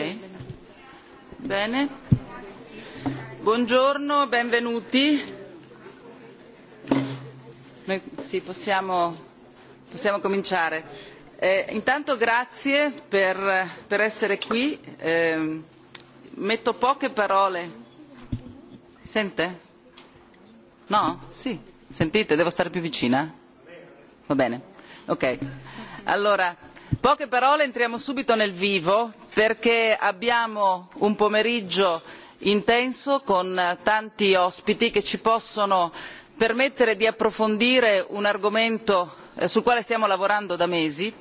Ok. Bene. Buongiorno, benvenuti. Noi, sì, possiamo, possiamo cominciare. Eh, intanto grazie per, per essere qui. Eh, metto poche parole. Sente? No? Sì. Sentite, devo stare più vicina? Va bene. Ok. Allora, poche parole, entriamo subito nel vivo perché abbiamo un pomeriggio intenso con tanti ospiti che ci possono permettere di approfondire un argomento sul quale stiamo lavorando da mesi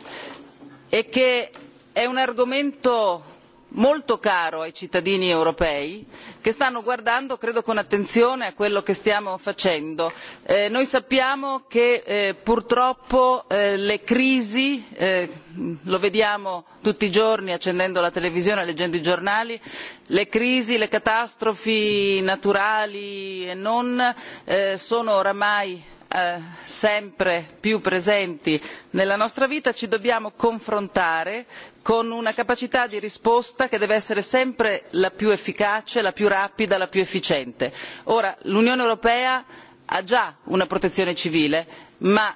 e che è un argomento molto caro ai cittadini europei che stanno guardando credo con attenzione a quello che stiamo facendo. noi sappiamo che purtroppo le crisi lo vediamo tutti i giorni accendendo la televisione e leggendo i giornali le crisi le catastrofi naturali e non sono oramai sempre più presenti nella nostra vita ci dobbiamo confrontare con una capacità di risposta che deve essere sempre la più efficace la più rapida la più efficiente. ora l'unione europea ha già una protezione civile ma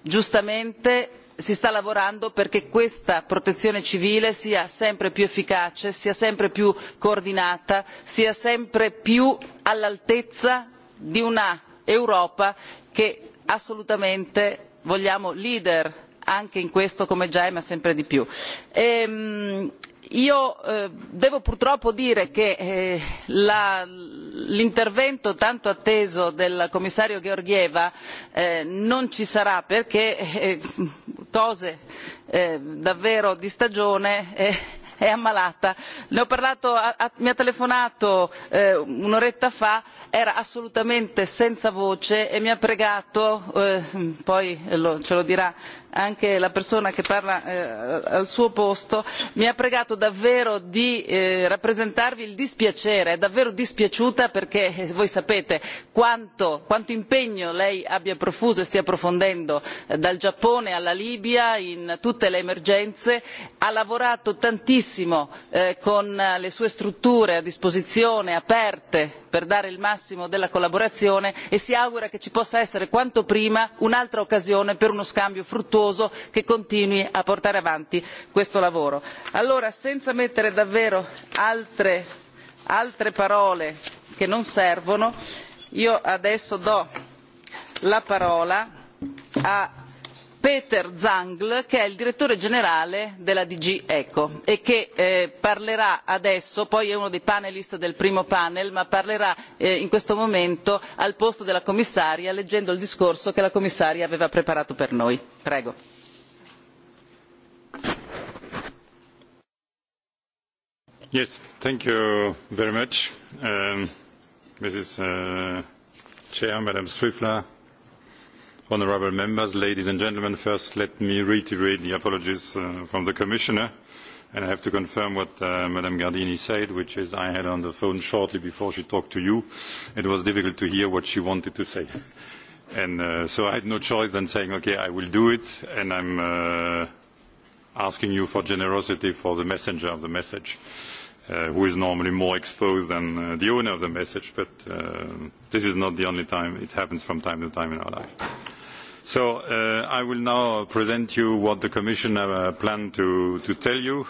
giustamente si sta lavorando perché questa protezione civile sia sempre più efficace sia sempre più coordinata sia sempre più all'altezza di una europa che assolutamente vogliamo leader anche in questo come già è ma sempre di più. io devo purtroppo dire che l'intervento tanto atteso del commissario georgieva non ci sarà perché cose davvero di stagione è ammalata ho parlato mi ha telefonato un'oretta fa era assolutamente senza voce e mi ha pregato poi ce lo dirà anche la persona che parla al suo posto mi ha pregato davvero di rappresentarvi il dispiacere è davvero dispiaciuta perché voi sapete quanto impegno lei abbia profuso e stia profondendo dal giappone alla libia in tutte le emergenze ha lavorato tantissimo con le sue strutture a disposizione aperte per dare il massimo della collaborazione e si augura che ci possa essere quanto prima un'altra occasione per uno scambio fruttuoso che continui a portare avanti questo lavoro. allora senza mettere davvero altre parole che non servono io adesso do la parola Peter Zangl, che è il direttore generale della DG ECO e che parlerà adesso, poi è uno dei panelist del primo panel, ma parlerà in questo momento al posto della commissaria leggendo il discorso che la commissaria aveva preparato per noi honourable members, ladies and gentlemen, first let me reiterate the apologies from the Commissioner. And I have to confirm what Madame Gardini said, which is I had on the phone shortly before she talked to you. It was difficult to hear what she wanted to say. And so I had no choice than saying, okay, I will do it, and I'm uh, asking you for generosity for the messenger of the message, who is normally more exposed than the owner of the message, but this is not the only time. It happens from time to time in our life So I will now present you what the Commission planned to tell you.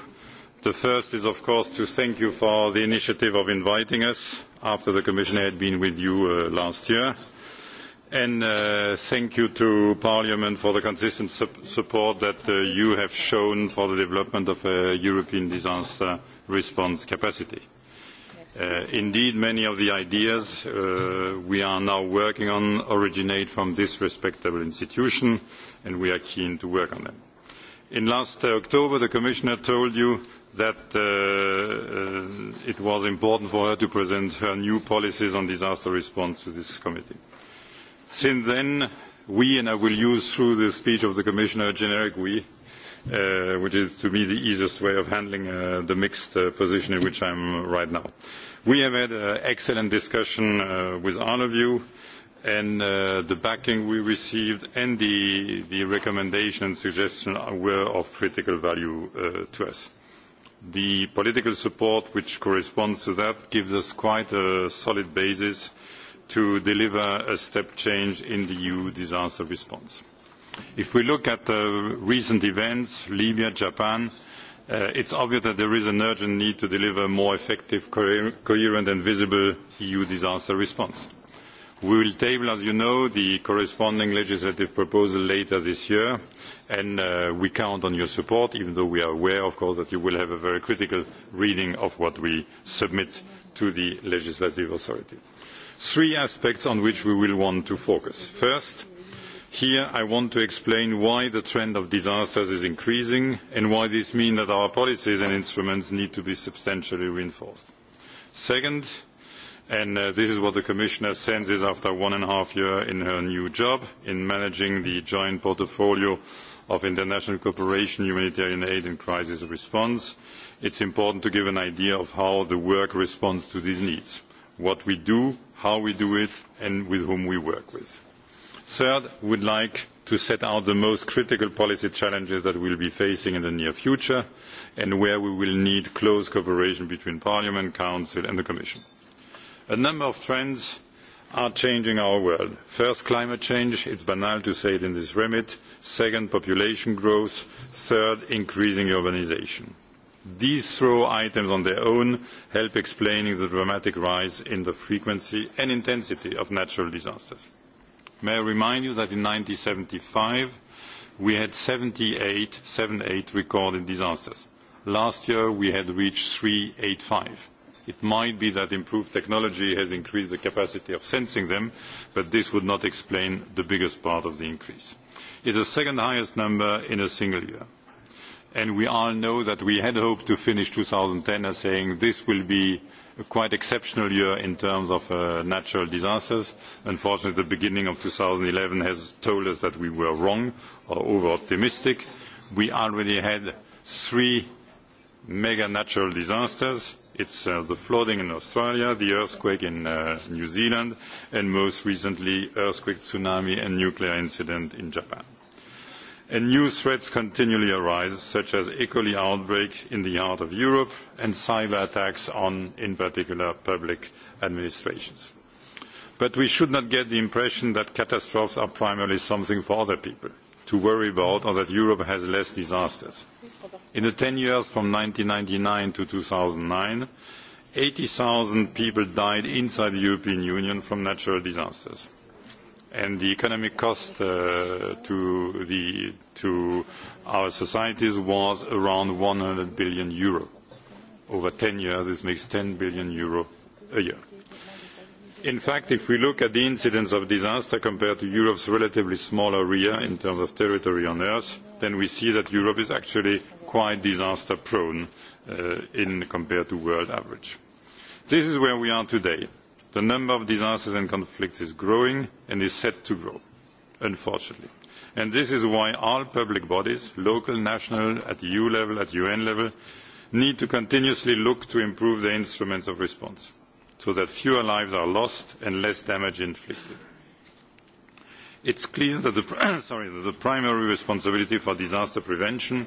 The first is, of course, to thank you for the initiative of inviting us after the Commissioner had been with you last year. And thank you to Parliament for the consistent support that you have shown for the development of a European disaster response capacity Indeed, many of the ideas we are now working on originate from this respectable institution, and we are keen to work on them. In last October, the commissioner told you that it was important for her to present her new policies on disaster response to this committee. Since then, we, and I will use through the speech of the commissioner generic we, which is to me the easiest way of handling the mixed position in which I am right now. We have had an excellent discussion with all of you, and the backing we received and the recommendation and suggestion were of critical value to us. The political support which corresponds to that gives us quite a solid basis to deliver a step change in the EU disaster response If we look at recent events, Libya, Japan, it is obvious that there is an urgent need to deliver more effective, coherent and visible EU disaster response. We will table, as you know, the corresponding legislative proposal later this year, and we count on your support, even though we are aware, of course, that you will have a very critical reading of what we submit to the legislative authority. Three aspects on which we will want to focus. First, Here, I want to explain why the trend of disasters is increasing and why this means that our policies and instruments need to be substantially reinforced. Second, and this is what the Commissioner senses after one and a half years in her new job in managing the joint portfolio of international cooperation, humanitarian aid and crisis response, it is important to give an idea of how the work responds to these needs, what we do, how we do it, and with whom we work with. Third, we would like to set out the most critical policy challenges that we will be facing in the near future and where we will need close cooperation between Parliament, Council and the Commission. A number of trends are changing our world. First, climate change. it is banal to say it in this remit. Second, population growth. Third, increasing urbanisation. These three items on their own help explain the dramatic rise in the frequency and intensity of natural disasters May I remind you that in seventy five we had seventy eight recorded disasters. Last year, we had reached three hundred and eighty five. It might be that improved technology has increased the capacity of sensing them, but this would not explain the biggest part of the increase. It is the second highest number in a single year. And We all know that we had hoped to finish ten as saying this will be quite exceptional year in terms of natural disasters. Unfortunately, the beginning of eleven has told us that we were wrong or over-optimistic. We already had three mega natural disasters. It's the flooding in Australia, the earthquake in New Zealand, and most recently, earthquake, tsunami, and nuclear incident in Japan and new threats continually arise, such as E. coli outbreak in the heart of Europe and cyber attacks on, in particular, public administrations. But we should not get the impression that catastrophes are primarily something for other people to worry about or that Europe has less disasters. In the ten years from ninety nine to two thousand eighty zero people died inside the European Union from natural disasters and the economic cost to our societies was around 100 billion euro. Over 10 years, this makes 10 billion euro a year. In fact, if we look at the incidence of disaster compared to Europe's relatively small area in terms of territory on Earth, then we see that Europe is actually quite disaster-prone compared to world average. This is where we are today the number of disasters and conflicts is growing and is set to grow unfortunately and this is why all public bodies local national at eu level at un level need to continuously look to improve their instruments of response so that fewer lives are lost and less damage inflicted. it is clear that the primary responsibility for disaster prevention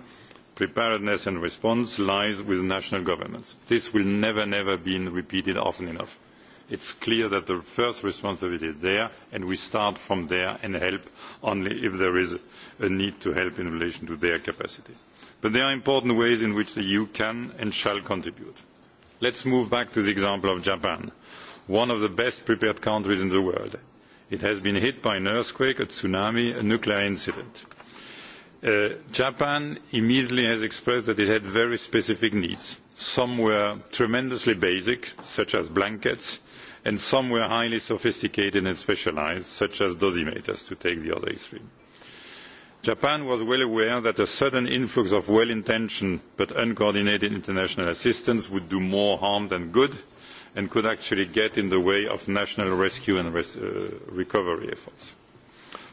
preparedness and response lies with national governments. this will never be repeated often enough it is clear that the first responsibility is there and we start from there and help only if there is a need to help in relation to their capacity. But there are important ways in which the EU can and shall contribute. Let us move back to the example of Japan, one of the best prepared countries in the world. It has been hit by an earthquake, a tsunami, a nuclear incident. Japan immediately has expressed that it had very specific needs. Some were tremendously basic, such as blankets, and some were highly sophisticated and specialised, such as dosimeters, to take the other extreme. Japan was well aware that a sudden influx of well-intentioned but uncoordinated international assistance would do more harm than good and could actually get in the way of national rescue and recovery efforts.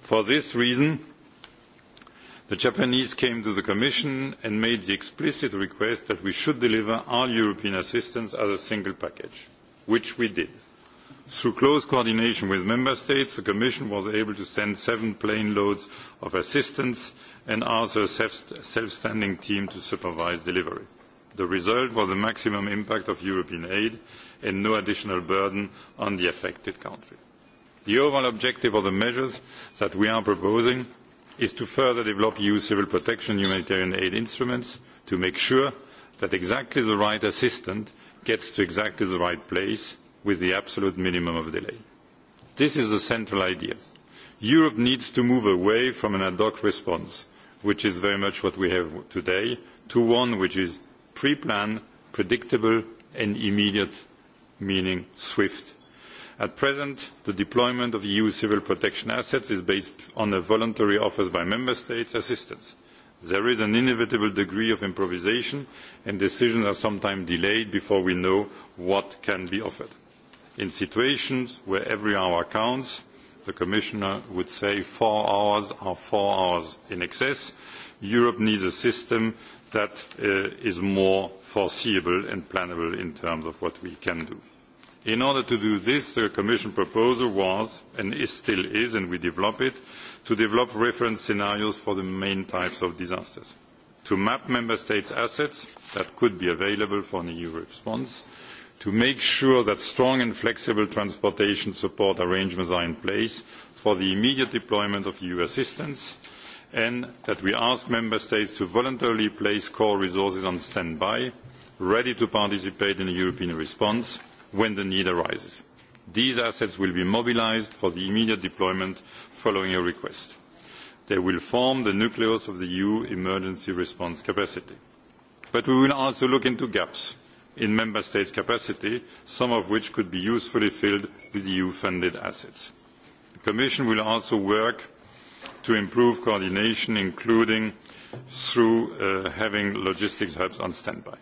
For this reason, the Japanese came to the Commission and made the explicit request that we should deliver all European assistance as a single package, which we did Through close coordination with member states, the Commission was able to send seven plane loads of assistance and also a self-standing team to supervise delivery. The result was a maximum impact of European aid and no additional burden on the affected country. The overall objective of the measures that we are proposing is to further develop EU civil protection and humanitarian aid instruments to make sure that exactly the right assistant gets to exactly the right place with the absolute minimum of delay. This is the central idea. Europe needs to move away from an ad hoc response, which is very much what we have today, to one which is pre-planned, predictable and immediate, meaning swift. At present, the deployment of EU civil protection assets is based on the voluntary offers by member states' assistance. There is an inevitable degree of improvisation, and decisions are sometimes delayed before we know what can be offered in situations where every hour counts, the Commissioner would say four hours are four hours in excess. Europe needs a system that is more foreseeable and plannable in terms of what we can do. In order to do this, the Commission proposal was, and is still is, and we develop it, to develop reference scenarios for the main types of disasters, to map Member States' assets that could be available for an EU response, to make sure that strong and flexible transportation support arrangements are in place for the immediate deployment of eu assistance and that we ask member states to voluntarily place core resources on standby ready to participate in a european response when the need arises. these assets will be mobilised for the immediate deployment following a request. they will form the nucleus of the eu emergency response capacity. but we will also look into gaps in member states' capacity, some of which could be usefully filled with EU-funded assets. The Commission will also work to improve coordination, including through having logistics hubs on standby.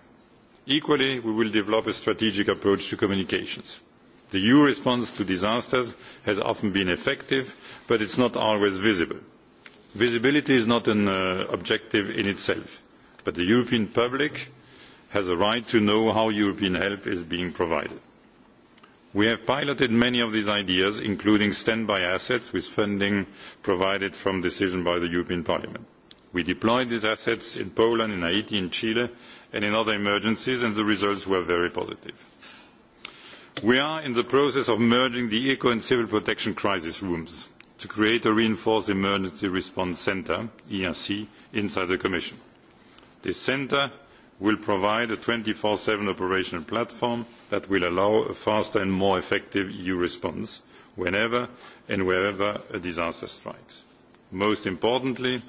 Equally, we will develop a strategic approach to communications. The EU response to disasters has often been effective, but it is not always visible. Visibility is not an objective in itself, but the European public has a right to know how European help is being provided. We have piloted many of these ideas, including standby assets with funding provided from decision by the European Parliament. We deployed these assets in Poland, in Haiti, in Chile, and in other emergencies, and the results were very positive. We are in the process of merging the ECO and civil protection crisis rooms to create a reinforced emergency response centre, ERC, inside the Commission. This centre will provide a twenty four seven operational platform that will allow a faster and more effective EU response whenever and wherever a disaster strikes. Most importantly,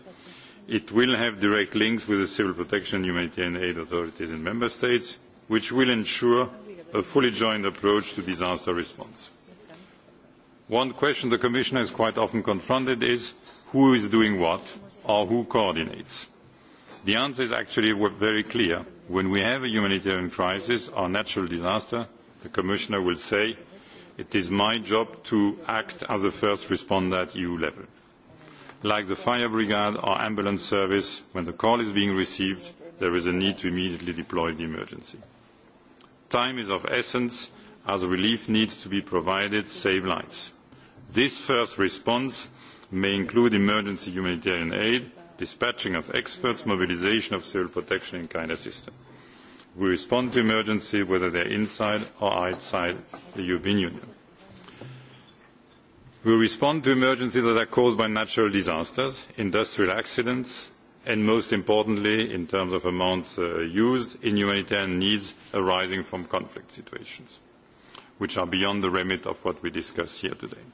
it will have direct links with the civil protection and humanitarian aid authorities in member states, which will ensure a fully joined approach to disaster response. One question the Commission is quite often confronted is who is doing what or who coordinates The answer is actually very clear. When we have a humanitarian crisis or natural disaster, the Commissioner will say, it is my job to act as a first responder at EU level. Like the fire brigade or ambulance service, when the call is being received, there is a need to immediately deploy the emergency. Time is of essence as relief needs to be provided to save lives. This first response may include emergency humanitarian aid, dispatching of experts, mobilisation of civil protection and kind assistance. We respond to emergency whether they are inside or outside the European Union. We respond to emergencies that are caused by natural disasters, industrial accidents, and most importantly, in terms of amounts used, in humanitarian needs arising from conflict situations, which are beyond the remit of what we discuss here today.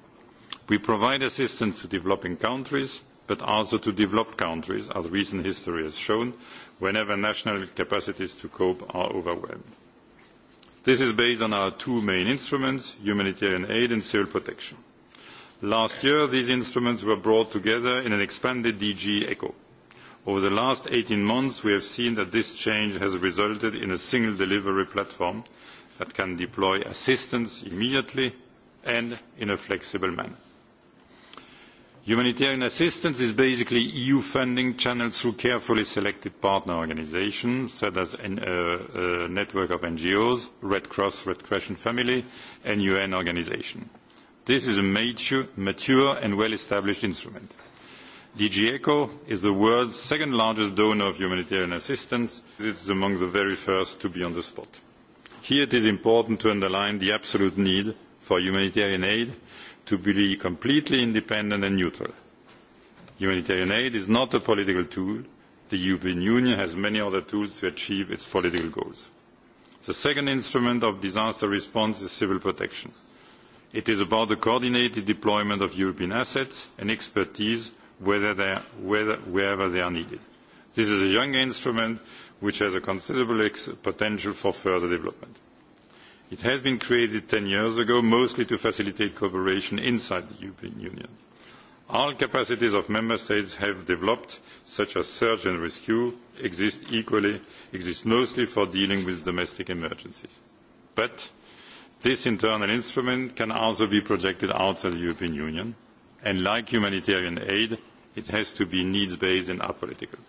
We provide assistance to developing countries but also to developed countries, as recent history has shown, whenever national capacities to cope are overwhelmed. This is based on our two main instruments, humanitarian aid and civil protection. Last year, these instruments were brought together in an expanded DG ECHO. Over the last eighteen months, we have seen that this change has resulted in a single delivery platform that can deploy assistance immediately and in a flexible manner humanitarian assistance is basically eu funding channeled through carefully selected partner organisations such as a network of ngos red cross red crescent family and un organisations. this is a mature and well established instrument. dg echo is the world's second largest donor of humanitarian assistance. it is among the very first to be on the spot. here it is important to underline the absolute need for humanitarian aid to be completely independent and neutral. Humanitarian aid is not a political tool. The European Union has many other tools to achieve its political goals. The second instrument of disaster response is civil protection. It is about the coordinated deployment of European assets and expertise wherever they are needed. This is a young instrument which has a considerable potential for further development. It has been created ten years ago, mostly to facilitate cooperation inside the European Union. All capacities of member states have developed, such as search and rescue, exist equally, exist mostly for dealing with domestic emergencies. But this internal instrument can also be projected outside the European Union, and like humanitarian aid, it has to be needs-based and apolitical.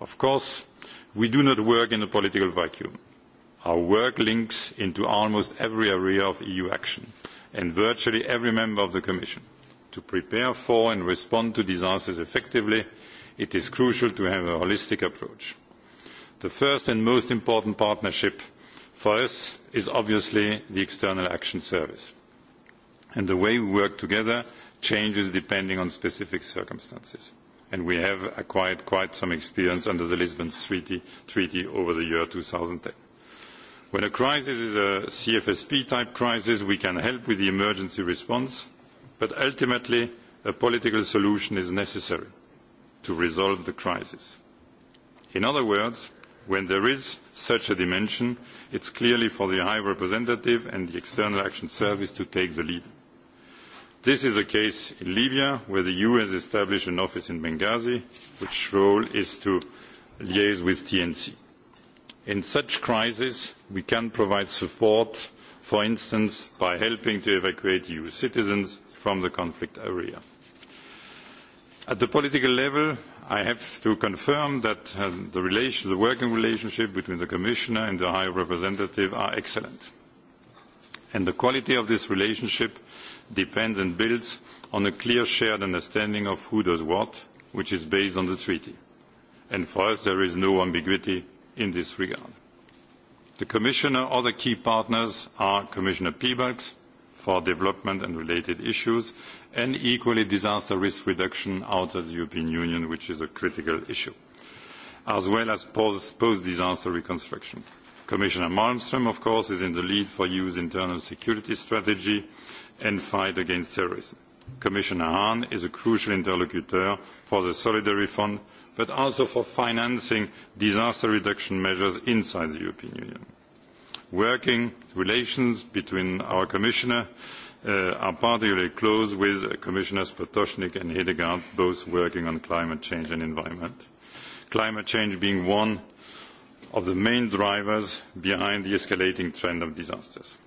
Of course, we do not work in a political vacuum Our work links into almost every area of EU action and virtually every member of the Commission. To prepare for and respond to disasters effectively, it is crucial to have a holistic approach. The first and most important partnership for us is obviously the External Action Service. And the way we work together changes depending on specific circumstances. And we have acquired quite some experience under the Lisbon Treaty, over the year 2010. When a crisis is a CFSP-type crisis, we can help with the emergency response, but ultimately, a political solution is necessary to resolve the crisis. In other words, when there is such a dimension, it is clearly for the High Representative and the External Action Service to take the lead. This is the case in Libya, where the EU has established an office in Benghazi, which role is to liaise with TNC in such crises we can provide support for instance by helping to evacuate eu citizens from the conflict area. at the political level i have to confirm that the working relationship between the commissioner and the high representative is excellent and the quality of this relationship depends and builds on a clear shared understanding of who does what which is based on the treaty and for us there is no ambiguity in this regard. The Commissioner or the key partners are Commissioner Piebalgs for development and related issues, and equally disaster risk reduction out of the European Union, which is a critical issue, as well as post-disaster reconstruction. Commissioner Malmstrm, of course, is in the lead for the EU's internal security strategy and fight against terrorism. Commissioner Hahn is a crucial interlocutor for the Solidarity Fund, but also for financing disaster reduction measures inside the European Union. Working relations between our Commissioner are particularly close with Commissioners Potocnik and Hedegaard, both working on climate change and environment. Climate change being one of the main drivers behind the escalating trend of disasters.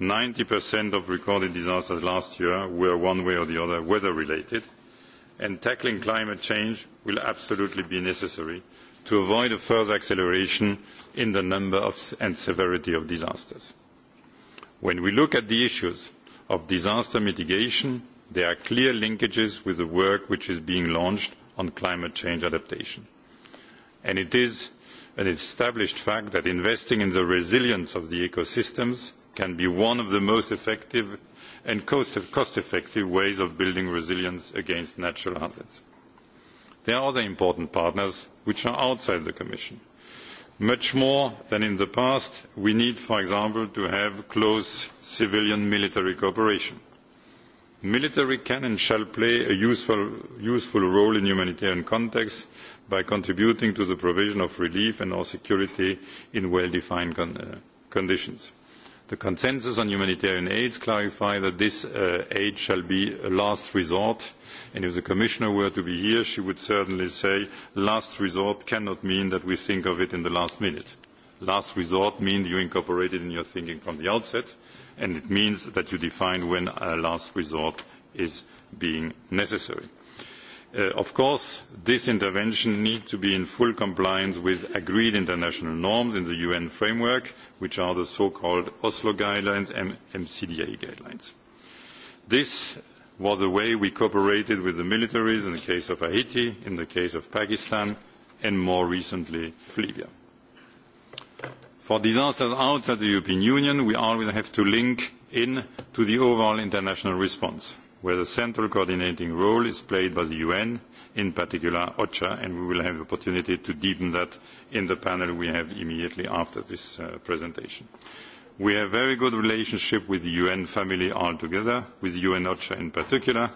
90% of recorded disasters last year were one way or the other weather related, and tackling climate change will absolutely be necessary to avoid a further acceleration in the number and severity of disasters. When we look at the issues of disaster mitigation, there are clear linkages with the work which is being launched on climate change adaptation. And it is an established fact that investing in the resilience of the ecosystems can be one of the most effective and cost effective ways of building resilience against natural hazards. There are other important partners which are outside the Commission. Much more than in the past, we need, for example, to have close civilian-military cooperation. Military can and shall play a useful role in humanitarian contexts by contributing to the provision of relief and security in well-defined conditions The consensus on humanitarian aid clarifies that this aid shall be a last resort, and if the Commissioner were to be here, she would certainly say last resort cannot mean that we think of it in the last minute. Last resort means you incorporate it in your thinking from the outset, and it means that you define when a last resort is being necessary of course this intervention needs to be in full compliance with agreed international norms in the un framework which are the so called oslo guidelines and mcda guidelines. this was the way we cooperated with the militaries in the case of haiti in the case of pakistan and more recently libya. for disasters outside the european union we always have to link in to the overall international response where the central coordinating role is played by the UN, in particular OCHA, and we will have the opportunity to deepen that in the panel we have immediately after this presentation. We have a very good relationship with the UN family altogether, with UN OCHA in particular,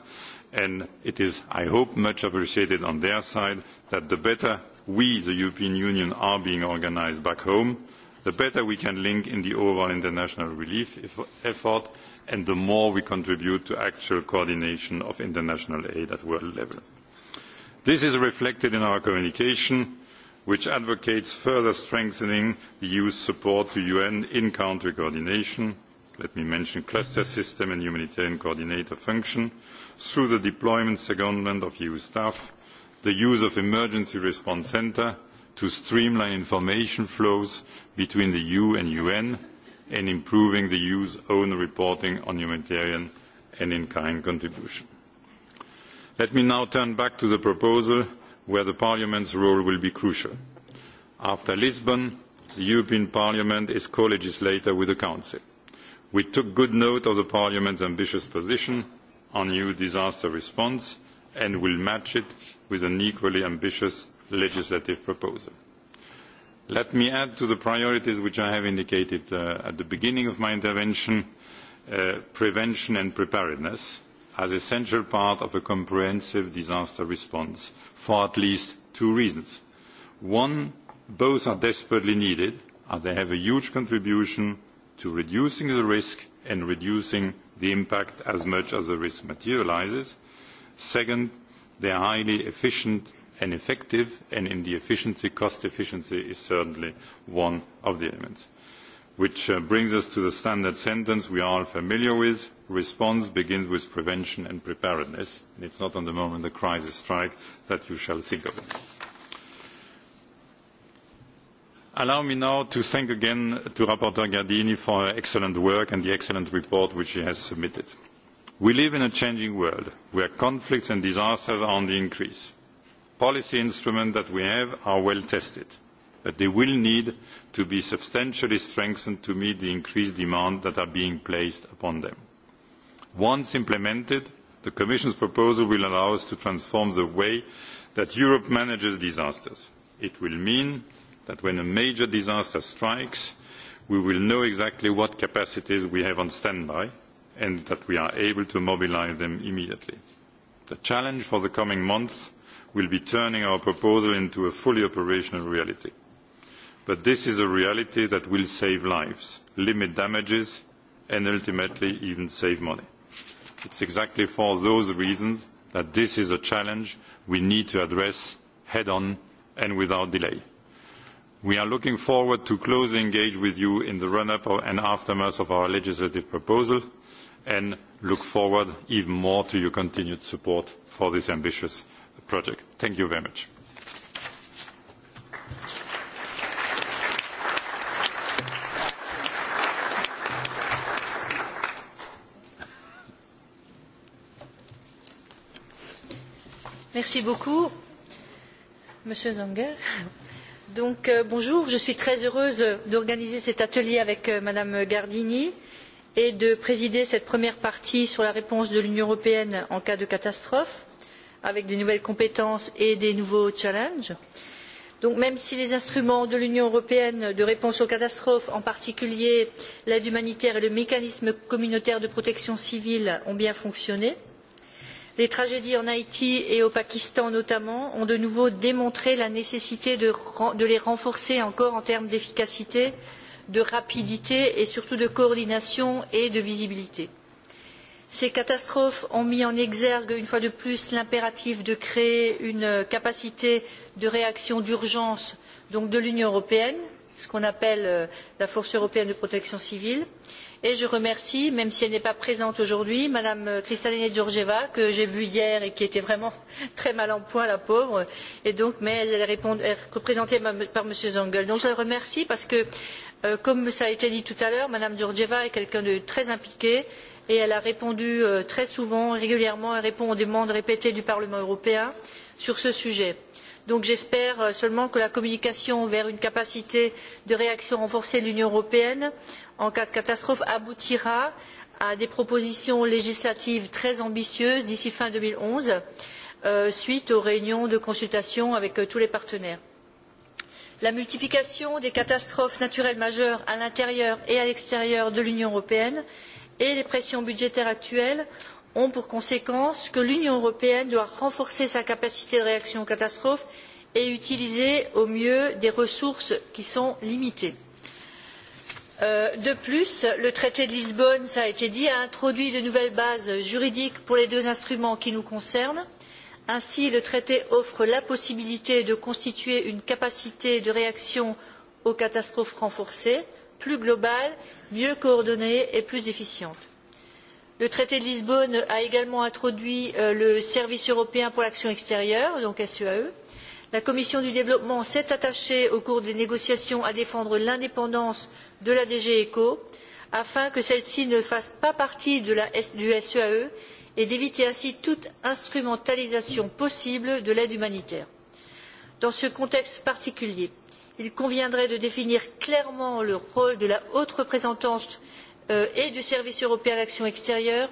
and it is, I hope, much appreciated on their side that the better we, the European Union, are being organised back home, the better we can link in the overall international relief effort, and the more we contribute to actual coordination of international aid at world level. This is reflected in our communication, which advocates further strengthening the EU's support to UN in-country coordination, let me mention cluster system and humanitarian coordinator function, through the deployment secondment of EU staff, the use of emergency response centre to streamline information flows between the EU and UN, and improving the EU's own reporting on humanitarian and in-kind contribution. Let me now turn back to the proposal where the Parliament's role will be crucial. After Lisbon, the European Parliament is co-legislator with the Council. We took good note of the Parliament's ambitious position on EU disaster response and will match it with an equally ambitious legislative proposal. Let me add to the priorities which I have indicated at the beginning of my intervention, prevention and preparedness as essential part of a comprehensive disaster response for at least two reasons. One, both are desperately needed as they have a huge contribution to reducing the risk and reducing the impact as much as the risk materialises. Second, they are highly efficient and effective, and in the efficiency, cost efficiency is certainly one of the elements. Which brings us to the standard sentence we are all familiar with. Response begins with prevention and preparedness. and It's not on the moment the crisis strikes that you shall think of it. Allow me now to thank again to Rapporteur Gardini for her excellent work and the excellent report which she has submitted. We live in a changing world where conflicts and disasters are on the increase policy instruments that we have are well tested, but they will need to be substantially strengthened to meet the increased demands that are being placed upon them. Once implemented, the Commission's proposal will allow us to transform the way that Europe manages disasters. It will mean that when a major disaster strikes, we will know exactly what capacities we have on standby and that we are able to mobilise them immediately. The challenge for the coming months will be turning our proposal into a fully operational reality. But this is a reality that will save lives, limit damages, and ultimately even save money. It is exactly for those reasons that this is a challenge we need to address head on and without delay. We are looking forward to closely engage with you in the run-up and aftermath of our legislative proposal and look forward even more to your continued support for this ambitious project. Thank you very much. Merci beaucoup, Monsieur Zanger. Donc, bonjour, je suis très heureuse d'organiser cet atelier avec Madame Gardini et de présider cette première partie sur la réponse de l'Union européenne en cas de catastrophe avec de nouvelles compétences et des nouveaux challenges. Donc même si les instruments de l'Union européenne de réponse aux catastrophes, en particulier l'aide humanitaire et le mécanisme communautaire de protection civile, ont bien fonctionné, les tragédies en Haïti et au Pakistan notamment ont de nouveau démontré la nécessité de, les renforcer encore en termes d'efficacité, de rapidité et surtout de coordination et de visibilité. Ces catastrophes ont mis en exergue une fois de plus l'impératif de créer une capacité de réaction d'urgence de l'Union européenne, ce qu'on appelle la Force européenne de protection civile. Et je remercie, même si elle n'est pas présente aujourd'hui, Madame Kristalina Georgieva, que j'ai vue hier et qui était vraiment très mal en point, la pauvre. Et donc, mais elle est représentée par Monsieur Zangel. Donc je la remercie parce que, comme cela a été dit tout à l'heure, Madame Georgieva est quelqu'un de très impliqué et elle a répondu très souvent, régulièrement, elle répond aux demandes répétées du Parlement européen sur ce sujet. Donc j'espère seulement que la communication vers une capacité de réaction renforcée de l'Union européenne en cas de catastrophe aboutira à des propositions législatives très ambitieuses d'ici fin deux mille onze suite aux réunions de consultation avec tous les partenaires. La multiplication des catastrophes naturelles majeures à l'intérieur et à l'extérieur de l'Union européenne et les pressions budgétaires actuelles ont pour conséquence que l'Union européenne doit renforcer sa capacité de réaction aux catastrophes et utiliser au mieux des ressources qui sont limitées. De plus, le traité de Lisbonne, cela a été dit, a introduit de nouvelles bases juridiques pour les deux instruments qui nous concernent. Ainsi, le traité offre la possibilité de constituer une capacité de réaction aux catastrophes renforcée plus globale, mieux coordonnée et plus efficiente. Le traité de Lisbonne a également introduit le Service européen pour l'action extérieure, donc SEAE. La Commission du développement s'est attachée au cours des négociations à défendre l'indépendance de la DG ECO afin que celle-ci ne fasse pas partie du SEAE et d'éviter ainsi toute instrumentalisation possible de l'aide humanitaire. Dans ce contexte particulier, il conviendrait de définir clairement le rôle de la haute représentante et du service européen pour l'action extérieure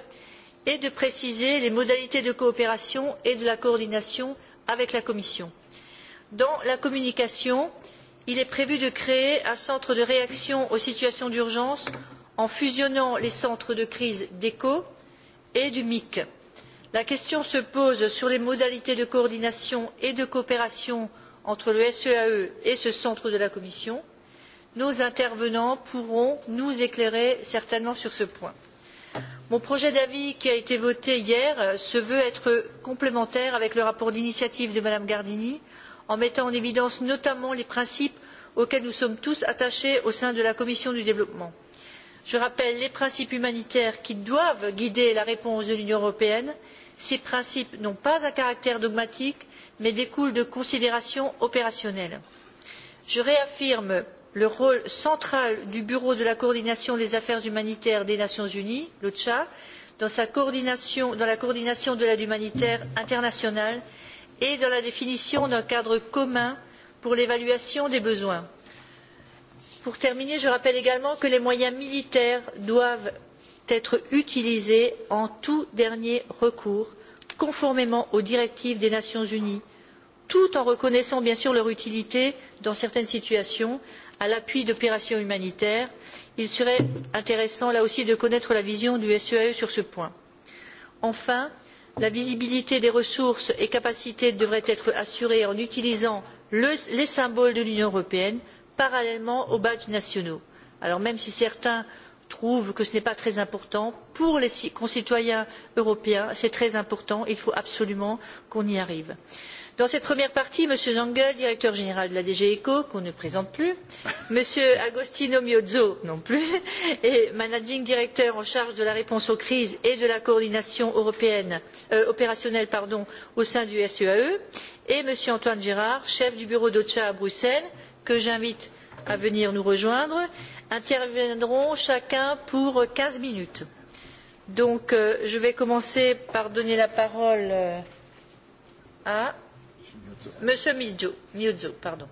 et de préciser les modalités de coopération et de la coordination avec la commission. dans la communication il est prévu de créer un centre de réaction aux situations d'urgence en fusionnant les centres de crise d'echo et du mic. la question se pose sur les modalités de coordination et de coopération entre le SEAE et ce centre de la Commission, nos intervenants pourront nous éclairer certainement sur ce point. Mon projet d'avis qui a été voté hier se veut être complémentaire avec le rapport d'initiative de Mme Gardini en mettant en évidence notamment les principes auxquels nous sommes tous attachés au sein de la Commission du développement. Je rappelle les principes humanitaires qui doivent guider la réponse de l'Union européenne ces principes n'ont pas un caractère dogmatique mais découlent de considérations opérationnelles. je réaffirme le rôle central du bureau de la coordination des affaires humanitaires des nations unies dans la coordination de l'aide humanitaire internationale et dans la définition d'un cadre commun pour l'évaluation des besoins. pour terminer je rappelle également que les moyens militaires doivent être utilisée en tout dernier recours, conformément aux directives des Nations unies, tout en reconnaissant bien sûr leur utilité dans certaines situations à l'appui d'opérations humanitaires. Il serait intéressant là aussi de connaître la vision du SEAE sur ce point. Enfin, la visibilité des ressources et capacités devrait être assurée en utilisant les symboles de l'Union européenne parallèlement aux badges nationaux. Alors même si certains trouve que ce n'est pas très important. Pour les concitoyens européens, c'est très important. Il faut absolument qu'on y arrive. Dans cette première partie, M. Zangel, directeur général de la DG ECO, qu'on ne présente plus, M. Agostino Miozzo non plus, et managing director en charge de la réponse aux crises et de la coordination européenne, opérationnelle au sein du SEAE, et M. Antoine Gérard, chef du bureau d'OCHA à Bruxelles, que j'invite à venir nous rejoindre, interviendront chacun pour quinze minutes. Donc, je vais commencer par donner la parole à Monsieur Miozzo. pardon.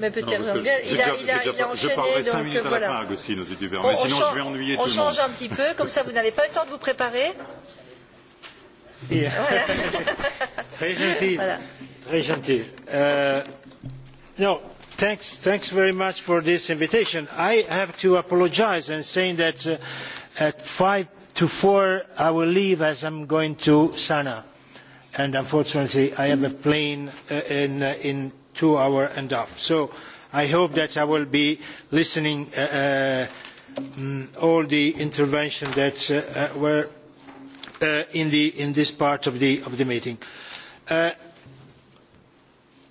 Mais peut-être non, bien. Il a, il a, il a enchaîné, je parlerai cinq minutes à la fin, Agostino, si tu veux. Mais sinon, je vais ennuyer tout le monde. On change un petit peu, comme ça, vous n'avez pas le temps de vous préparer. Très gentil. Très gentil. Euh, non, Thanks, thanks very much for this invitation. I have to apologise and say that at five to four I will leave as I am going to Sana, and unfortunately I have a plane in in two hours and a half. So I hope that I will be listening to all the interventions that were in the in this part of the of the meeting.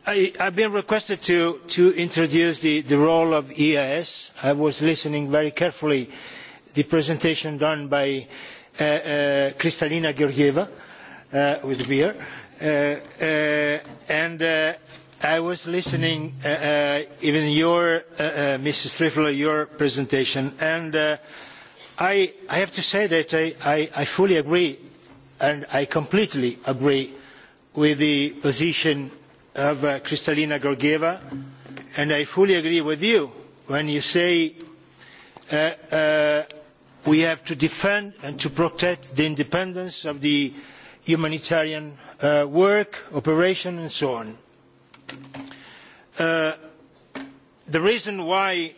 I, have been requested to, introduce the, role of eeas. I was listening very carefully to the presentation done by Kristalina Georgieva with beer. and I was listening, even your, Mrs. Strifler, your presentation, and I, have to say that I, I fully agree and I completely agree with the position of Kristalina Georgieva, and I fully agree with you when you say we have to defend and to protect the independence of the humanitarian work, operation, and so on. the reason why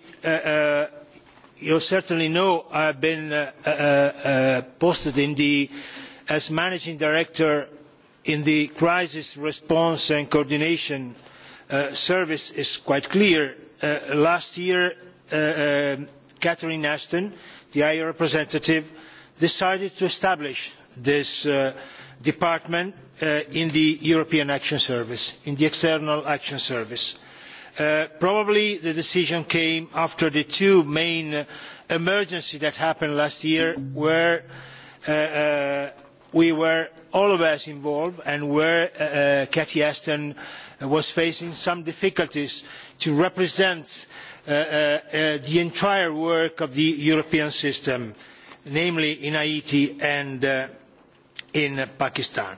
you certainly know I have been posted in the, as managing director in the crisis response and coordination service is quite clear. last year, Catherine Ashton, the High Representative, decided to establish this department in the European Action Service, in the External Action Service. probably the decision came after the two main emergencies that happened last year were we were all of us involved and where Cathy Ashton was facing some difficulties to represent the entire work of the European system, namely in Haiti and in Pakistan.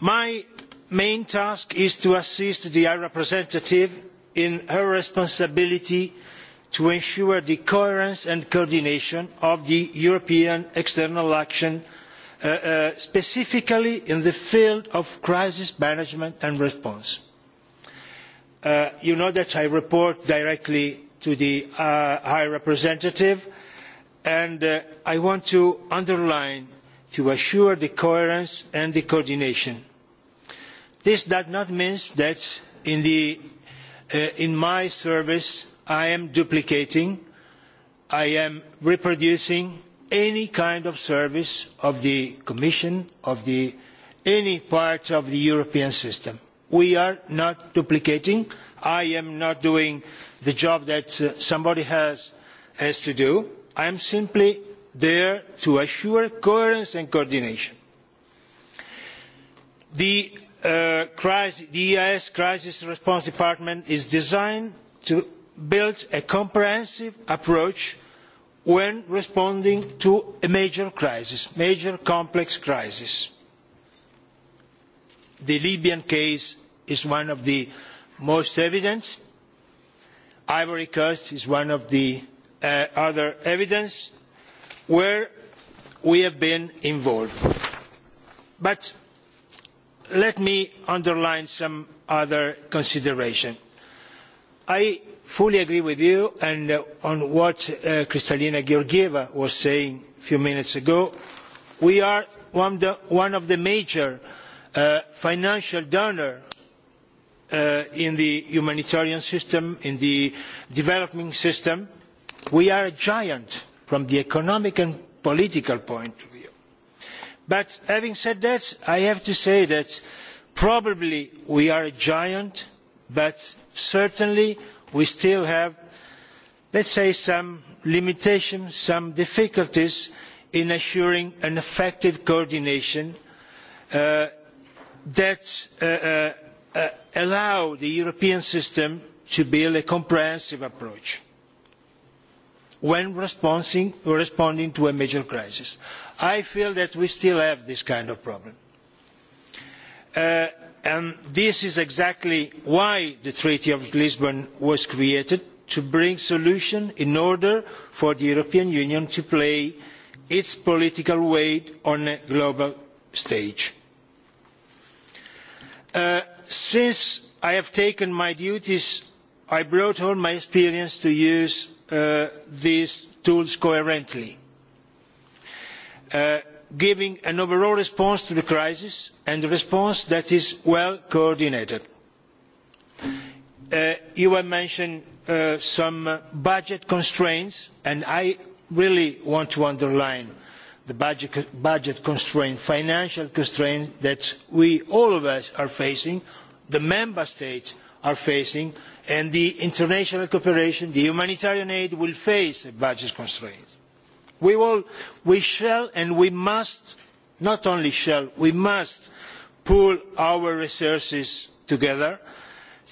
My main task is to assist the High Representative in her responsibility to ensure the coherence and coordination of the European external action specifically in the field of crisis management and response. you know that I report directly to the High Representative, and I want to underline to assure the coherence and the coordination. This does not mean that in, my service I am duplicating, I am reproducing any kind of service of the Commission, of any part of the European system. We are not duplicating. I am not doing the job that somebody else has to do. I am simply there to assure coherence and coordination. The, EIS Crisis Response Department is designed to build a comprehensive approach when responding to a major crisis, a major complex crisis. The Libyan case is one of the most evident. Ivory Coast is one of the other evidence where we have been involved. But let me underline some other consideration. I fully agree with you and on what Kristalina Georgieva was saying a few minutes ago. We are one of the major financial donors in the humanitarian system, in the development system. We are a giant from the economic and political point of view. But having said that, I have to say that probably we are a giant, but certainly we still have, let us say, some limitations, some difficulties in assuring an effective coordination that allows the European system to build a comprehensive approach when responding to a major crisis. I feel that we still have this kind of problem and this is exactly why the treaty of lisbon was created to bring solutions in order for the european union to play its political weight on a global stage. since i have taken my duties i brought all my experience to use these tools coherently giving an overall response to the crisis and a response that is well coordinated. you have mentioned some budget constraints and i really want to underline the budget constraint financial constraint that we all of us are facing the member states are facing and the international cooperation the humanitarian aid will face budget constraints we shall and we must not only shall we must pool our resources together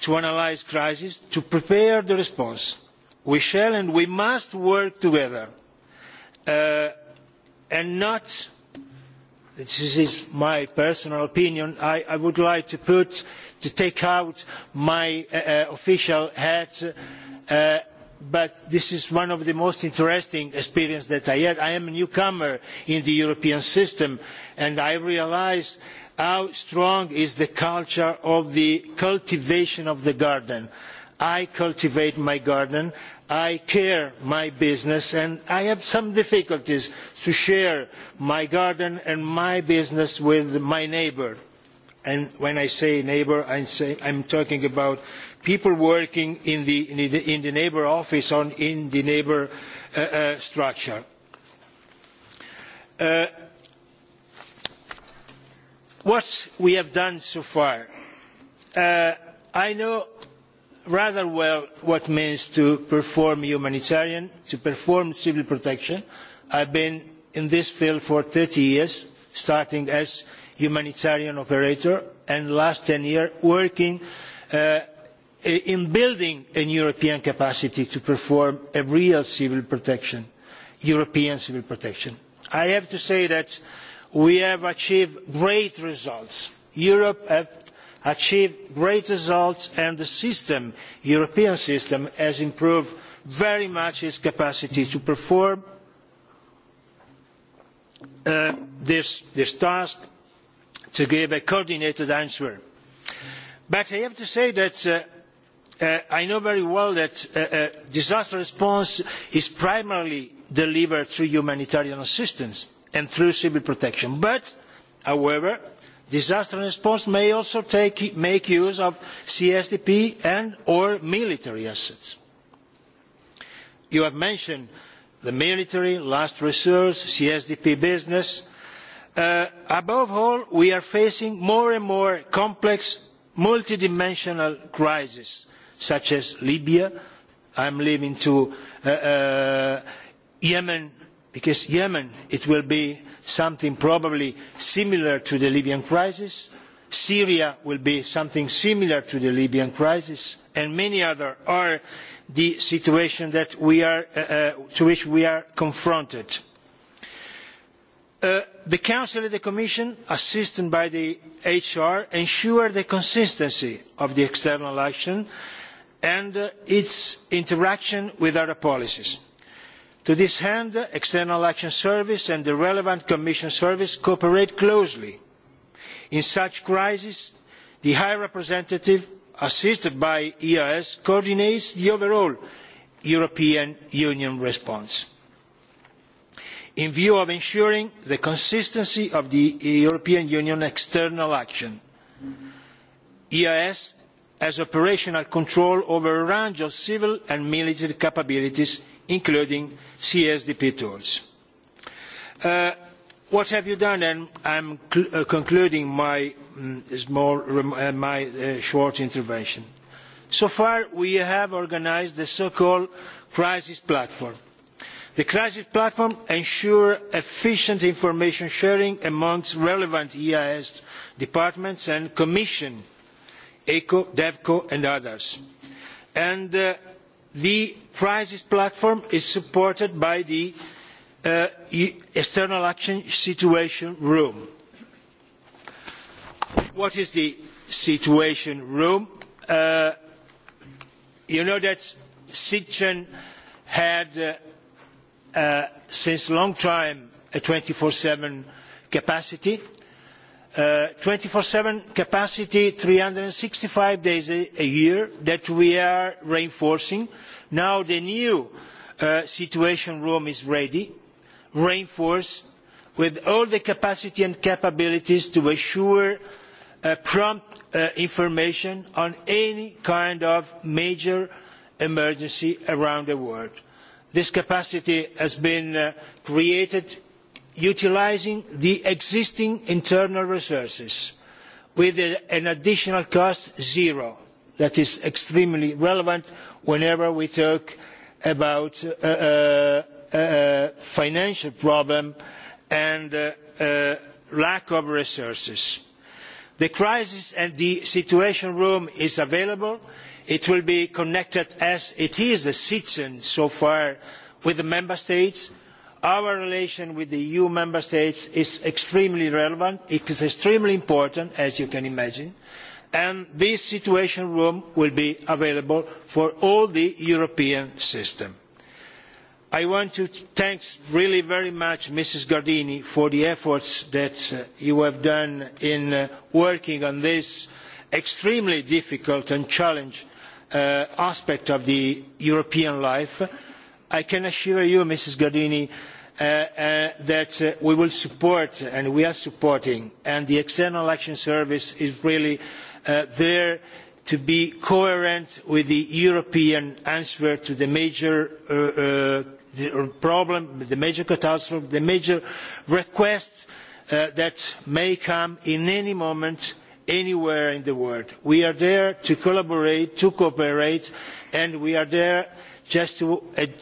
to analyse crises to prepare the response. we shall and we must work together and not this is my personal opinion i would like to take out my official hat but this is one of the most interesting experiences that I had. I am a newcomer in the European system, and I realised how strong is the culture of the cultivation of the garden. I cultivate my garden, I care my business, and I have some difficulties to share my garden and my business with my neighbour. And when I say neighbour, I am talking about people working in the, in the neighbour office or in the neighbour structure. what we have done so far. I know rather well what it means to perform humanitarian, to perform civil protection. I have been in this field for thirty years, starting as humanitarian operator and last ten years working uh, in building a European capacity to perform a real civil protection, European civil protection. I have to say that we have achieved great results. Europe has achieved great results and the system, European system, has improved very much its capacity to perform this, task to give a coordinated answer. But I have to say that I know very well that disaster response is primarily delivered through humanitarian assistance and through civil protection. But, however, disaster response may also make use of CSDP and or military assets. You have mentioned the military, last resort, CSDP business. above all, we are facing more and more complex, multidimensional crises such as Libya. I am leaving to Yemen, because Yemen, it will be something probably similar to the Libyan crisis. Syria will be something similar to the Libyan crisis, and many other are the situation that we are, to which we are confronted. the Council and the Commission, assisted by the HR, ensure the consistency of the external action uh, and its interaction with other policies. To this end, the External Action Service and the relevant Commission Service cooperate closely. In such crises, the High Representative, assisted by EAS, coordinates the overall European Union response. In view of ensuring the consistency of the European Union external action, EAS has operational control over a range of civil and military capabilities, including CSDP tools. what have you done? And I'm cl- concluding my, small, my short intervention. So far, we have organised the so-called crisis platform. The crisis platform ensures efficient information sharing amongst relevant EIS departments and Commission ECHO, DEVCO and others. And the crisis platform is supported by the External Action Situation Room. What is the Situation Room? you know that Sitchin had since a long time a twenty four seven capacity twenty four seven capacity three hundred and sixty five days a year that we are reinforcing. now the new situation room is ready reinforced with all the capacity and capabilities to assure prompt information on any kind of major emergency around the world. this capacity has been created utilising the existing internal resources with an additional cost zero. That is extremely relevant whenever we talk about a financial problem and lack of resources. The crisis and the situation room is available. It will be connected as it is the citizen so far with the member states our relation with the eu member states is extremely relevant it is extremely important as you can imagine and this situation room will be available for all the european system. i want to thank really very much mrs gardini for the efforts that you have done in working on this extremely difficult and challenging aspect of european life i can assure you ms gardini that we will support and we are supporting and the external action service is really there to be coherent with the european answer to the major problem the major catastrophe the major request that may come at any moment anywhere in the world. we are there to collaborate to cooperate and we are there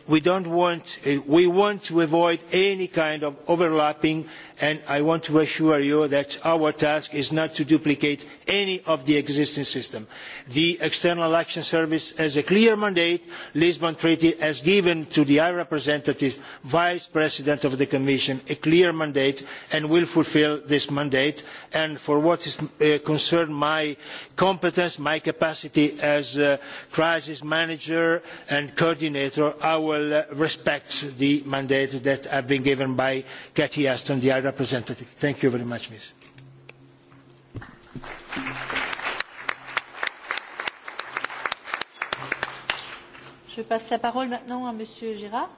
we want to avoid any kind of overlapping and I want to assure you that our task is not to duplicate any of the existing systems. The External Action Service has a clear mandate. The Lisbon Treaty has given to the High Representative, Vice President of the Commission, a clear mandate and will fulfil this mandate. And for what is concerned my competence, my capacity as a crisis manager and coordinator, I will respect the mandate that has been given by Cathy Ashton, the representative. Thank you very much, Ms. Je passe la parole maintenant à Monsieur Gérard.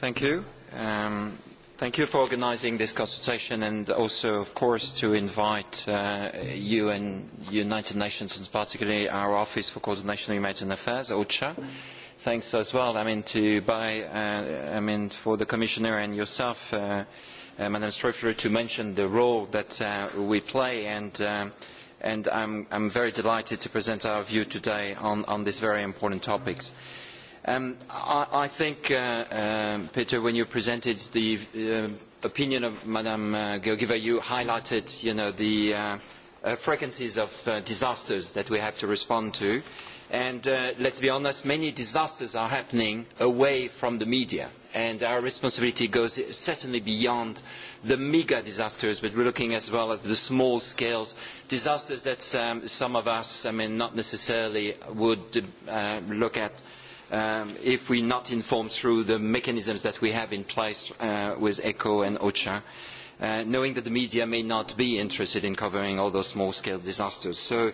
Thank you. Um, thank you for organizing this consultation and also, of course, to invite uh, you and United Nations, and particularly our Office for Coordination of Humanitarian Affairs, OCHA. Mm -hmm thanks as well, I mean, to by, uh, I mean, for the Commissioner and yourself, uh, uh, Madam Stroeffler, to mention the role that uh, we play and uh, and I'm, I'm very delighted to present our view today on, on these very important topics. I, I think, Peter, when you presented the opinion of Madame Georgieva, you highlighted the frequencies of disasters that we have to respond to. Uh, And let's be honest, many disasters are happening away from the media. And our responsibility goes certainly beyond the mega disasters, but we're looking as well at the small scales, disasters that some of us, I mean, not necessarily would look at if we are not informed through the mechanisms that we have in place with ECHO and OCHA knowing that the media may not be interested in covering all those small-scale disasters. So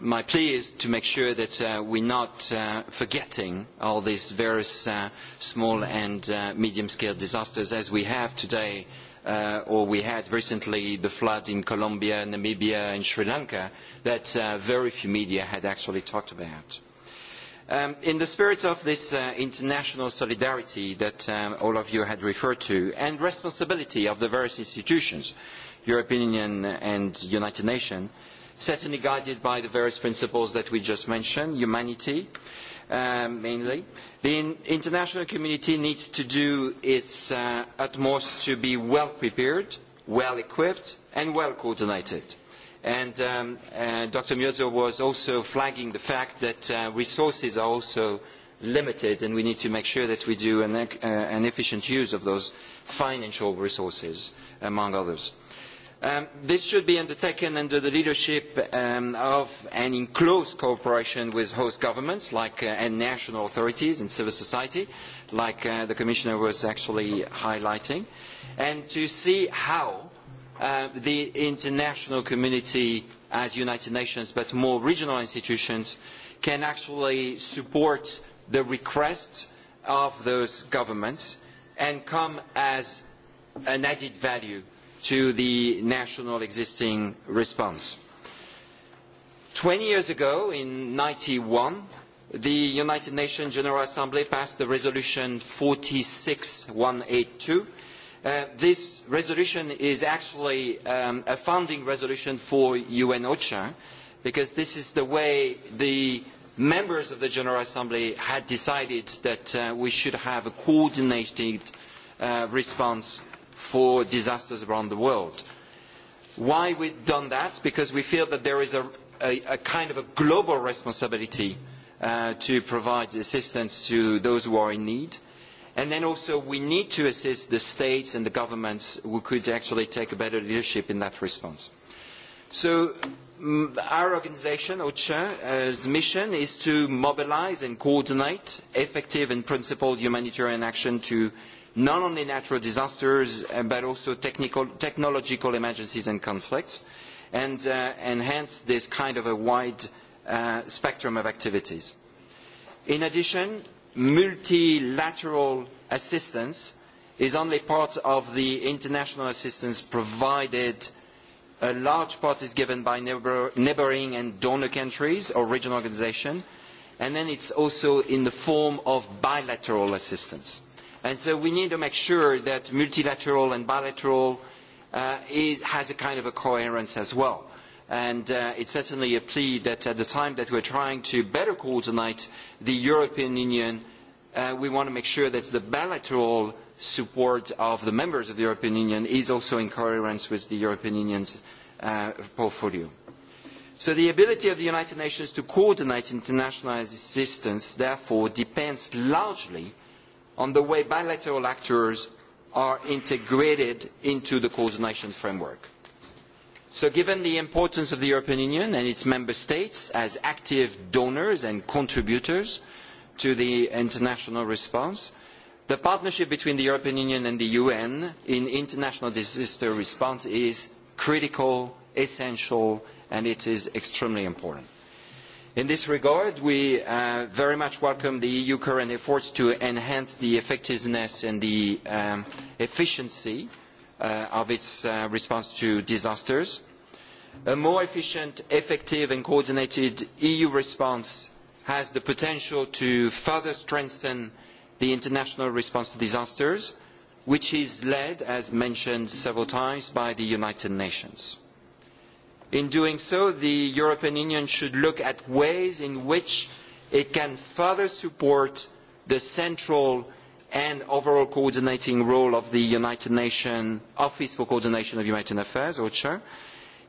my plea is to make sure that we are not forgetting all these various small and medium-scale disasters as we have today or we had recently the flood in Colombia, Namibia and Sri Lanka that very few media had actually talked about. in the spirit of this international solidarity that all of you had referred to and responsibility of the various institutions, uh, European Union and United Nations, certainly guided by the various principles that we just mentioned, humanity mainly. The international community needs to do its utmost to be well prepared, well equipped and well coordinated. Dr. Miozo was also flagging the fact that resources are also limited and we need to make sure that we do an, efficient use of those financial resources, among others this should be undertaken under the leadership of and in close cooperation with host governments and national authorities and civil society, like the Commissioner was actually highlighting, and to see how the international community as United Nations, but more regional institutions, can actually support the requests of those governments and come as an added value to the national existing response. Twenty years ago, in ninety one, the United Nations General Assembly passed the resolution forty six two. This resolution is actually a founding resolution for UN OCHA because this is the way the members of the General Assembly had decided that we should have a coordinated response for disasters around the world. Why we've done that? Because we feel that there is a, a, kind of a global responsibility to provide assistance to those who are in need. And then also we need to assist the states and the governments who could actually take a better leadership in that response. So our organisation, OCHA's mission is to mobilise and coordinate effective and principled humanitarian action to not only natural disasters but also technological emergencies and conflicts, and, enhance this kind of a wide spectrum of activities. In addition, multilateral assistance is only part of the international assistance provided a large part is given by neighbouring and donor countries or regional organisations, and then it is also in the form of bilateral assistance And so we need to make sure that multilateral and bilateral uh, is, has a kind of a coherence as well. And uh, it's certainly a plea that at the time that we're trying to better coordinate the European Union, uh, we want to make sure that the bilateral support of the members of the European Union is also in coherence with the European Union's uh, portfolio. So the ability of the United Nations to coordinate international assistance, therefore, depends largely on the way bilateral actors are integrated into the coordination framework. So given the importance of the European Union and its member states as active donors and contributors to the international response, the partnership between the European Union and the UN in international disaster response is critical, essential, and it is extremely important. In this regard, we very much welcome the EU current efforts to enhance the effectiveness and the efficiency of its response to disasters. A more efficient, effective and coordinated EU response has the potential to further strengthen the international response to disasters, which is led, as mentioned several times, by the United Nations. In doing so, the European Union should look at ways in which it can further support the central and overall coordinating role of the United Nations Office for Coordination of Humanitarian Affairs, OCHA,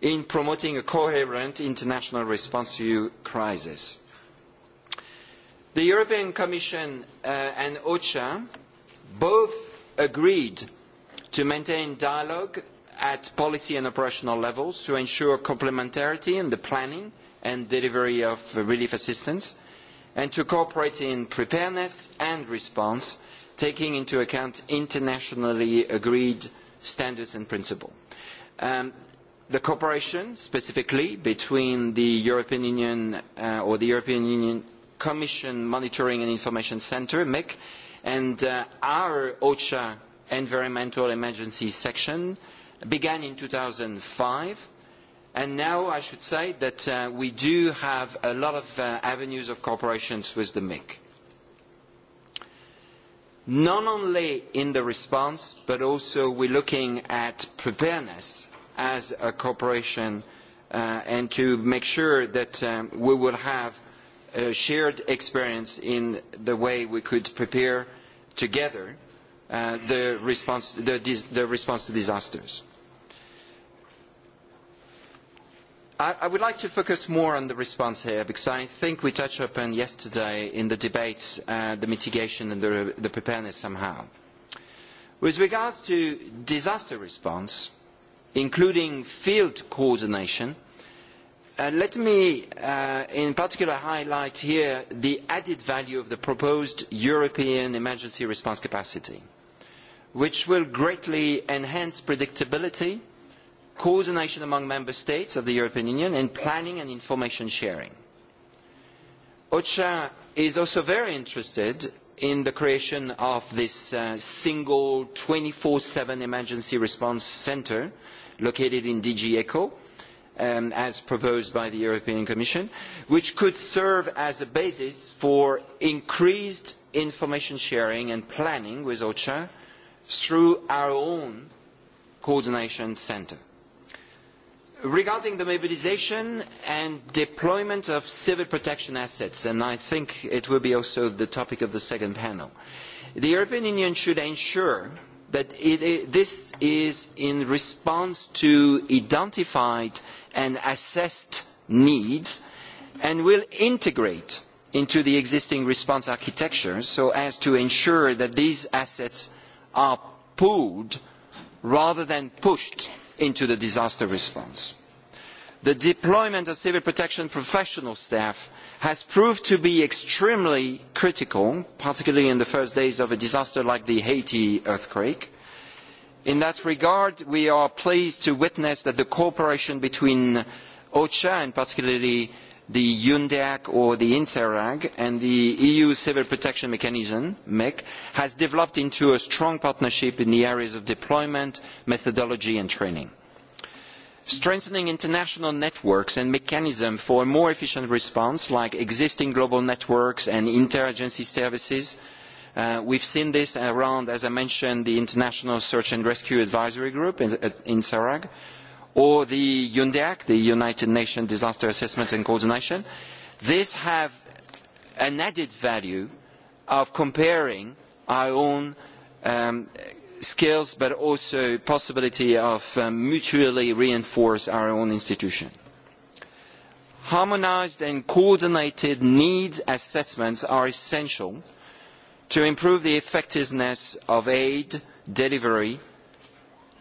in promoting a coherent international response to crisis. The European Commission and OCHA both agreed to maintain dialogue at policy and operational levels to ensure complementarity in the planning and delivery of relief assistance, and to cooperate in preparedness and response, taking into account internationally agreed standards and principles. the cooperation specifically between the European Union or the European Union Commission Monitoring and Information Centre, and our OCHA Environmental Emergency Section began in 2005. And now I should say that we do have a lot of avenues of cooperation with the MIC. Not only in the response, but also we're looking at preparedness as a cooperation and to make sure that we will have a shared experience in the way we could prepare together the response to disasters I would like to focus more on the response here because I think we touched upon yesterday in the debates the mitigation and the, preparedness somehow. With regards to disaster response, including field coordination, let me in particular highlight here the added value of the proposed European emergency response capacity, which will greatly enhance predictability coordination among member states of the European Union, and planning and information sharing. OCHA is also very interested in the creation of this single twenty four seven emergency response centre located in DG ECHO, as proposed by the European Commission, which could serve as a basis for increased information sharing and planning with OCHA through our own coordination centre. Regarding the mobilisation and deployment of civil protection assets, and I think it will be also the topic of the second panel, the European Union should ensure that this is in response to identified and assessed needs and will integrate into the existing response architecture so as to ensure that these assets are pooled rather than pushed into the disaster response. The deployment of civil protection professional staff has proved to be extremely critical, particularly in the first days of a disaster like the Haiti earthquake. In that regard, we are pleased to witness that the cooperation between OCHA and particularly the UNDEAC or the INSERAG and the EU Civil Protection Mechanism, MEC, has developed into a strong partnership in the areas of deployment, methodology and training. Strengthening international networks and mechanisms for a more efficient response, like existing global networks and interagency services, We have seen this around, as I mentioned, the International Search and Rescue Advisory Group in, in SARAG, or the UNDEAC, the United Nations Disaster Assessment and Coordination, these have an added value of comparing our own skills but also possibility of mutually reinforce our own institution. Harmonised and coordinated needs assessments are essential to improve the effectiveness of aid delivery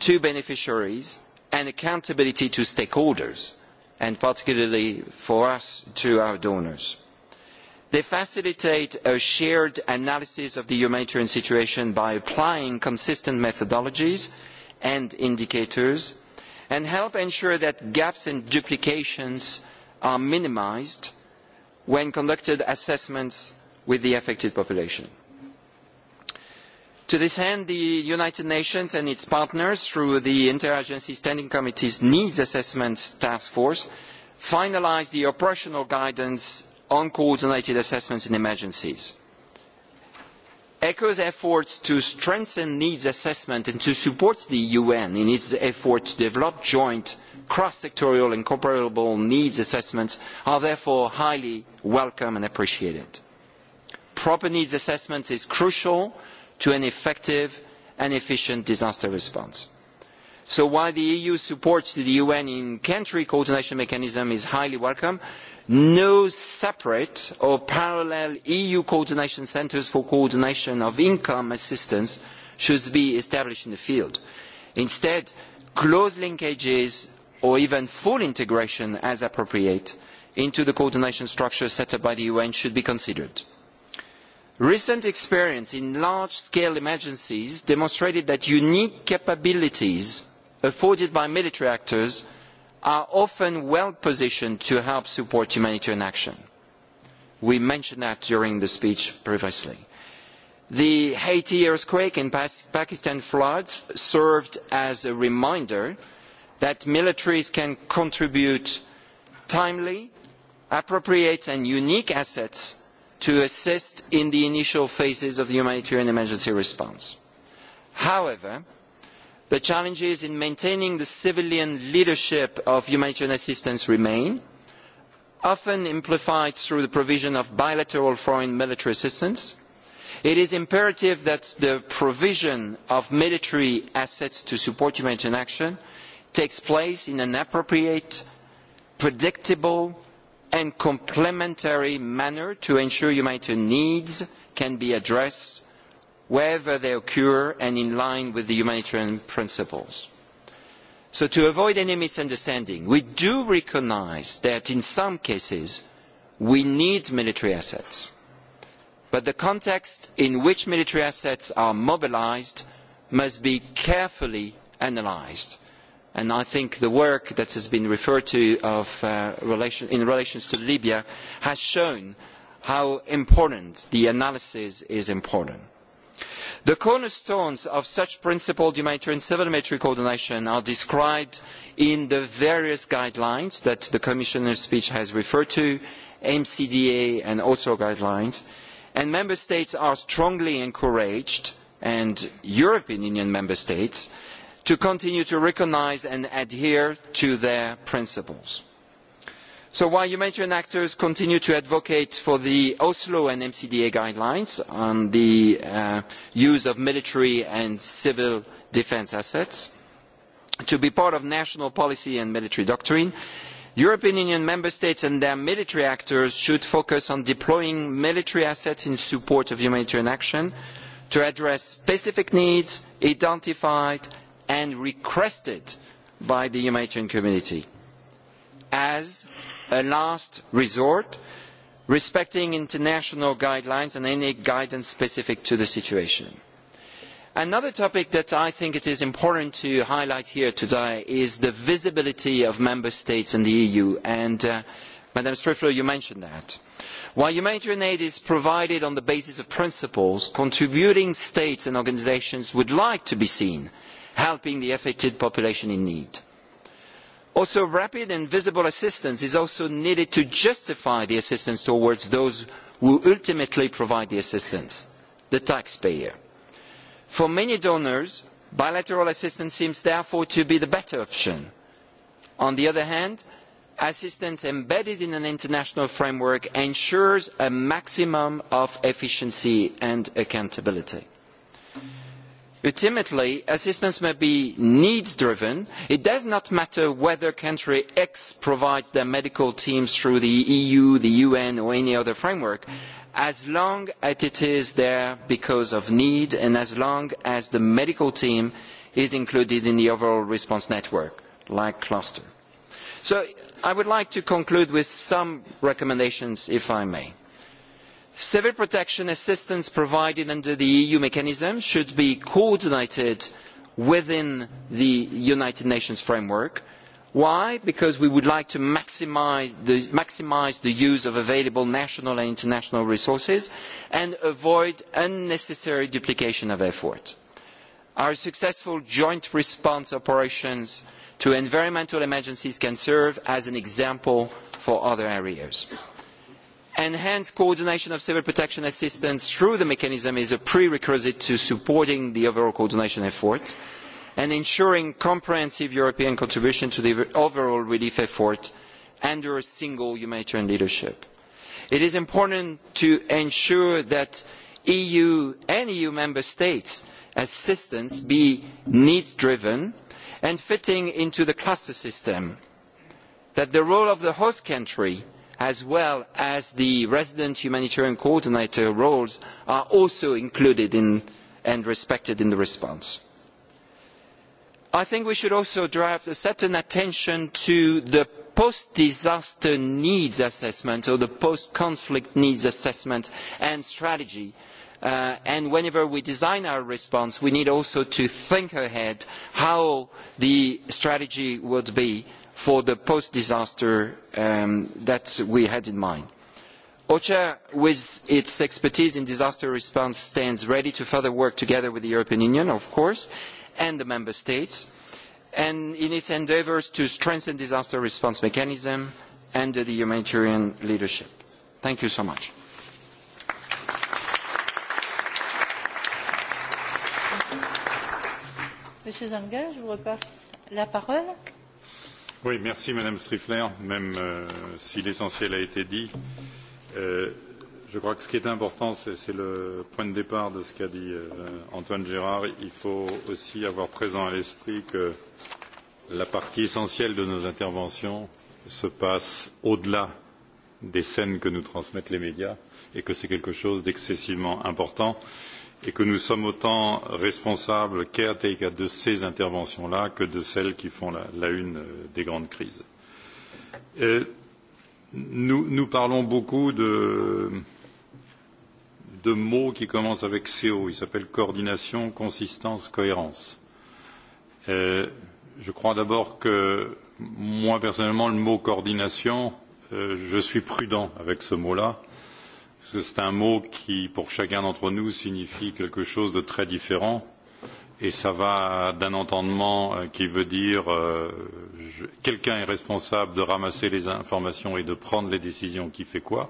to beneficiaries and accountability to stakeholders, and particularly for us to our donors. They facilitate a shared analysis of the humanitarian situation by applying consistent methodologies and indicators and help ensure that gaps and duplications are minimised when conducted assessments with the affected population. To this end, the United Nations and its partners through the Interagency Standing Committee's Needs Assessment Task Force finalised the operational guidance on coordinated assessments in emergencies. ECHO's efforts to strengthen needs assessment and to support the UN in its effort to develop joint cross-sectorial and comparable needs assessments are therefore highly welcome and appreciated. Proper needs assessment is crucial to an effective and efficient disaster response. So while the EU support to the UN in-country coordination mechanism is highly welcome, no separate or parallel EU coordination centres for coordination of income assistance should be established in the field. Instead, close linkages or even full integration as appropriate into the coordination structure set up by the UN should be considered. Recent experience in large-scale emergencies demonstrated that unique capabilities afforded by military actors are often well positioned to help support humanitarian action. We mentioned that during the speech previously. The Haiti earthquake and Pakistan floods served as a reminder that militaries can contribute timely, appropriate and unique assets to assist in the initial phases of the humanitarian emergency response. However, the challenges in maintaining the civilian leadership of humanitarian assistance remain, often amplified through the provision of bilateral foreign military assistance. It is imperative that the provision of military assets to support humanitarian action takes place in an appropriate, predictable and complementary manner to ensure humanitarian needs can be addressed wherever they occur and in line with the humanitarian principles. So to avoid any misunderstanding, we do recognise that in some cases we need military assets. But the context in which military assets are mobilised must be carefully analysed and I think the work that has been referred to in relation to Libya has shown how important the analysis is important. The cornerstones of such principled humanitarian civil military coordination are described in the various guidelines that the Commissioner's speech has referred to, MCDA and also guidelines, and Member States are strongly encouraged, and European Union Member States, to continue to recognise and adhere to their principles. So while humanitarian actors continue to advocate for the Oslo and MCDA guidelines on the use of military and civil defence assets to be part of national policy and military doctrine, European Union member states and their military actors should focus on deploying military assets in support of humanitarian action to address specific needs identified and requested by the humanitarian community as a last resort, respecting international guidelines and any guidance specific to the situation. Another topic that I think it is important to highlight here today is the visibility of member states in the EU, and Madam Striffler, you mentioned that. While humanitarian aid is provided on the basis of principles, contributing states and organisations would like to be seen – helping the affected population in need. Also, rapid and visible assistance is also needed to justify the assistance towards those who ultimately provide the assistance, the taxpayer. For many donors, bilateral assistance seems therefore to be the better option. On the other hand, assistance embedded in an international framework ensures a maximum of efficiency and accountability Ultimately, assistance may be needs driven. It does not matter whether country X provides their medical teams through the EU, the UN, or any other framework, as long as it is there because of need and as long as the medical team is included in the overall response network, like cluster. So I would like to conclude with some recommendations, if I may Civil protection assistance provided under the EU mechanism should be coordinated within the United Nations framework. Why? Because we would like to maximise the, use of available national and international resources and avoid unnecessary duplication of effort. Our successful joint response operations to environmental emergencies can serve as an example for other areas Enhanced coordination of civil protection assistance through the mechanism is a prerequisite to supporting the overall coordination effort and ensuring comprehensive European contribution to the overall relief effort under a single humanitarian leadership. It is important to ensure that EU and EU member states' assistance be needs driven and fitting into the cluster system, that the role of the host country as well as the resident humanitarian coordinator roles are also included and respected in the response. I think we should also draft a certain attention to the post-disaster needs assessment or the post-conflict needs assessment and strategy. and whenever we design our response, we need also to think ahead how the strategy would be for the post-disaster that we had in mind. OCHA, with its expertise in disaster response, stands ready to further work together with the European Union, of course, and the member states, and in its endeavours to strengthen disaster response mechanism and the humanitarian leadership. Thank you so much. Monsieur Zanger, je vous repasse la parole. Oui, merci Madame Striffler, même si l'essentiel a été dit. je crois que ce qui est important, c'est le point de départ de ce qu'a dit Antoine Gérard. Il faut aussi avoir présent à l'esprit que la partie essentielle de nos interventions se passe au-delà des scènes que nous transmettent les médias et que c'est quelque chose d'excessivement important. Euh, et que nous sommes autant responsables caretaker de ces interventions là que de celles qui font la, une des grandes crises. nous, parlons beaucoup de, mots qui commencent avec CO. Ils s'appellent coordination, consistance, cohérence. je crois d'abord que moi personnellement, le mot coordination, je suis prudent avec ce mot là c'est un mot qui, pour chacun d'entre nous, signifie quelque chose de très différent. Et ça va d'un entendement qui veut dire quelqu'un est responsable de ramasser les informations et de prendre les décisions qui fait quoi.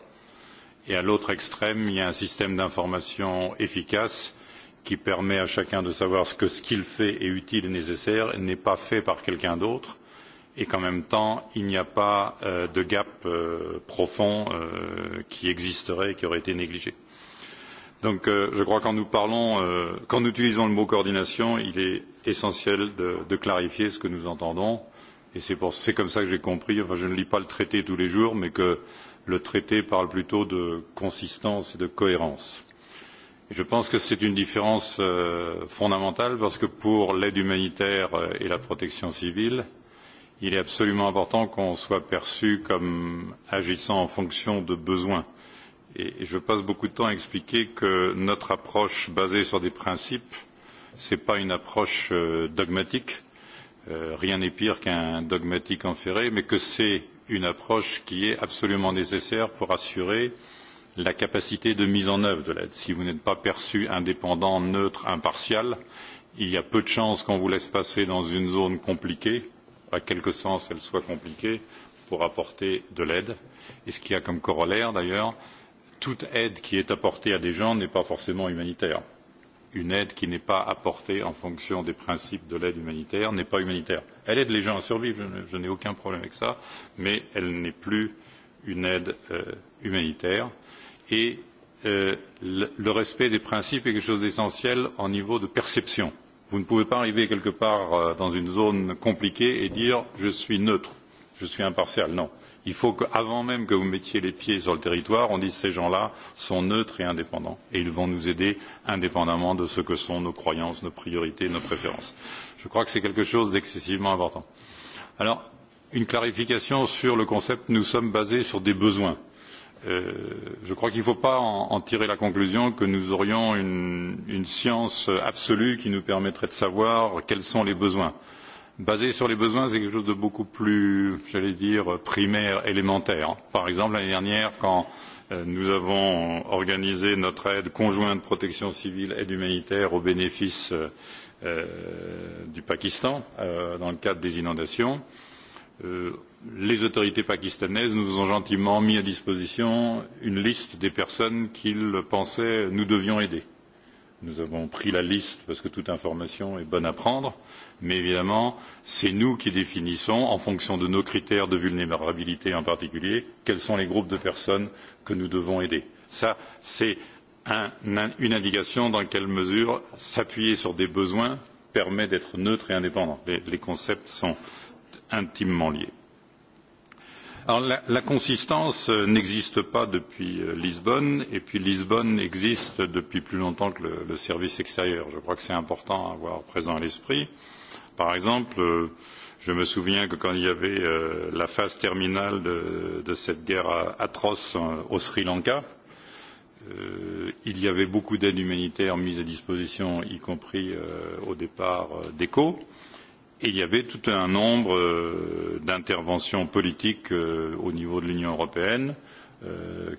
Et à l'autre extrême, il y a un système d'information efficace qui permet à chacun de savoir ce que ce qu'il fait est utile et nécessaire et n'est pas fait par quelqu'un d'autre et qu'en même temps, il n'y a pas de gap profond qui existerait et qui aurait été négligé. Donc je crois que quand nous parlons, quand nous utilisons le mot coordination, il est essentiel de, clarifier ce que nous entendons. Et c'est comme cela que j'ai compris, enfin je ne lis pas le traité tous les jours, mais que le traité parle plutôt de consistance et de cohérence. Je pense que c'est une différence fondamentale parce que pour l'aide humanitaire et la protection civile, il est absolument important qu'on soit perçu comme agissant en fonction de besoins. Et je passe beaucoup de temps à expliquer que notre approche basée sur des principes, ce n'est pas une approche dogmatique. rien n'est pire qu'un dogmatique enferré, mais que c'est une approche qui est absolument nécessaire pour assurer la capacité de mise en œuvre de l'aide. Si vous n'êtes pas perçu indépendant, neutre, impartial, il y a peu de chances qu'on vous laisse passer dans une zone compliquée à quelque sens elle soit compliquée, pour apporter de l'aide. Et ce qui a comme corollaire, d'ailleurs, toute aide qui est apportée à des gens n'est pas forcément humanitaire. Une aide qui n'est pas apportée en fonction des principes de l'aide humanitaire n'est pas humanitaire. Elle aide les gens à survivre, je n'ai aucun problème avec ça, mais elle n'est plus une aide humanitaire. Et le respect des principes est quelque chose d'essentiel au niveau de perception vous ne pouvez pas arriver quelque part dans une zone compliquée et dire je suis neutre, je suis impartial. Non. Il faut qu'avant même que vous mettiez les pieds sur le territoire, on dise ces gens-là sont neutres et indépendants. Et ils vont nous aider indépendamment de ce que sont nos croyances, nos priorités, nos préférences. Je crois que c'est quelque chose d'excessivement important. Alors, une clarification sur le concept nous sommes basés sur des besoins je crois qu'il ne faut pas en, tirer la conclusion que nous aurions une, science absolue qui nous permettrait de savoir quels sont les besoins. Basé sur les besoins, c'est quelque chose de beaucoup plus, j'allais dire, primaire, élémentaire. Par exemple, l'année dernière, quand nous avons organisé notre aide conjointe protection civile aide humanitaire au bénéfice du Pakistan dans le cadre des inondations, les autorités pakistanaises nous ont gentiment mis à disposition une liste des personnes qu'ils pensaient nous devions aider. Nous avons pris la liste parce que toute information est bonne à prendre, mais évidemment, c'est nous qui définissons, en fonction de nos critères de vulnérabilité en particulier, quels sont les groupes de personnes que nous devons aider. c'est une indication dans quelle mesure s'appuyer sur des besoins permet d'être neutre et indépendant. Les concepts sont intimement liés la, consistance n'existe pas depuis Lisbonne, et puis Lisbonne existe depuis plus longtemps que le, service extérieur. Je crois que c'est important à avoir présent à l'esprit. Par exemple, je me souviens que quand il y avait la phase terminale de, cette guerre atroce au Sri Lanka, il y avait beaucoup d'aide humanitaire mise à disposition, y compris au départ d'ECHO il y avait tout un nombre d'interventions politiques au niveau de l'Union européenne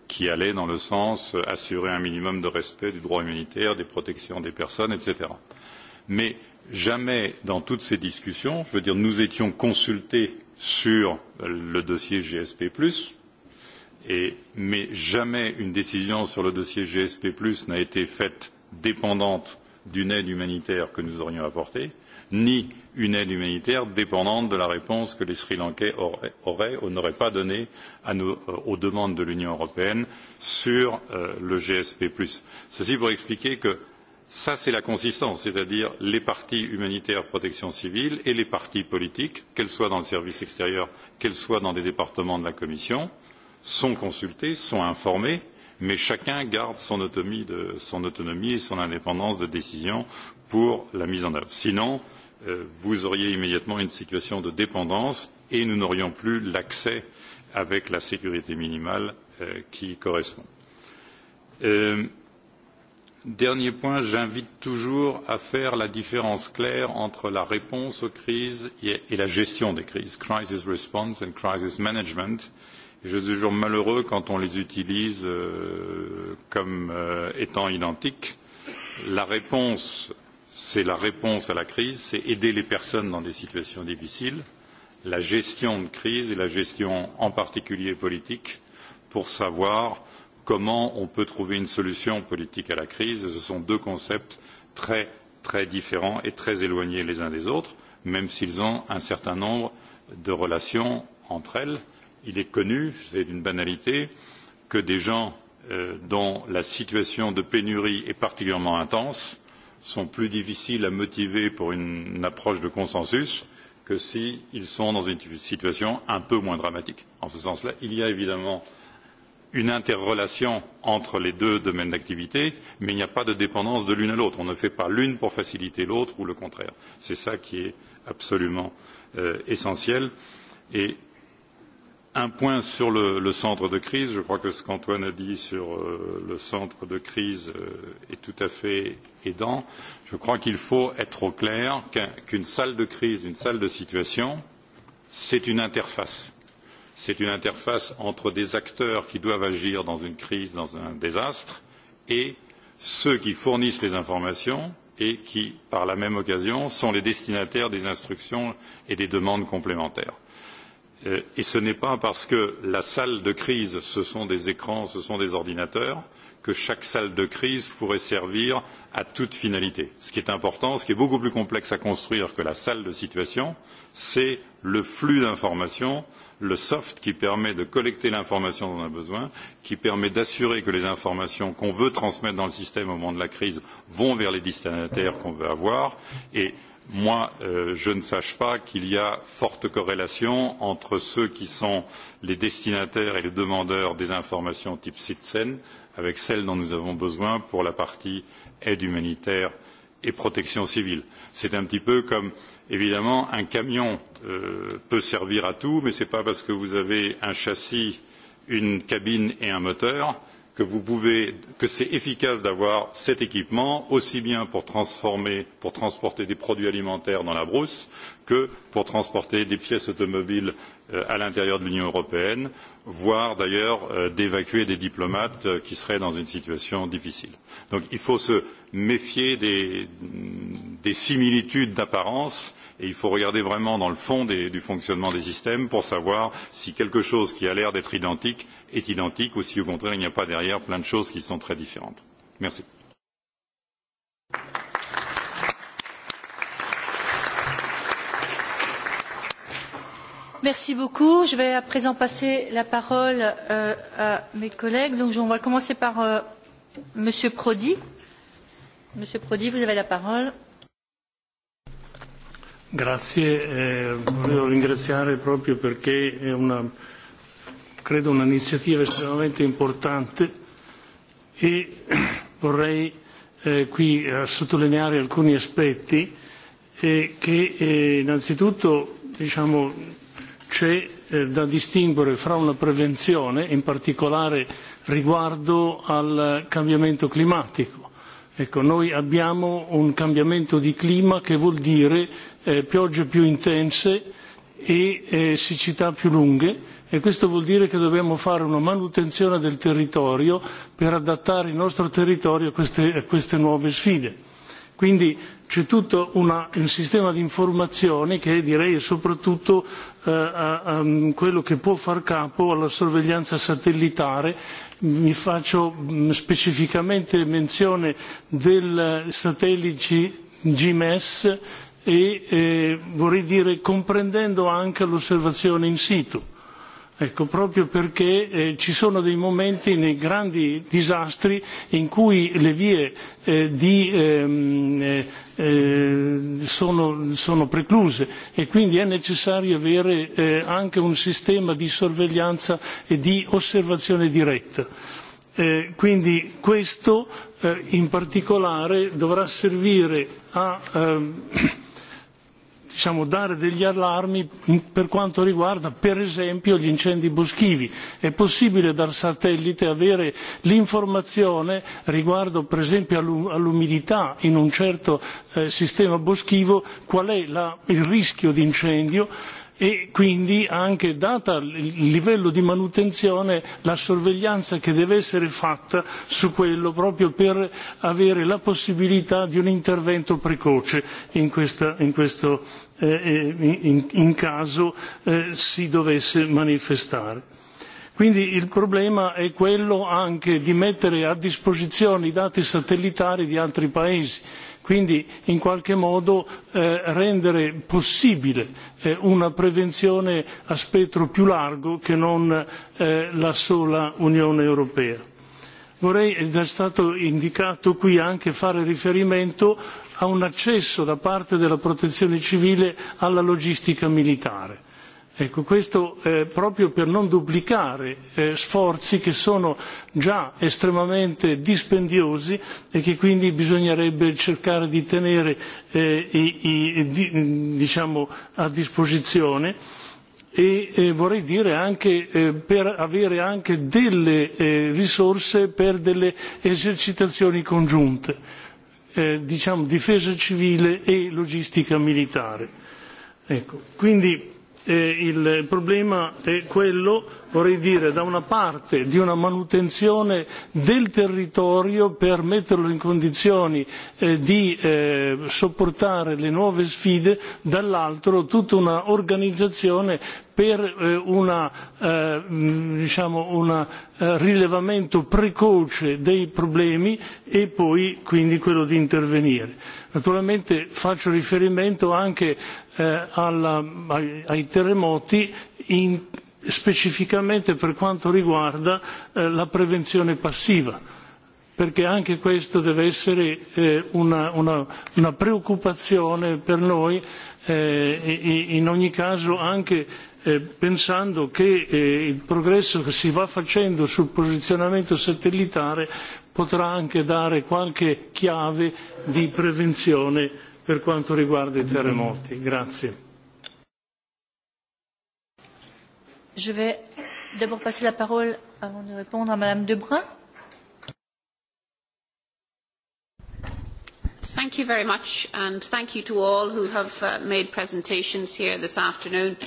qui allaient dans le sens assurer un minimum de respect du droit humanitaire, des protections des personnes, etc. Mais jamais dans toutes ces discussions, je veux dire, nous étions consultés sur le dossier GSP+, mais jamais une décision sur le dossier GSP+ n'a été faite dépendante d'une aide humanitaire que nous aurions apportée ni une aide humanitaire dépendante de la réponse que les Sri Lankais auraient ou n'auraient pas donnée aux demandes de l'Union européenne sur le GSP. Ceci pour expliquer que ça, c'est la consistance, c'est-à-dire les partis humanitaires protection civile et les partis politiques, qu'elles soient dans le service extérieur, qu'elles soient dans des départements de la Commission, sont consultés, sont informés, mais chacun garde son autonomie, et son indépendance de décision pour la mise en œuvre. Sinon, vous auriez immédiatement une situation de dépendance et nous n'aurions plus l'accès avec la sécurité minimale qui y correspond. Dernier point, j'invite toujours à faire la différence claire entre la réponse aux crises et la gestion des crises, crisis response and crisis management. Je suis toujours malheureux quand on les utilise comme étant identiques. La réponse c'est la réponse à la crise, c'est aider les personnes dans des situations difficiles, la gestion de crise et la gestion en particulier politique pour savoir comment on peut trouver une solution politique à la crise. Ce sont deux concepts très très différents et très éloignés les uns des autres, même s'ils ont un certain nombre de relations entre elles. Il est connu, c'est une banalité, que des gens dont la situation de pénurie est particulièrement intense sont plus difficiles à motiver pour une approche de consensus que s'ils sont dans une situation un peu moins dramatique. En ce sens-là, il y a évidemment une interrelation entre les deux domaines d'activité, mais il n'y a pas de dépendance de l'une à l'autre. On ne fait pas l'une pour faciliter l'autre ou le contraire. C'est ça qui est absolument essentiel. Et un point sur le, centre de crise. Je crois que ce qu'Antoine a dit sur le centre de crise est tout à fait aidant, je crois qu'il faut être au clair qu'une salle de crise, une salle de situation, c'est une interface. C'est une interface entre des acteurs qui doivent agir dans une crise, dans un désastre, et ceux qui fournissent les informations et qui, par la même occasion, sont les destinataires des instructions et des demandes complémentaires. et ce n'est pas parce que la salle de crise, ce sont des écrans, ce sont des ordinateurs, que chaque salle de crise pourrait servir à toute finalité. Ce qui est important, ce qui est beaucoup plus complexe à construire que la salle de situation, c'est le flux d'informations, le soft qui permet de collecter l'information dont on a besoin, qui permet d'assurer que les informations qu'on veut transmettre dans le système au moment de la crise vont vers les destinataires qu'on veut avoir et moi, je ne sache pas qu'il y a forte corrélation entre ceux qui sont les destinataires et les demandeurs des informations type CITSEN avec celles dont nous avons besoin pour la partie aide humanitaire et protection civile. C'est un petit peu comme, évidemment, un camion peut servir à tout, mais ce n'est pas parce que vous avez un châssis, une cabine et un moteur que c'est efficace d'avoir cet équipement aussi bien pour transporter des produits alimentaires dans la brousse que pour transporter des pièces automobiles à l'intérieur de l'Union européenne, voire d'ailleurs d'évacuer des diplomates qui seraient dans une situation difficile. Donc il faut se méfier des similitudes d'apparence et il faut regarder vraiment dans le fond du fonctionnement des systèmes pour savoir si quelque chose qui a l'air d'être identique est identique ou si au contraire il n'y a pas derrière plein de choses qui sont très différentes. Merci. Merci beaucoup. Je vais à présent passer la parole à mes collègues. Donc, on va commencer par Monsieur Prodi. Monsieur Prodi, vous avez la parole. Grazie, volevo ringraziare proprio perché è una, credo un'iniziativa estremamente importante e vorrei qui sottolineare alcuni aspetti che innanzitutto diciamo, c'è da distinguere fra una prevenzione, in particolare riguardo al cambiamento climatico. Ecco, noi abbiamo un cambiamento di clima che vuol dire piogge più intense e siccità più lunghe e questo vuol dire che dobbiamo fare una manutenzione del territorio per adattare il nostro territorio a queste nuove sfide. Quindi c'è tutto un sistema di informazioni che direi soprattutto quello che può far capo alla sorveglianza satellitare mi faccio specificamente menzione del satellite GMS e vorrei dire comprendendo anche l'osservazione in situ. Ecco, proprio perché ci sono dei momenti nei grandi disastri in cui le vie sono, precluse e quindi è necessario avere anche un sistema di sorveglianza e di osservazione diretta. quindi questo in particolare dovrà servire a diciamo, dare degli allarmi per quanto riguarda per esempio gli incendi boschivi. È possibile dal satellite avere l'informazione riguardo per esempio all'umidità in un certo sistema boschivo, qual è il rischio di incendio e quindi anche data il livello di manutenzione la sorveglianza che deve essere fatta su quello proprio per avere la possibilità di un intervento precoce in questo in caso si dovesse manifestare. Quindi il problema è quello anche di mettere a disposizione i dati satellitari di altri paesi, quindi in qualche modo rendere possibile una prevenzione a spettro più largo che non la sola Unione Europea. Vorrei, ed è stato indicato qui anche fare riferimento a un accesso da parte della protezione civile alla logistica militare Ecco, questo proprio per non duplicare sforzi che sono già estremamente dispendiosi e che quindi bisognerebbe cercare di tenere a disposizione e vorrei dire anche per avere anche delle risorse per delle esercitazioni congiunte, diciamo difesa civile e logistica militare. Ecco, quindi eh, il problema è quello vorrei dire da una parte di una manutenzione del territorio per metterlo in condizioni eh, di eh, sopportare le nuove sfide dall'altro tutta una organizzazione per eh, un eh, eh, diciamo rilevamento precoce dei problemi e poi quindi quello di intervenire. naturalmente faccio riferimento anche ai terremoti specificamente per quanto riguarda la prevenzione passiva perché anche questa deve essere una, preoccupazione per noi in ogni caso anche pensando che il progresso che si va facendo sul posizionamento satellitare potrà anche dare qualche chiave di prevenzione per quanto riguarda i terremoti. Grazie. Je vais d'abord passer la parole, avant de répondre, à Madame Debrun. Thank you very much, and thank you to all who have uh, made presentations here this afternoon.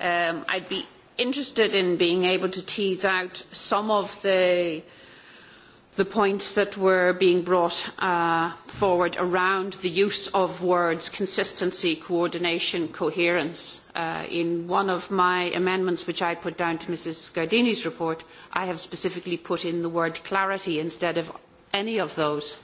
Um, I'd be interested in being able to tease out some of the uh, the points that were being brought forward around the use of words consistency, coordination, coherence. in one of my amendments, which I put down to Mrs. Gardini's report, I have specifically put in the word clarity instead of any of those,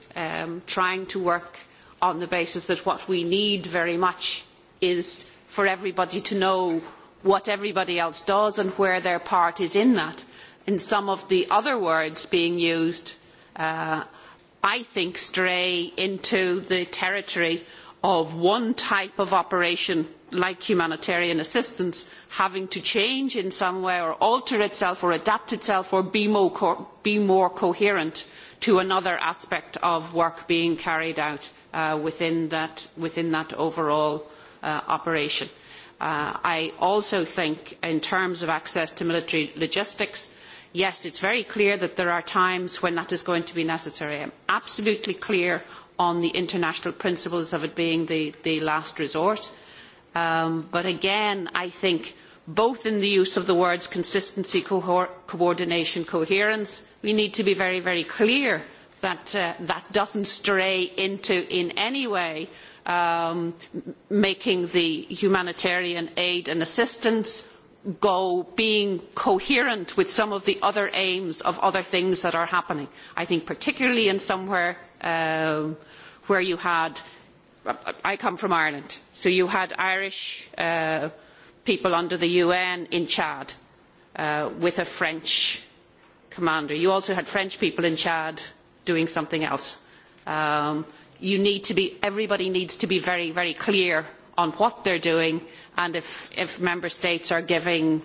trying to work on the basis that what we need very much is for everybody to know what everybody else does and where their part is in that in some of the other words being used, I think stray into the territory of one type of operation like humanitarian assistance having to change in some way or alter itself or adapt itself or be more, coherent to another aspect of work being carried out within, that, overall operation. I also think in terms of access to military logistics, yes, it is very clear that there are times when that is going to be necessary. I am absolutely clear on the international principles of it being the, last resort. but again, I think both in the use of the words consistency, coordination, and coherence, we need to be very, very clear that that does not stray into in any way making the humanitarian aid and assistance go being coherent with some of the other aims of other things that are happening. I think particularly in somewhere where you had, I come from Ireland, so you had Irish people under the UN in Chad with a French commander. You also had French people in Chad doing something else. you need to be, everybody needs to be very, very clear on what they are doing and if member states are giving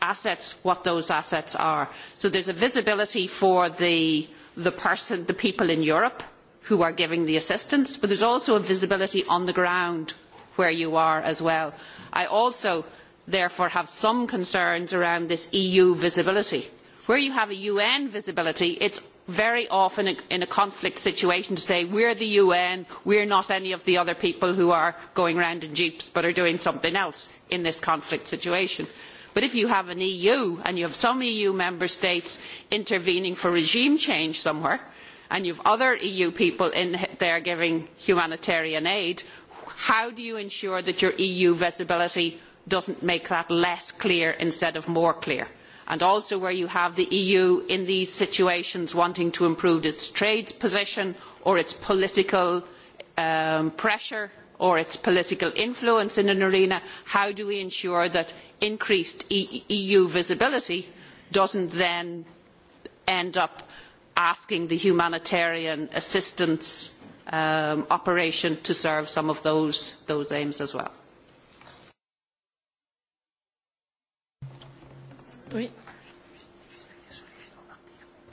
assets, what those assets are. So there is a visibility for the, person, the people in Europe who are giving the assistance, but there is also a visibility on the ground where you are as well. I also therefore have some concerns around this EU visibility. Where you have a UN visibility, it is very often in a conflict situation to say we are the UN, we are not any of the other people who are going around in jeeps but are doing something else in this conflict situation. But if you have an EU and you have some EU member states intervening for regime change somewhere, and you have other EU people in there giving humanitarian aid, how do you ensure that your EU visibility does not make that less clear instead of more clear? and also where you have the EU in these situations wanting to improve its trade position or its political pressure or its political influence in an arena, how do we ensure that increased EU visibility does not then end up asking the humanitarian assistance operation to serve some of those aims as well? Oui.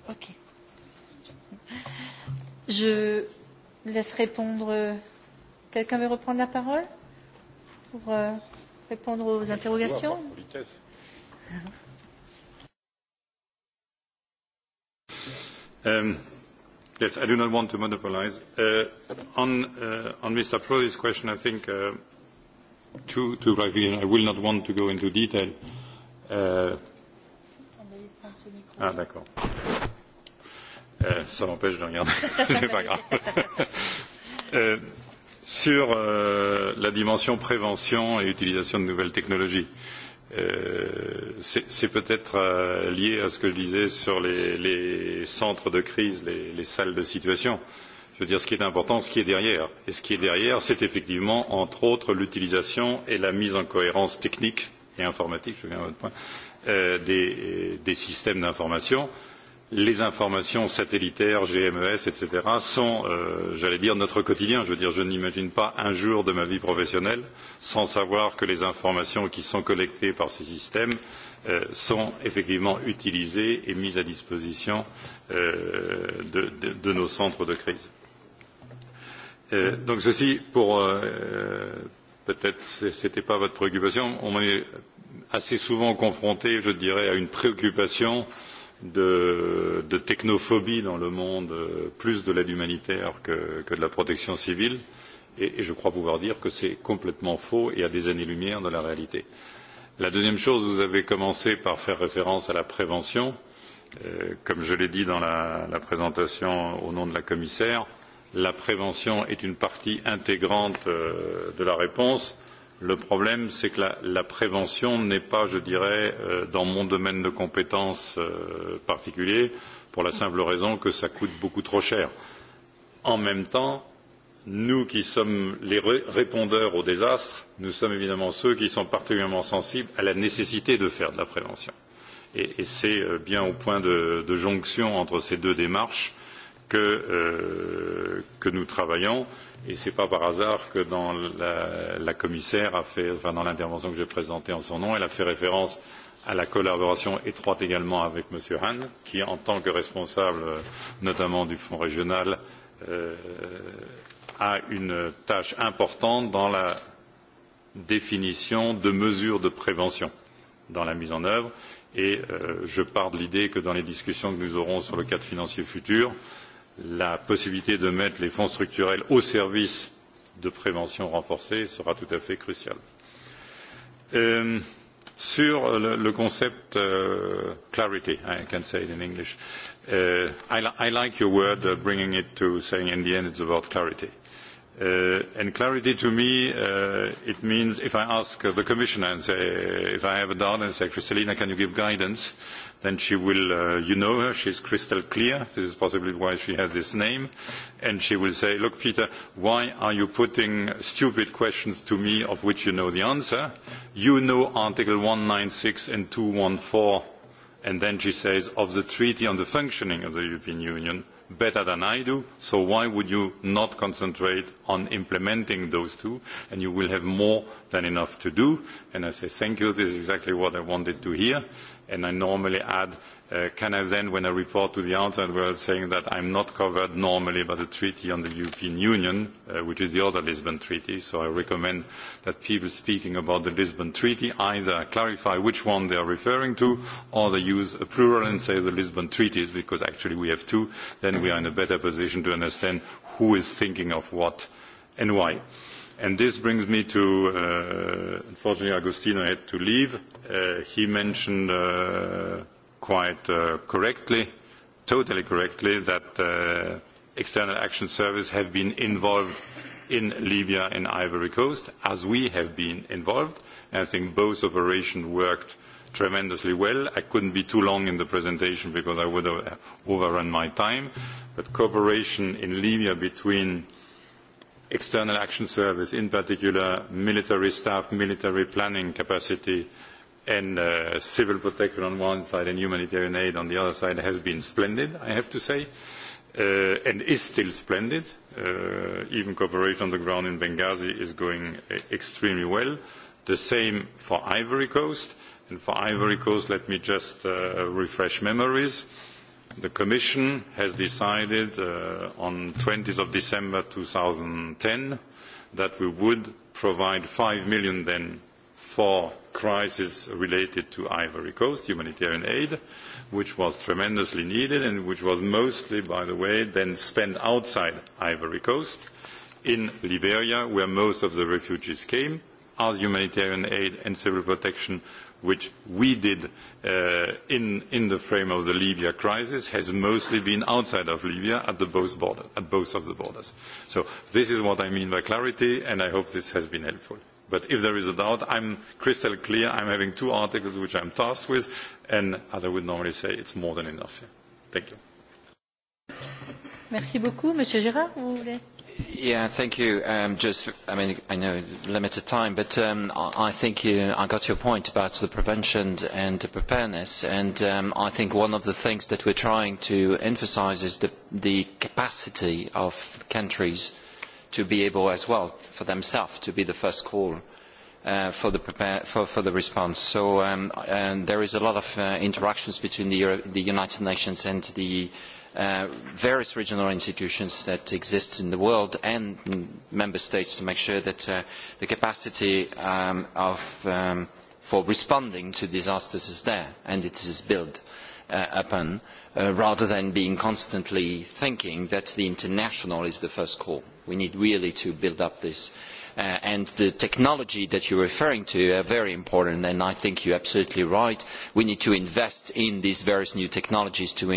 Ok. Je laisse répondre. Quelqu'un veut reprendre la parole pour répondre aux interrogations Um, yes, I do not want to monopolize. Uh, on, uh, on Mr. Prodi's question, I think uh, to, to I will not want to go into detail. Uh, Ah, d'accord. Euh, ça m'empêche de regarder. C'est pas grave. euh, sur euh, la dimension prévention et utilisation de nouvelles technologies, euh, c'est peut-être euh, lié à ce que je disais sur les, les centres de crise, les, les salles de situation. Je veux dire, ce qui est important, ce qui est derrière. Et ce qui est derrière, c'est effectivement, entre autres, l'utilisation et la mise en cohérence technique et informatique, je viens à votre point, des, systèmes d'information. Les informations satellitaires, GMES, etc. sont, j'allais dire, notre quotidien. Je veux dire, je n'imagine pas un jour de ma vie professionnelle sans savoir que les informations qui sont collectées par ces systèmes sont effectivement utilisées et mises à disposition de, nos centres de crise. donc ceci pour peut-être ce n'était pas votre préoccupation, on est assez souvent confrontés, je dirais, à une préoccupation de, technophobie dans le monde, plus de l'aide humanitaire que, de la protection civile. Et, je crois pouvoir dire que c'est complètement faux et à des années-lumière de la réalité. La deuxième chose, vous avez commencé par faire référence à la prévention. comme je l'ai dit dans la, présentation au nom de la commissaire, la prévention est une partie intégrante de la réponse Le problème, c'est que la, prévention n'est pas, je dirais, dans mon domaine de compétences particulier, pour la simple raison que cela coûte beaucoup trop cher. En même temps, nous qui sommes les répondeurs au désastre, nous sommes évidemment ceux qui sont particulièrement sensibles à la nécessité de faire de la prévention. Et, c'est bien au point de, jonction entre ces deux démarches que, nous travaillons Et ce n'est pas par hasard que dans la, la commissaire a fait, enfin dans l'intervention que j'ai présentée en son nom, elle a fait référence à la collaboration étroite également avec M. Hahn, qui en tant que responsable notamment du fonds régional a une tâche importante dans la définition de mesures de prévention dans la mise en œuvre. Et je pars de l'idée que dans les discussions que nous aurons sur le cadre financier futur, euh, la possibilité de mettre les fonds structurels au service de prévention renforcée sera tout à fait cruciale. sur le, concept clarity, I can say it in English. I, like your word, uh, bringing it to saying in the end it's about clarity. and clarity to me, it means if I ask the commissioner and say, if I have a doubt and say, Kristalina, can you give guidance? then she will, uh, you know her, she's crystal clear. This is possibly why she has this name. And she will say, look, Peter, why are you putting stupid questions to me of which you know the answer? You know Article 196 and 214, and then she says, of the Treaty on the Functioning of the European Union, better than I do, so why would you not concentrate on implementing those two? And you will have more than enough to do. And I say, thank you, this is exactly what I wanted to hear and I normally add, can I then, when I report to the outside world, saying that I'm not covered normally by the Treaty on the European Union, which is the other Lisbon Treaty, so I recommend that people speaking about the Lisbon Treaty either clarify which one they are referring to, or they use a plural and say the Lisbon Treaties, because actually we have two, then we are in a better position to understand who is thinking of what and why. And this brings me to, unfortunately, Agostino had to leave he mentioned quite correctly, totally correctly, that the External Action Service have been involved in Libya and Ivory Coast, as we have been involved. and I think both operations worked tremendously well. I couldn't be too long in the presentation because I would have overrun my time. But cooperation in Libya between External Action Service, in particular military staff, military planning capacity, and uh, civil protection on one side and humanitarian aid on the other side has been splendid, I have to say, uh, and is still splendid. Uh, even cooperation on the ground in Benghazi is going extremely well. The same for Ivory Coast. And for Ivory Coast, let me just uh, refresh memories. The Commission has decided uh, on 20th of December 2010 that we would provide 5 million then for crisis related to Ivory Coast, humanitarian aid, which was tremendously needed and which was mostly, by the way, then spent outside Ivory Coast in Liberia, where most of the refugees came, as humanitarian aid and civil protection, which we did in, the frame of the Libya crisis, has mostly been outside of Libya at, both, border, at both of the borders. So this is what I mean by clarity, and I hope this has been helpful. But if there is a doubt, I'm crystal clear. I'm having two articles which I'm tasked with, and as I would normally say, it's more than enough. Thank you. Merci beaucoup. Monsieur Gérard, vous voulez? Yeah, thank you. Um, just, I mean, I know limited time, but um, I think you, I got your point about the prevention and the preparedness, and um, I think one of the things that we're trying to emphasize is the, the capacity of countries to be able as well for themselves to be the first call for the prepare, for, for the response. So um, and there is a lot of uh, interactions between the, Euro the United Nations and the uh, various regional institutions that exist in the world and member states to make sure that uh, the capacity um, of um, for responding to disasters is there and it is built uh, upon, uh, rather than being constantly thinking that the international is the first call. We need really to build up this. and the technology that you are referring to are very important, and I think you are absolutely right. We need to invest in these various new technologies to,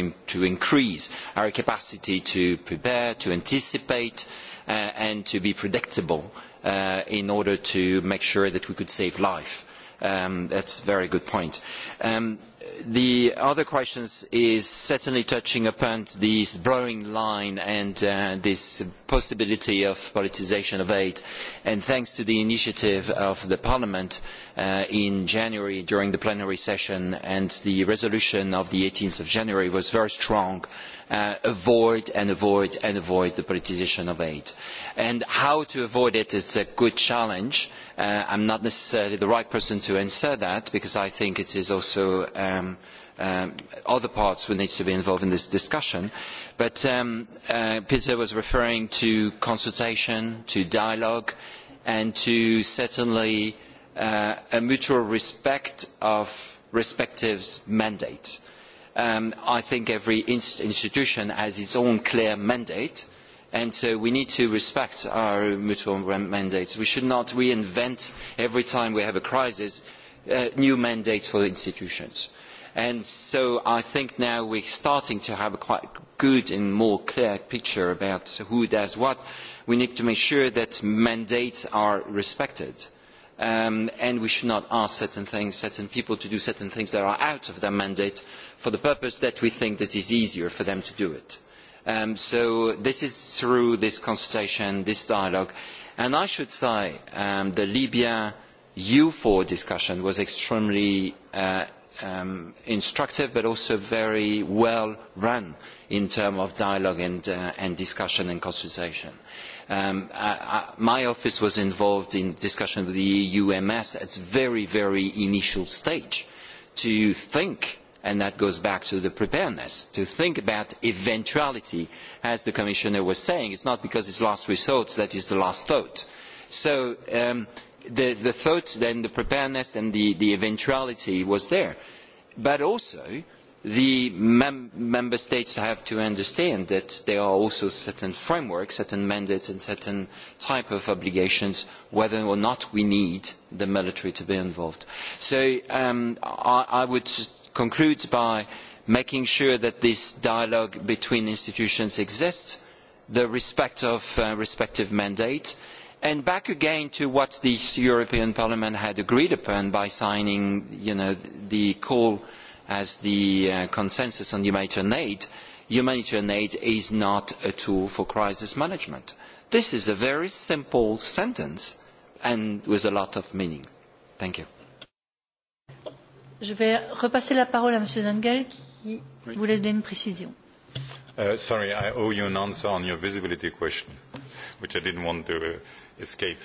increase our capacity to prepare, to anticipate, and to be predictable in order to make sure that we could save life. Um, that's a very good point. Um, the other question is certainly touching upon this blurring line and this possibility of politicisation of aid. And thanks to the initiative of Parliament in January during the plenary session and the resolution of the 18 of January was very strong, avoid and avoid and avoid the politicisation of aid. And how to avoid it is a good challenge. Uh, I am not necessarily the right person to answer that because I think it is also other parts would need to be involved in this discussion. But Peter was referring to consultation, to dialogue, and to certainly a mutual respect of respective mandates. I think every institution has its own clear mandate and so we need to respect our mutual mandates. We should not reinvent every time we have a crisis new mandates for the institutions. And so I think now we are starting to have a quite good and more clear picture about who does what. We need to make sure that mandates are respected. and we should not ask certain things, certain people to do certain things that are out of their mandate for the purpose that we think that is easier for them to do it so this is through this consultation, this dialogue. And I should say um, the Libya U4 discussion was extremely instructive but also very well run in terms of dialogue and, discussion and consultation. my office was involved in discussion with the EUMS at a very, very initial stage to think and that goes back to the preparedness, to think about eventuality. As the Commissioner was saying, it's not because it's last resort that is the last thought. So the, the thought, then the preparedness and the, the eventuality was there. But also, the member states have to understand that there are also certain frameworks, certain mandates and certain type of obligations whether or not we need the military to be involved. So I, would concludes by making sure that this dialogue between institutions exists, the respect of respective mandates, and back again to what the European Parliament had agreed upon by signing the call as the consensus on humanitarian aid, humanitarian aid is not a tool for crisis management. This is a very simple sentence and with a lot of meaning. Thank you. Je vais repasser la parole à Monsieur Zengel qui voulait donner une précision. Uh, sorry, I owe you an answer on your visibility question, which I didn't want to uh, escape.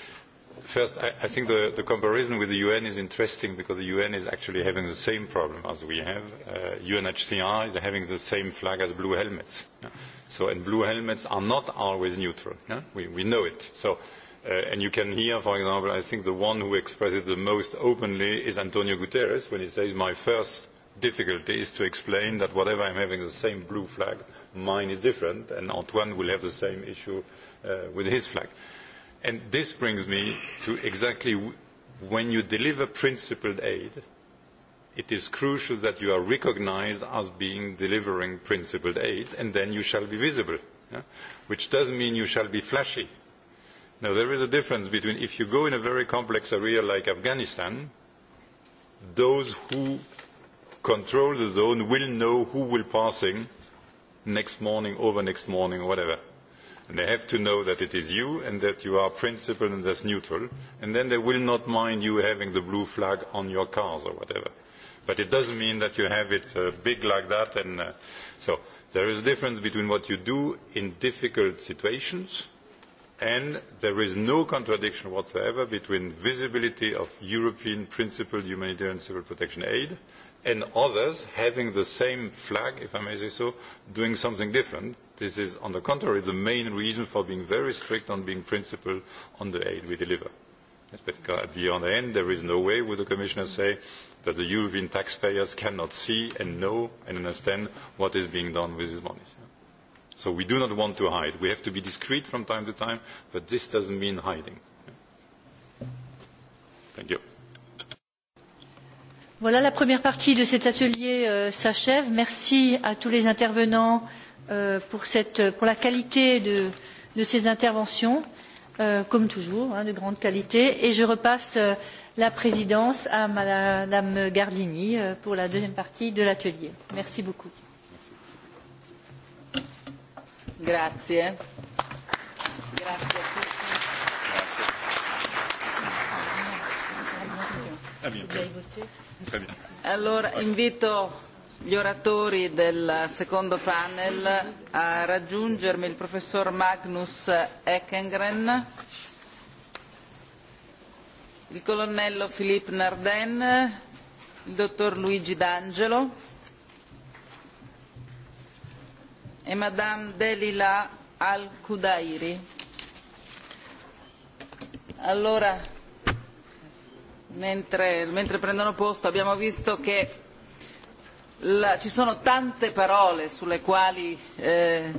First, I, I think the, the comparison with the UN is interesting because the UN is actually having the same problem as we have. Uh, UNHCR is having the same flag as blue helmets. Yeah? So, and blue helmets are not always neutral. Yeah? We, we know it. So and you can hear, for example, I think the one who expressed it the most openly is Antonio Guterres when he says, my first difficulty is to explain that whatever I'm having the same blue flag, mine is different, and Antoine will have the same issue with his flag. And this brings me to exactly when you deliver principled aid, it is crucial that you are recognised as being delivering principled aid, and then you shall be visible, which does mean you shall be flashy Now, there is a difference between if you go in a very complex area like Afghanistan, those who control the zone will know who will pass in next morning, over next morning, or whatever. And they have to know that it is you and that you are principled and that's neutral. And then they will not mind you having the blue flag on your cars or whatever. But it doesn't mean that you have it uh, big like that. And uh, so there is a difference between what you do in difficult situations – and there is no contradiction whatsoever between visibility of European principled humanitarian civil protection aid and others having the same flag, if I may say so, doing something different. This is, on the contrary, the main reason for being very strict on being principled on the aid we deliver. But at the other end, there is no way, would the Commissioner say, that the European taxpayers cannot see and know and understand what is being done with these monies. So we do not want to hide. We have to be discreet from time to time, but this doesn't mean hiding. Thank you. Voilà, la première partie de cet atelier euh, s'achève. Merci à tous les intervenants euh, pour, cette, pour la qualité de, de ces interventions, euh, comme toujours, hein, de grande qualité. Et je repasse euh, la présidence à Madame Gardini euh, pour la deuxième partie de l'atelier. Merci beaucoup. Grazie. Grazie a tutti. Allora invito gli oratori del secondo panel a raggiungermi il professor Magnus Eckengren, il colonnello Philippe Narden, il dottor Luigi D'Angelo, Madame Delila Al-Kudairi. Allora, mentre, mentre prendono posto abbiamo visto che la, ci sono tante parole sulle quali eh,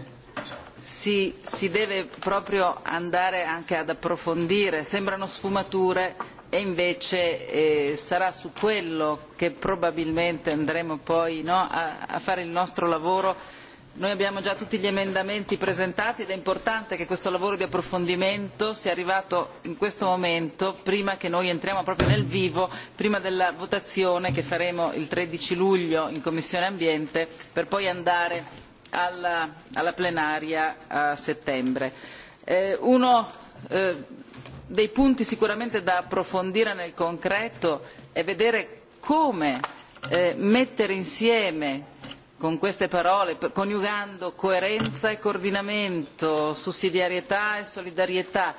si, si deve proprio andare anche ad approfondire. Sembrano sfumature e invece eh, sarà su quello che probabilmente andremo poi no, a, a fare il nostro lavoro Noi abbiamo già tutti gli emendamenti presentati ed è importante che questo lavoro di approfondimento sia arrivato in questo momento, prima che noi entriamo proprio nel vivo, prima della votazione che faremo il tredici luglio in Commissione Ambiente, per poi andare alla, plenaria a settembre. uno dei punti sicuramente da approfondire nel concreto è vedere come mettere insieme con queste parole, coniugando coerenza e coordinamento, sussidiarietà e solidarietà,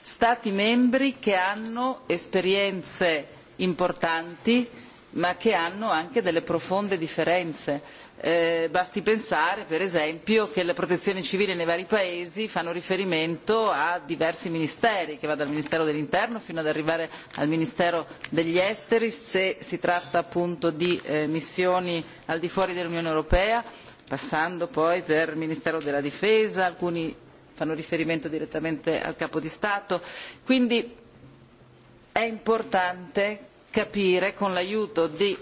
Stati membri che hanno esperienze importanti ma che hanno anche delle profonde differenze basti pensare per esempio che la protezione civile nei vari paesi fa riferimento a diversi ministeri che va dal ministero dell'interno fino ad arrivare al ministero degli esteri se si tratta appunto di missioni al di fuori dell'unione europea passando poi per il ministero della difesa alcuni fanno riferimento direttamente al capo di stato quindi è importante capire con l'aiuto di,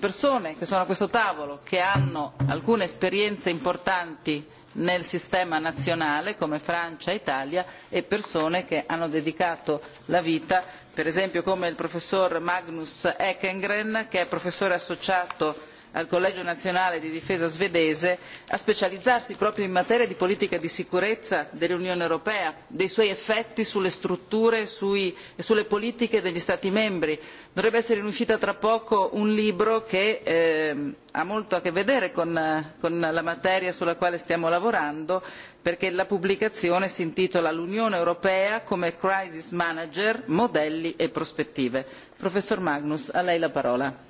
persone che sono a questo tavolo, che hanno alcune esperienze importanti nel sistema nazionale come Francia, e Italia e persone che hanno dedicato la vita, per esempio come il professor Magnus Ekengren che è professore associato al Collegio nazionale di difesa svedese a specializzarsi proprio in materia di politica di sicurezza dell'Unione europea, dei suoi effetti sulle strutture e sulle politiche degli Stati membri. Dovrebbe essere in uscita tra poco un libro che ha molto a che vedere con la materia sulla quale stiamo lavorando perché la pubblicazione si intitola l'unione europea come crisis manager modelli e prospettive. professor magnus a lei la parola.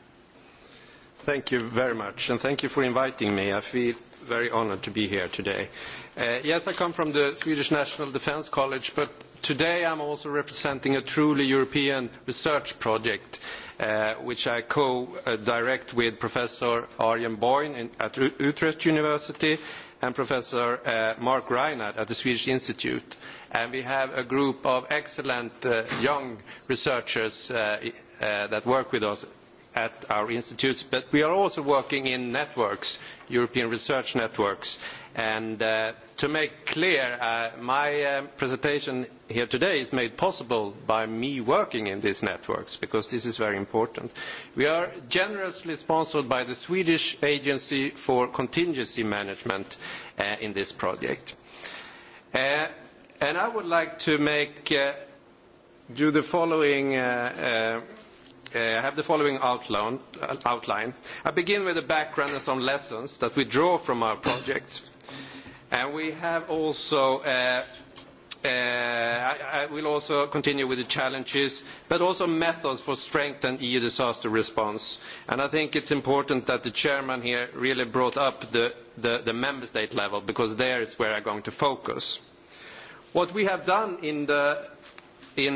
Thank you very much, and thank you for inviting me. I feel very honored to be here today. yes, I come from the Swedish National Defence College, but today I am also representing a truly European research project, which I co-direct with Professor Arjen Bojn at Utrecht University and Professor Mark Reinhardt at the Swedish Institute. And we have a group of excellent young researchers that work with us at our institutes, but we are also working in networks, European research networks. And to make clear, my presentation here today is made possible by me working in these networks, because this is very important. We are generously sponsored by the Swedish Agency for Contingency Management in this project. and I would like to make do the following I have the following outline. I begin with the background and some lessons that we draw from our project. We have also I will also continue with the challenges, but also methods for strengthening EU disaster response. I think it's important that the chairman here really brought up the member state level, because there is where I'm going to focus. What we have done in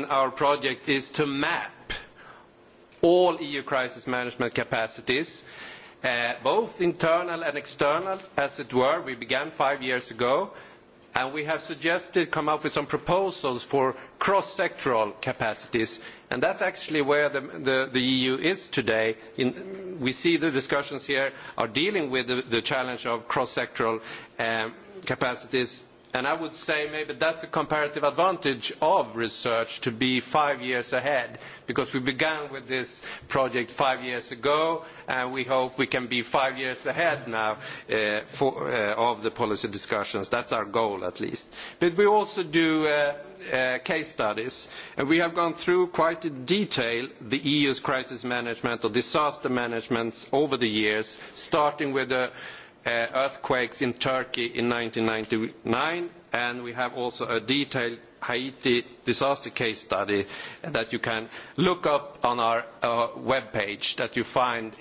our project is to map all EU crisis management capacities, both internal and external, as it were. We began five years ago, and we have suggested come up with some proposals for cross-sectoral capacities. and That's actually where the EU is today. We see the discussions here are dealing with the challenge of cross-sectoral capacities And I would say maybe that's a comparative advantage of research to be five years ahead, because we began with this project five years ago, and we hope we can be five years ahead now of the policy discussions. That's our goal, at least. But we also do case studies, and we have gone through quite in detail the EU's crisis management or disaster management over the years, starting with earthquakes in Turkey in ninety nine, and we have also a detailed Haiti disaster case study that you can look up on our web page that you find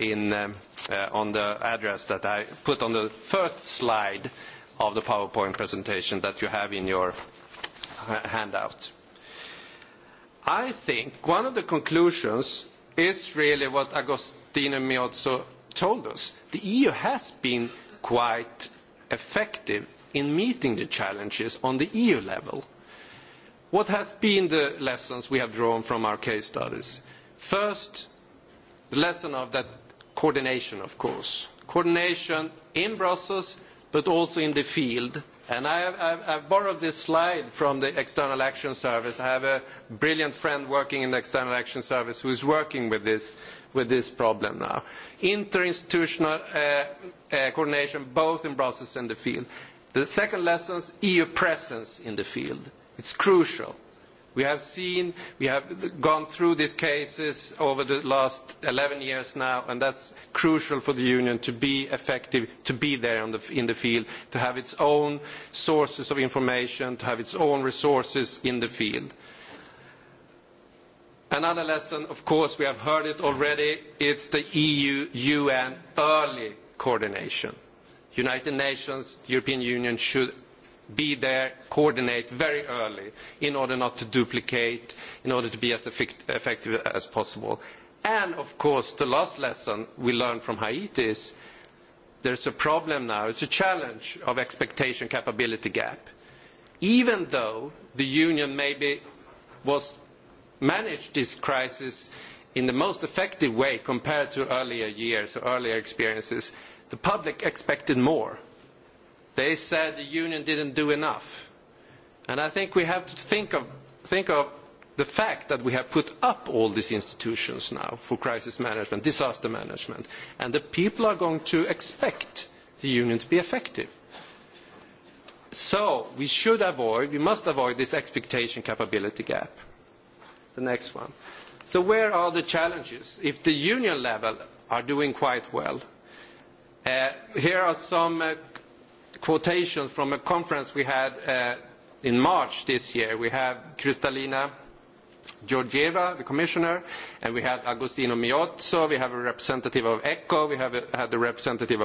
on the address that I put on the first slide of the PowerPoint presentation that you have in your handout. I think one of the conclusions is really what Agostino Miozzo told us. The EU has been quite effective in meeting the challenges on the EU level. What has been the lessons we have drawn from our case studies? First, the lesson of that coordination, of course. Coordination in Brussels, but also in the field. I've I have borrowed this slide from the External Action Service. I have a brilliant friend working in the External Action Service who is working with this with this problem now. Interinstitutional coordination both in Brussels and the field. The second lesson is EU presence in the field. It's crucial. We have seen, we have gone through these cases over the last 11 years now, and that's crucial for the Union to be effective, to be there in the field, to have its own sources of information, to have its own resources in the field Another lesson, of course, we have heard it already, it's the EU-UN early coordination. United Nations, the European Union should be there, coordinate very early in order not to duplicate, in order to be as effective as possible. And of course, the last lesson we learned from Haiti is there is a problem now, it's a challenge of expectation capability gap. Even though the Union maybe was manage this crisis in the most effective way compared to earlier years or earlier experiences, the public expected more. They said the union didn't do enough. And I think we have to think of, think of the fact that we have put up all these institutions now for crisis management, disaster management, and the people are going to expect the union to be effective. So we should avoid, we must avoid this expectation capability gap the next one. So where are the challenges? If the union level are doing quite well, here are some quotations from a conference we had in March this year. We have Kristalina Georgieva, the commissioner, and we had Agostino Miozzo, we have a representative of ECHO, we have had a representative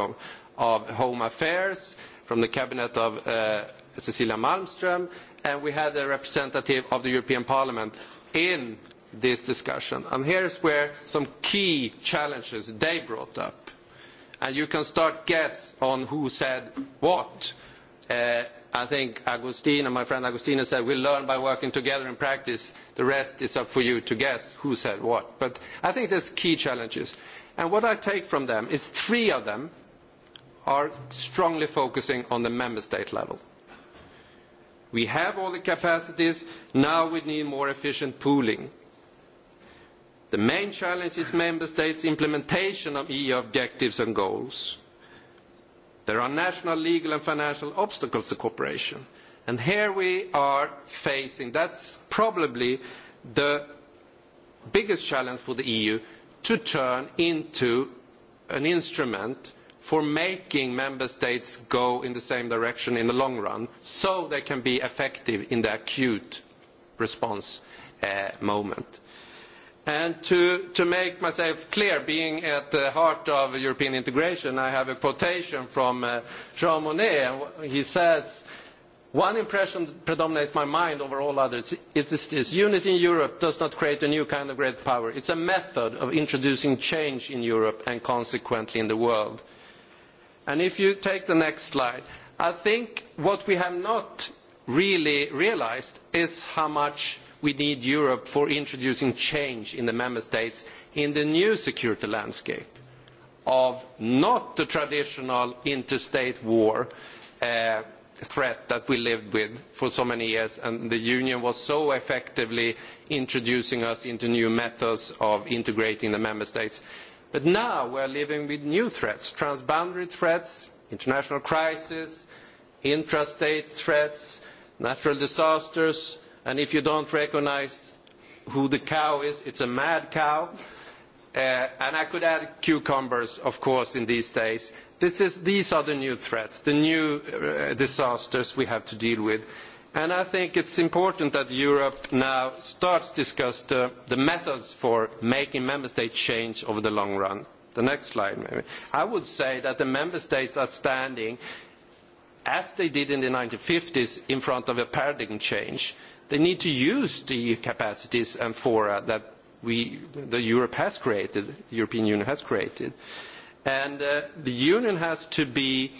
of Home Affairs from the cabinet of Cecilia Malmström, and we had a representative of the European Parliament in this discussion. And here's where some key challenges they brought up. And you can start guess on who said what. I think Agustina, my friend Agustina said, we learn by working together in practice. The rest is up for you to guess who said what. But I think there's key challenges. And what I take from them is three of them are strongly focusing on the member state level. We have all the capacities. Now we need more efficient pooling. The main challenge is member states' implementation of EU objectives and goals. There are national legal and financial obstacles to cooperation. And here we are facing, that's probably the biggest challenge for the EU, to turn into an instrument for making member states go in the same direction in the long run so they can be effective in the acute response moment. To make myself clear, being at the heart of European integration, I have a quotation from Jean Monnet. He says, "One impression that predominates my mind over all others is this. Unity in Europe does not create a new kind of great power. It's a method of introducing change in Europe and consequently in the world." if you take the next slide, I think what we have not really realised is how much we need Europe for introducing change in the member states in the new security landscape of not the traditional interstate war threat that we lived with for so many years and the union was so effectively introducing us into new methods of integrating the member states But now we are living with new threats, transboundary threats, international crisis, intrastate threats, natural disasters, and if you don't recognise who the cow is, it's a mad cow. and I could add cucumbers, of course, in these days. these are the new threats, the new disasters we have to deal with And I think it's important that Europe now starts to discuss the, methods for making member states change over the long run. The next slide, maybe. I would say that the member states are standing, as they did in the 1950s, in front of a paradigm change. They need to use the capacities and fora that we, the Europe has created, the European Union has created. And the Union has to be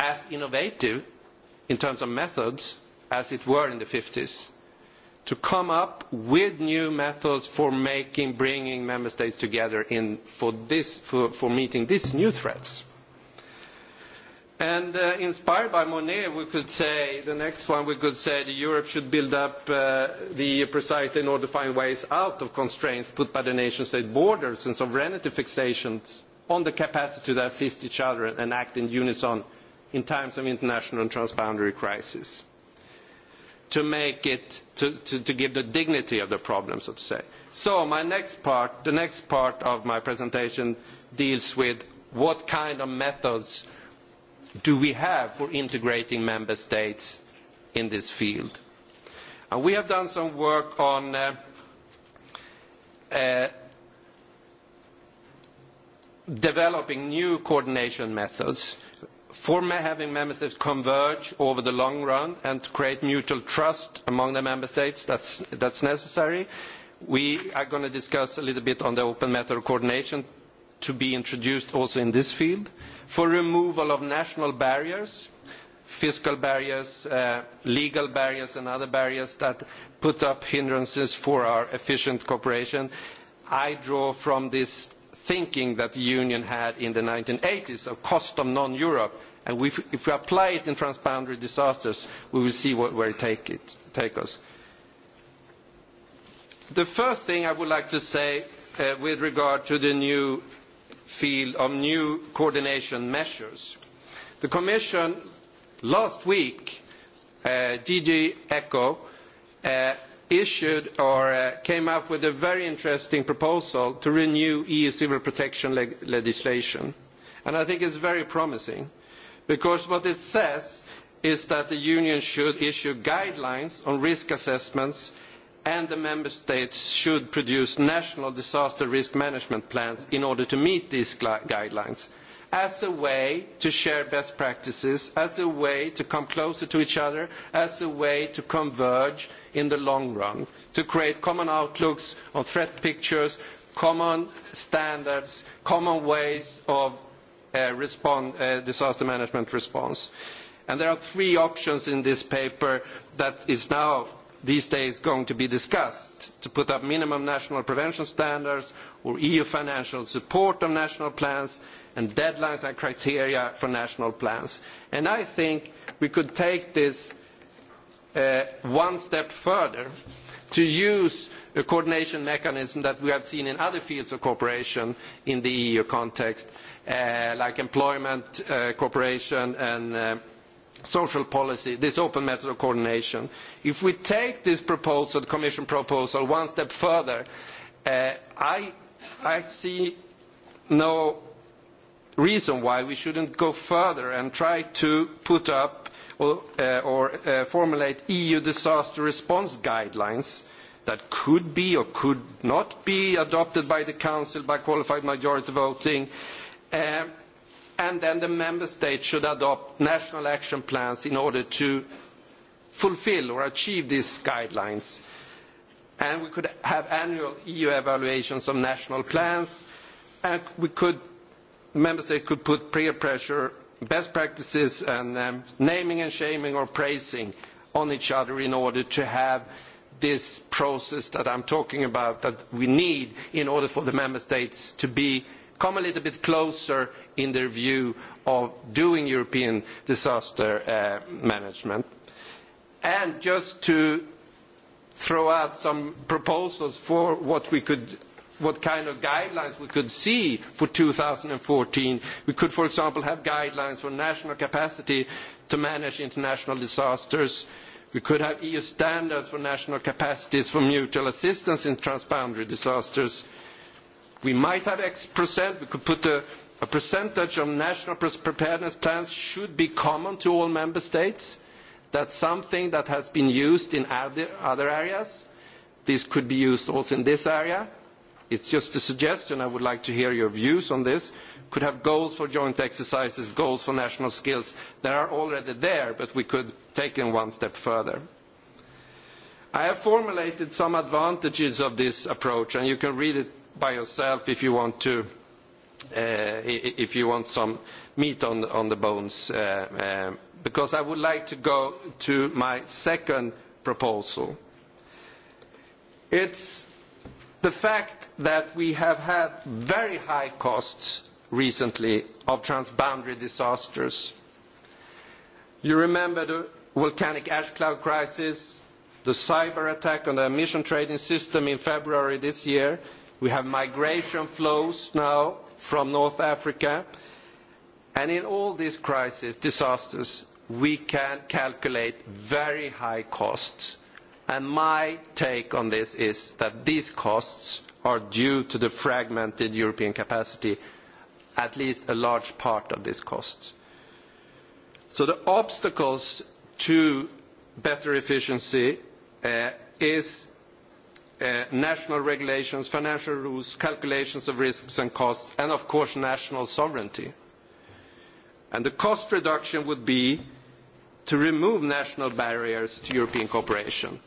as innovative in terms of methods as it were in the 50s, to come up with new methods for making, bringing member states together in, for, this, for, for meeting these new threats. And uh, inspired by Monet, we could say, the next one, we could say that Europe should build up uh, the EU precisely in order to find ways out of constraints put by the nation state borders and sovereignty fixations on the capacity to assist each other and act in unison in times of international and transboundary crisis to make it to, to, to give the dignity of the problem, so to say. So my next part, the next part of my presentation deals with what kind of methods do we have for integrating member states in this field. And we have done some work on uh, uh, developing new coordination methods for having member states converge over the long run and to create mutual trust among the member states that's that's necessary we are going to discuss a little bit on the open method of coordination to be introduced also in this field for removal of national barriers fiscal barriers legal barriers and other barriers that put up hindrances for our efficient cooperation i draw from this thinking that the union had in the 1980s of cost of non-Europe if we apply it in transboundary disasters, we will see where it take us. The first thing I would like to say with regard to the new field of new coordination measures. The Commission last week, DG ECHO, issued or came up with a very interesting proposal to renew EU civil protection legislation. And I think it is very promising because what it says is that the union should issue guidelines on risk assessments and the member states should produce national disaster risk management plans in order to meet these guidelines as a way to share best practices, as a way to come closer to each other, as a way to converge in the long run, to create common outlooks on threat pictures, common standards, common ways of disaster management response. There are three options in this paper that is now these days going to be discussed to put up minimum national prevention standards or EU financial support of national plans and deadlines and criteria for national plans. I think we could take this one step further to use a coordination mechanism that we have seen in other fields of cooperation in the EU context like employment, cooperation, and social policy, this open method of coordination. If we take this proposal, the Commission proposal, one step further, I see no reason why we shouldn't go further and try to put up or formulate EU disaster response guidelines that could be or could not be adopted by the Council by qualified majority voting, and then the member states should adopt national action plans in order to fulfil or achieve these guidelines. And we could have annual EU evaluations of national plans, and we could, member states could put peer pressure, best practices, and naming and shaming or praising on each other in order to have this process that I am talking about that we need in order for the member states to be come a little bit closer in their view of doing European disaster management. And just to throw out some proposals for what we could what kind of guidelines we could see for fourteen. We could, for example, have guidelines for national capacity to manage international disasters. We could have EU standards for national capacities for mutual assistance in transboundary disasters. Uh, We might have X percent. We could put a, percentage of national preparedness plans should be common to all member states. That's something that has been used in other areas. This could be used also in this area. It's just a suggestion. I would like to hear your views on this. Could have goals for joint exercises, goals for national skills. that are already there, but we could take them one step further. I have formulated some advantages of this approach, and you can read it by yourself if you want to if you want some meat on the bones because I would like to go to my second proposal. It's the fact that we have had very high costs recently of transboundary disasters. You remember the volcanic ash cloud crisis, the cyber attack on the emission trading system in February this year, We have migration flows now from North Africa. and In all these crises, disasters, we can calculate very high costs. My take on this is that these costs are due to the fragmented European capacity, at least a large part of these costs. So The obstacles to better efficiency is national regulations, financial rules, calculations of risks and costs, and of course, national sovereignty. The cost reduction would be to remove national barriers to European cooperation.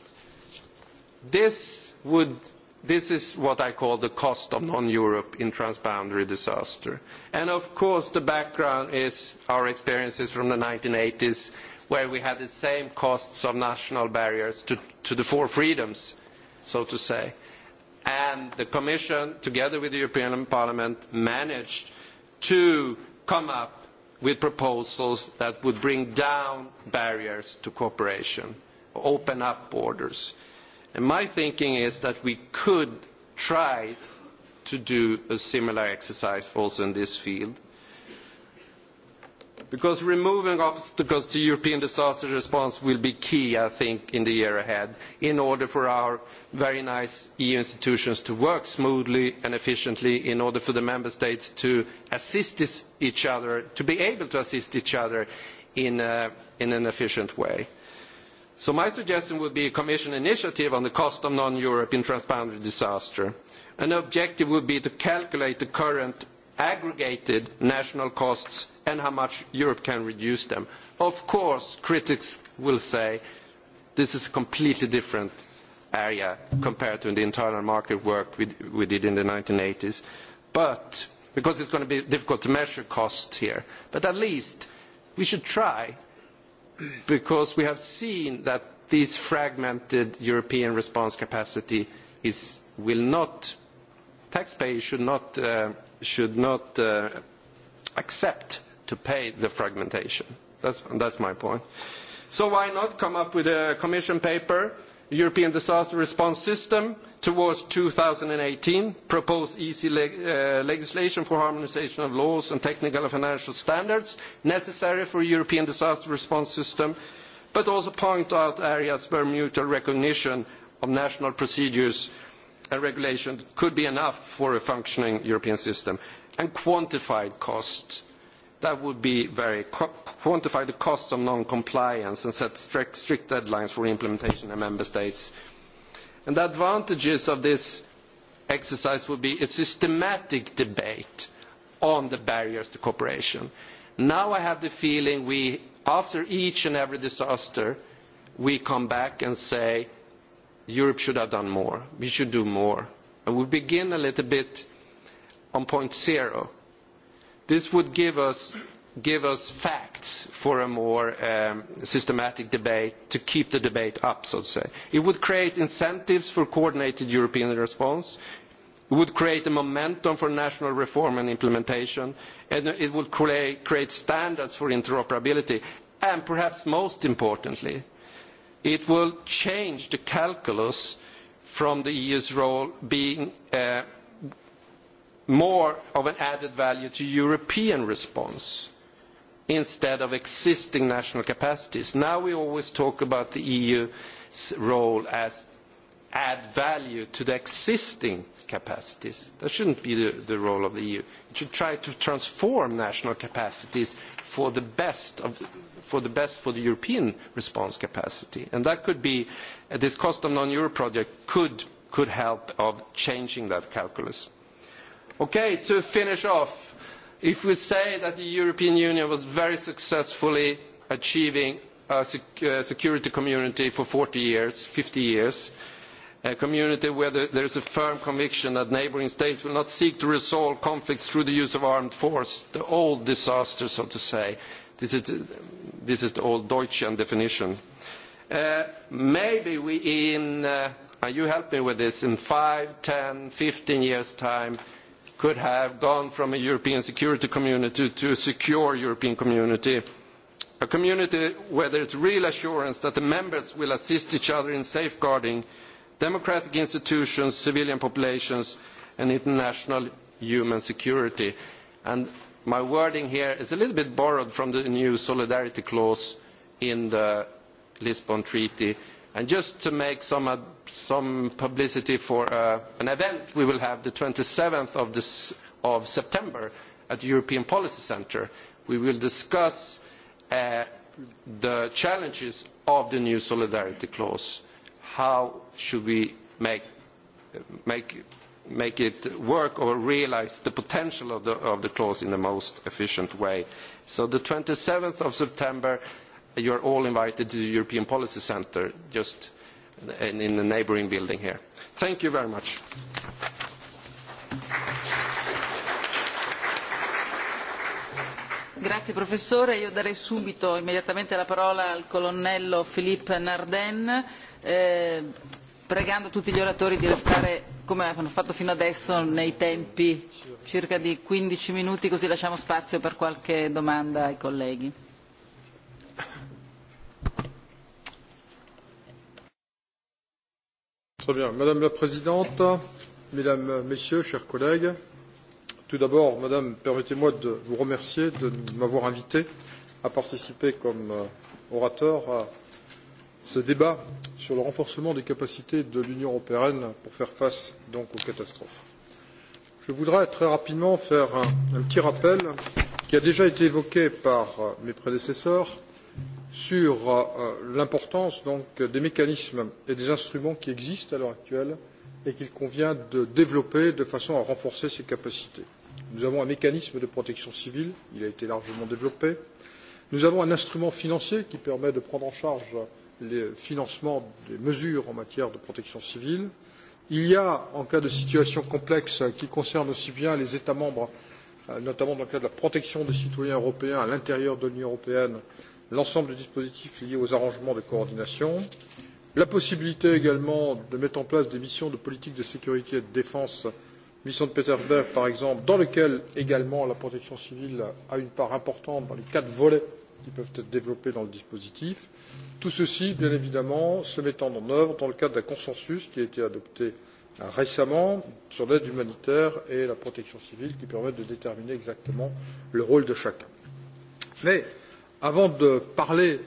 This is what I call the cost of non-Europe in transboundary disaster. Of course, the background is our experiences from the 1980s, where we had the same costs of national barriers to the four freedoms so to say. And the Commission, together with the European Parliament, managed to come up with proposals that would bring down barriers to cooperation, open up borders. And my thinking is that we could try to do a similar exercise also in this field because removing obstacles to European disaster response will be key, I think, in the year ahead in order for our very nice EU institutions to work smoothly and efficiently, in order for the member states to assist each other, to be able to assist each other in, an efficient way. So my suggestion would be a Commission initiative on the cost of non-European transboundary disaster. An objective would be to calculate the current aggregated national costs and how much Europe can reduce them. Of course, critics will say this is a completely different area compared to the internal market work we did in the 1980s. But because it's going to be difficult to measure costs here, but at least we should try because we have seen that this fragmented European response capacity will not taxpayers should not accept to pay the fragmentation. That's my point. So why not come up with a commission paper, European Disaster Response System towards 2018, propose easy legislation for harmonisation of laws and technical and financial standards necessary for European disaster response system, but also point out areas where mutual recognition of national procedures and regulation could be enough for a functioning European system. And quantified costs. That would be very quantify the cost of non-compliance and set strict deadlines for implementation in member states. And the advantages of this exercise would be a systematic debate on the barriers to cooperation. Now I have the feeling we, after each and every disaster, we come back and say, Europe should have done more. We should do more. And we begin a little bit on point zero. This would give us give us facts for a more systematic debate to keep the debate up, so to say. It would create incentives for coordinated European response. It would create a momentum for national reform and implementation, and it would create standards for interoperability. And perhaps most importantly, It will change the calculus from the EU's role being more of an added value to European response instead of existing national capacities. Now we always talk about the EU's role as add value to the existing capacities. That shouldn't be the role of the EU. It should try to transform national capacities for the best of for the best for the European response capacity. And that could be, this cost of non-euro project could, could help of changing that calculus. Okay, to finish off, if we say that the European Union was very successfully achieving a security community for 40 years, 50 years, a community where there is a firm conviction that neighbouring states will not seek to resolve conflicts through the use of armed force, the old disaster, so to say. This is This is the old Deutschian definition. Maybe we in, and you help me with this, in five, 10, 15 years' time, could have gone from a European security community to a secure European community. A community where there is real assurance that the members will assist each other in safeguarding democratic institutions, civilian populations, and international human security. And my wording here is a little bit borrowed from the new solidarity clause in the Lisbon Treaty. And just to make some, some publicity for uh, an event we will have the 27th of, this, of September at the European Policy Centre, we will discuss uh, the challenges of the new solidarity clause. How should we make, make make it work or realise the potential of the clause in the most efficient way. So the 27th of September, you are all invited to the European Policy Centre, just in the neighbouring building here. Thank you very much. Grazie professore, io darei subito immediatamente la parola al colonnello Philippe Nardin pregando tutti gli oratori di restare, come hanno fatto fino adesso, nei tempi circa di 15 minuti, così lasciamo spazio per qualche domanda ai colleghi. Très bien. Madame la Présidente, Mesdames, Messieurs, chers collègues, tout d'abord, Madame, permettez-moi de vous remercier de m'avoir invité à participer comme orateur à ce débat sur le renforcement des capacités de l'Union européenne pour faire face donc aux catastrophes. Je voudrais très rapidement faire un, petit rappel qui a déjà été évoqué par mes prédécesseurs sur l'importance des mécanismes et des instruments qui existent à l'heure actuelle et qu'il convient de développer de façon à renforcer ces capacités. Nous avons un mécanisme de protection civile, il a été largement développé. Nous avons un instrument financier qui permet de prendre en charge le financement des mesures en matière de protection civile. Il y a, en cas de situation complexe qui concerne aussi bien les États membres, notamment dans le cadre de la protection des citoyens européens à l'intérieur de l'Union européenne, l'ensemble des dispositifs liés aux arrangements de coordination, la possibilité également de mettre en place des missions de politique de sécurité et de défense, mission de Peterberg par exemple, dans lesquelles également la protection civile a une part importante dans les quatre volets qui peuvent être développées dans le dispositif. Tout ceci, bien évidemment, se mettant en œuvre dans le cadre d'un consensus qui a été adopté récemment sur l'aide humanitaire et la protection civile qui permettent de déterminer exactement le rôle de chacun. Mais avant de parler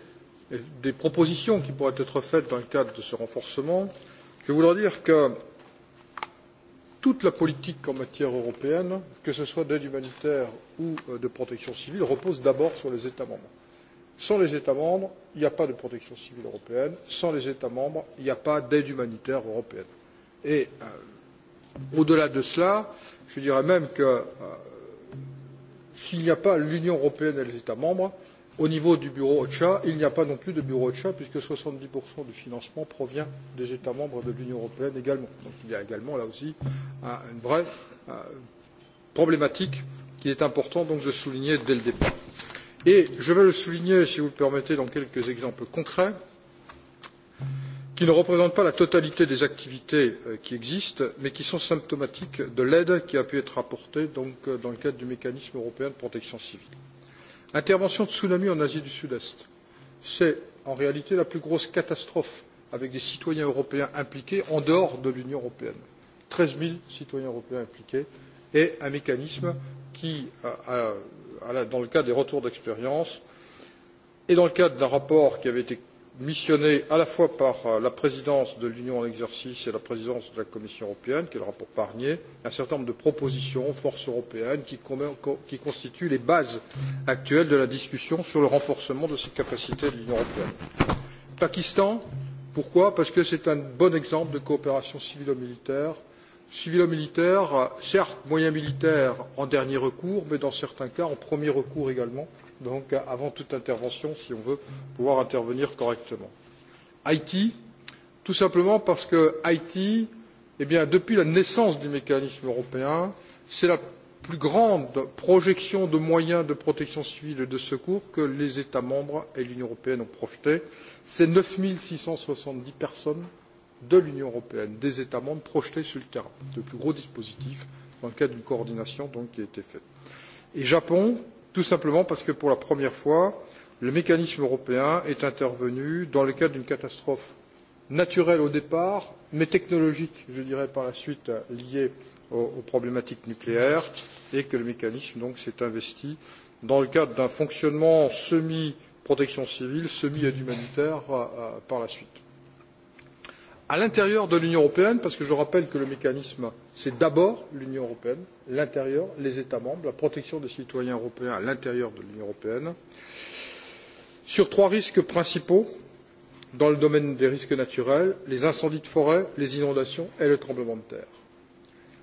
des propositions qui pourraient être faites dans le cadre de ce renforcement, je voudrais dire que toute la politique en matière européenne, que ce soit d'aide humanitaire ou de protection civile, repose d'abord sur les États membres. Sans les États membres, il n'y a pas de protection civile européenne. Sans les États membres, il n'y a pas d'aide humanitaire européenne. Et au-delà de cela, je dirais même que s'il n'y a pas l'Union européenne et les États membres, au niveau du bureau OCHA, il n'y a pas non plus de bureau OCHA puisque soixante dix du financement provient des États membres de l'Union européenne également. Donc il y a également là aussi une vraie problématique qu'il est important donc de souligner dès le départ. Et je vais le souligner, si vous le permettez, dans quelques exemples concrets qui ne représentent pas la totalité des activités qui existent, mais qui sont symptomatiques de l'aide qui a pu être apportée dans le cadre du mécanisme européen de protection civile. Intervention de tsunami en Asie du Sud-Est. C'est en réalité la plus grosse catastrophe avec des citoyens européens impliqués en dehors de l'Union européenne. Treize 000 citoyens européens impliqués et un mécanisme qui a dans le cadre des retours d'expérience et dans le cadre d'un rapport qui avait été missionné à la fois par la présidence de l'union en exercice et la présidence de la commission européenne qui est le rapport Barnier, un certain nombre de propositions, forces européennes, qui constituent les bases actuelles de la discussion sur le renforcement de ses capacités de l'Union européenne. Pakistan, pourquoi Parce que c'est un bon exemple de coopération civilo militaire civilo-militaire, certes moyens militaires en dernier recours, mais dans certains cas en premier recours également, donc avant toute intervention si on veut pouvoir intervenir correctement. Haïti, tout simplement parce que Haïti, depuis la naissance du mécanisme européen, c'est la plus grande projection de moyens de protection civile et de secours que les États membres et l'Union européenne ont projeté. C'est neuf six cent soixante dix personnes de l'Union européenne, des États membres projetés sur le terrain, de plus gros dispositifs dans le cadre d'une coordination qui a été faite. Et Japon, tout simplement parce que pour la première fois, le mécanisme européen est intervenu dans le cadre d'une catastrophe naturelle au départ, mais technologique, je dirais, par la suite liée aux, problématiques nucléaires, et que le mécanisme donc s'est investi dans le cadre d'un fonctionnement semi protection civile, semi aide humanitaire par la suite à l'intérieur de l'Union européenne, parce que je rappelle que le mécanisme, c'est d'abord l'Union européenne, l'intérieur, les États membres, la protection des citoyens européens à l'intérieur de l'Union européenne, sur trois risques principaux dans le domaine des risques naturels, les incendies de forêt, les inondations et le tremblement de terre.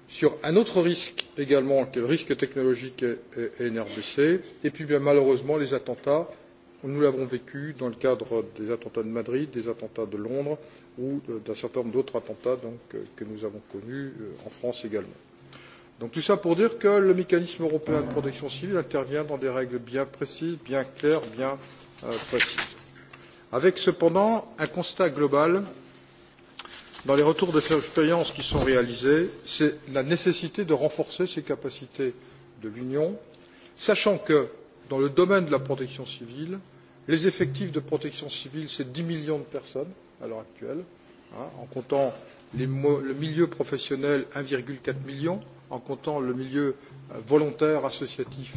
Sur un autre risque également, qui est le risque technologique et NRBC, et puis bien malheureusement les attentats Nous l'avons vécu dans le cadre des attentats de Madrid, des attentats de Londres ou d'un certain nombre d'autres attentats que nous avons connus en France également. Donc tout cela pour dire que le mécanisme européen de protection civile intervient dans des règles bien précises, bien claires, bien précises. Avec cependant un constat global dans les retours de ces expériences qui sont réalisées, c'est la nécessité de renforcer ces capacités de l'Union, sachant que dans le domaine de la protection civile, les effectifs de protection civile, c'est 10 millions de personnes à l'heure actuelle, en comptant le milieu professionnel, 1,4 million, en comptant le milieu volontaire associatif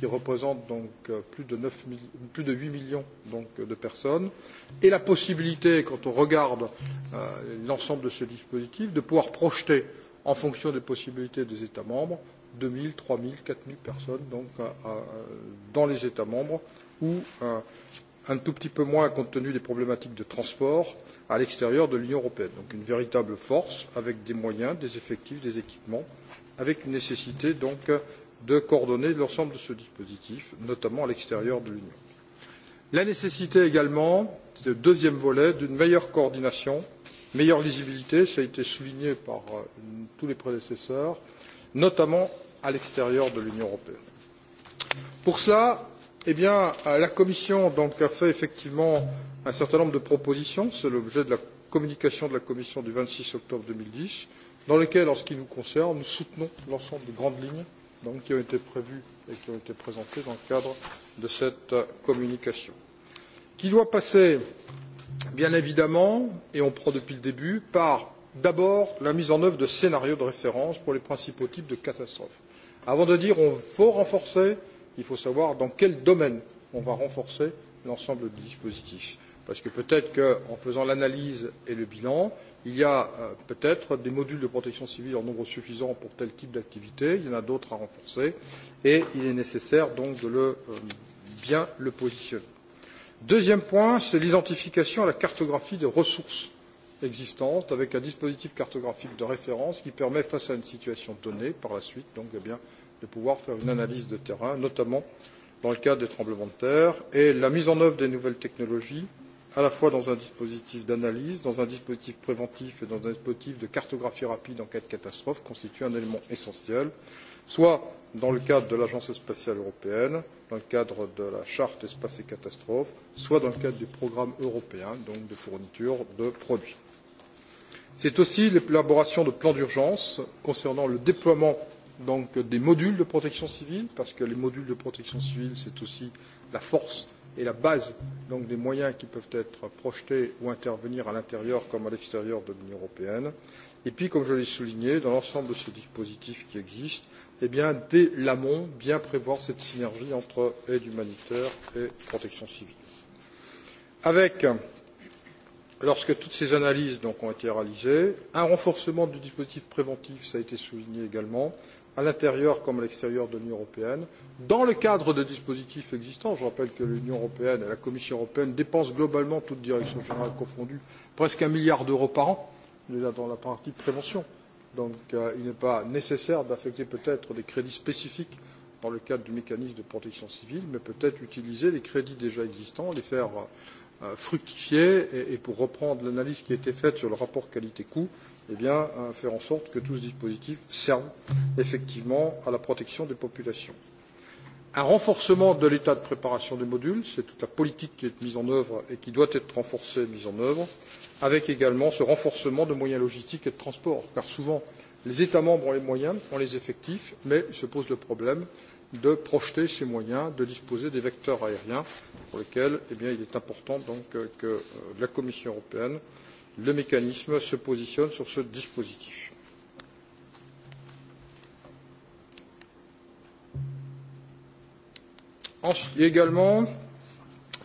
qui représente donc plus de, 9 plus de 8 millions donc, de personnes, et la possibilité, quand on regarde l'ensemble de ce dispositif, de pouvoir projeter, en fonction des possibilités des États membres, deux mille, trois mille, quatre mille personnes donc, dans les États membres ou un tout petit peu moins compte tenu des problématiques de transport à l'extérieur de l'Union européenne. Donc une véritable force avec des moyens, des effectifs, des équipements, avec une nécessité donc de coordonner l'ensemble de ce dispositif, notamment à l'extérieur de l'Union. La nécessité également, c'est le deuxième volet, d'une meilleure coordination, meilleure lisibilité, cela a été souligné par tous les prédécesseurs, notamment à l'extérieur de l'Union européenne. Pour cela, la Commission a fait effectivement un certain nombre de propositions. C'est l'objet de la communication de la Commission du vingt six octobre deux mille dix, dans laquelle, en ce qui nous concerne, nous soutenons l'ensemble des grandes lignes qui ont été prévues et qui ont été présentées dans le cadre de cette communication, qui doit passer, bien évidemment, et on prend depuis le début, par d'abord la mise en œuvre de scénarios de référence pour les principaux types de catastrophes. Avant de dire on faut renforcer, il faut savoir dans quel domaine on va renforcer l'ensemble du dispositif. Parce que peut-être qu'en faisant l'analyse et le bilan, il y a peut-être des modules de protection civile en nombre suffisant pour tel type d'activité, il y en a d'autres à renforcer, et il est nécessaire donc de le, bien le positionner. Deuxième point, c'est l'identification et la cartographie des ressources existantes avec un dispositif cartographique de référence qui permet, face à une situation donnée, par la suite, donc, eh bien, de pouvoir faire une analyse de terrain, notamment dans le cas des tremblements de terre, et la mise en œuvre des nouvelles technologies, à la fois dans un dispositif d'analyse, dans un dispositif préventif et dans un dispositif de cartographie rapide en cas de catastrophe, constitue un élément essentiel, soit dans le cadre de l'Agence spatiale européenne, dans le cadre de la charte espace et catastrophes, soit dans le cadre du programme européen donc de fourniture de produits. C'est aussi l'élaboration de plans d'urgence concernant le déploiement donc des modules de protection civile, parce que les modules de protection civile, c'est aussi la force et la base donc des moyens qui peuvent être projetés ou intervenir à l'intérieur comme à l'extérieur de l'Union européenne. Et puis, comme je l'ai souligné, dans l'ensemble de ces dispositifs qui existent, eh bien, dès l'amont, bien prévoir cette synergie entre aide humanitaire et protection civile. Avec, lorsque toutes ces analyses donc, ont été réalisées, un renforcement du dispositif préventif, ça a été souligné également, à l'intérieur comme à l'extérieur de l'Union européenne, dans le cadre de dispositifs existants. Je rappelle que l'Union européenne et la Commission européenne dépensent globalement, toutes directions générales confondues, presque un milliard d'euros par an. déjà dans la partie prévention. Donc il n'est pas nécessaire d'affecter peut-être des crédits spécifiques dans le cadre du mécanisme de protection civile, mais peut-être utiliser les crédits déjà existants, les faire fructifier. Et, pour reprendre l'analyse qui a été faite sur le rapport qualité-coût, eh bien, faire en sorte que tout ce dispositif serve effectivement à la protection des populations. Un renforcement de l'état de préparation des modules, c'est toute la politique qui est mise en œuvre et qui doit être renforcée et mise en œuvre, avec également ce renforcement de moyens logistiques et de transport, car souvent les États membres ont les moyens, ont les effectifs, mais se pose le problème de projeter ces moyens, de disposer des vecteurs aériens pour lesquels il est important donc que la Commission européenne le mécanisme se positionne sur ce dispositif. également,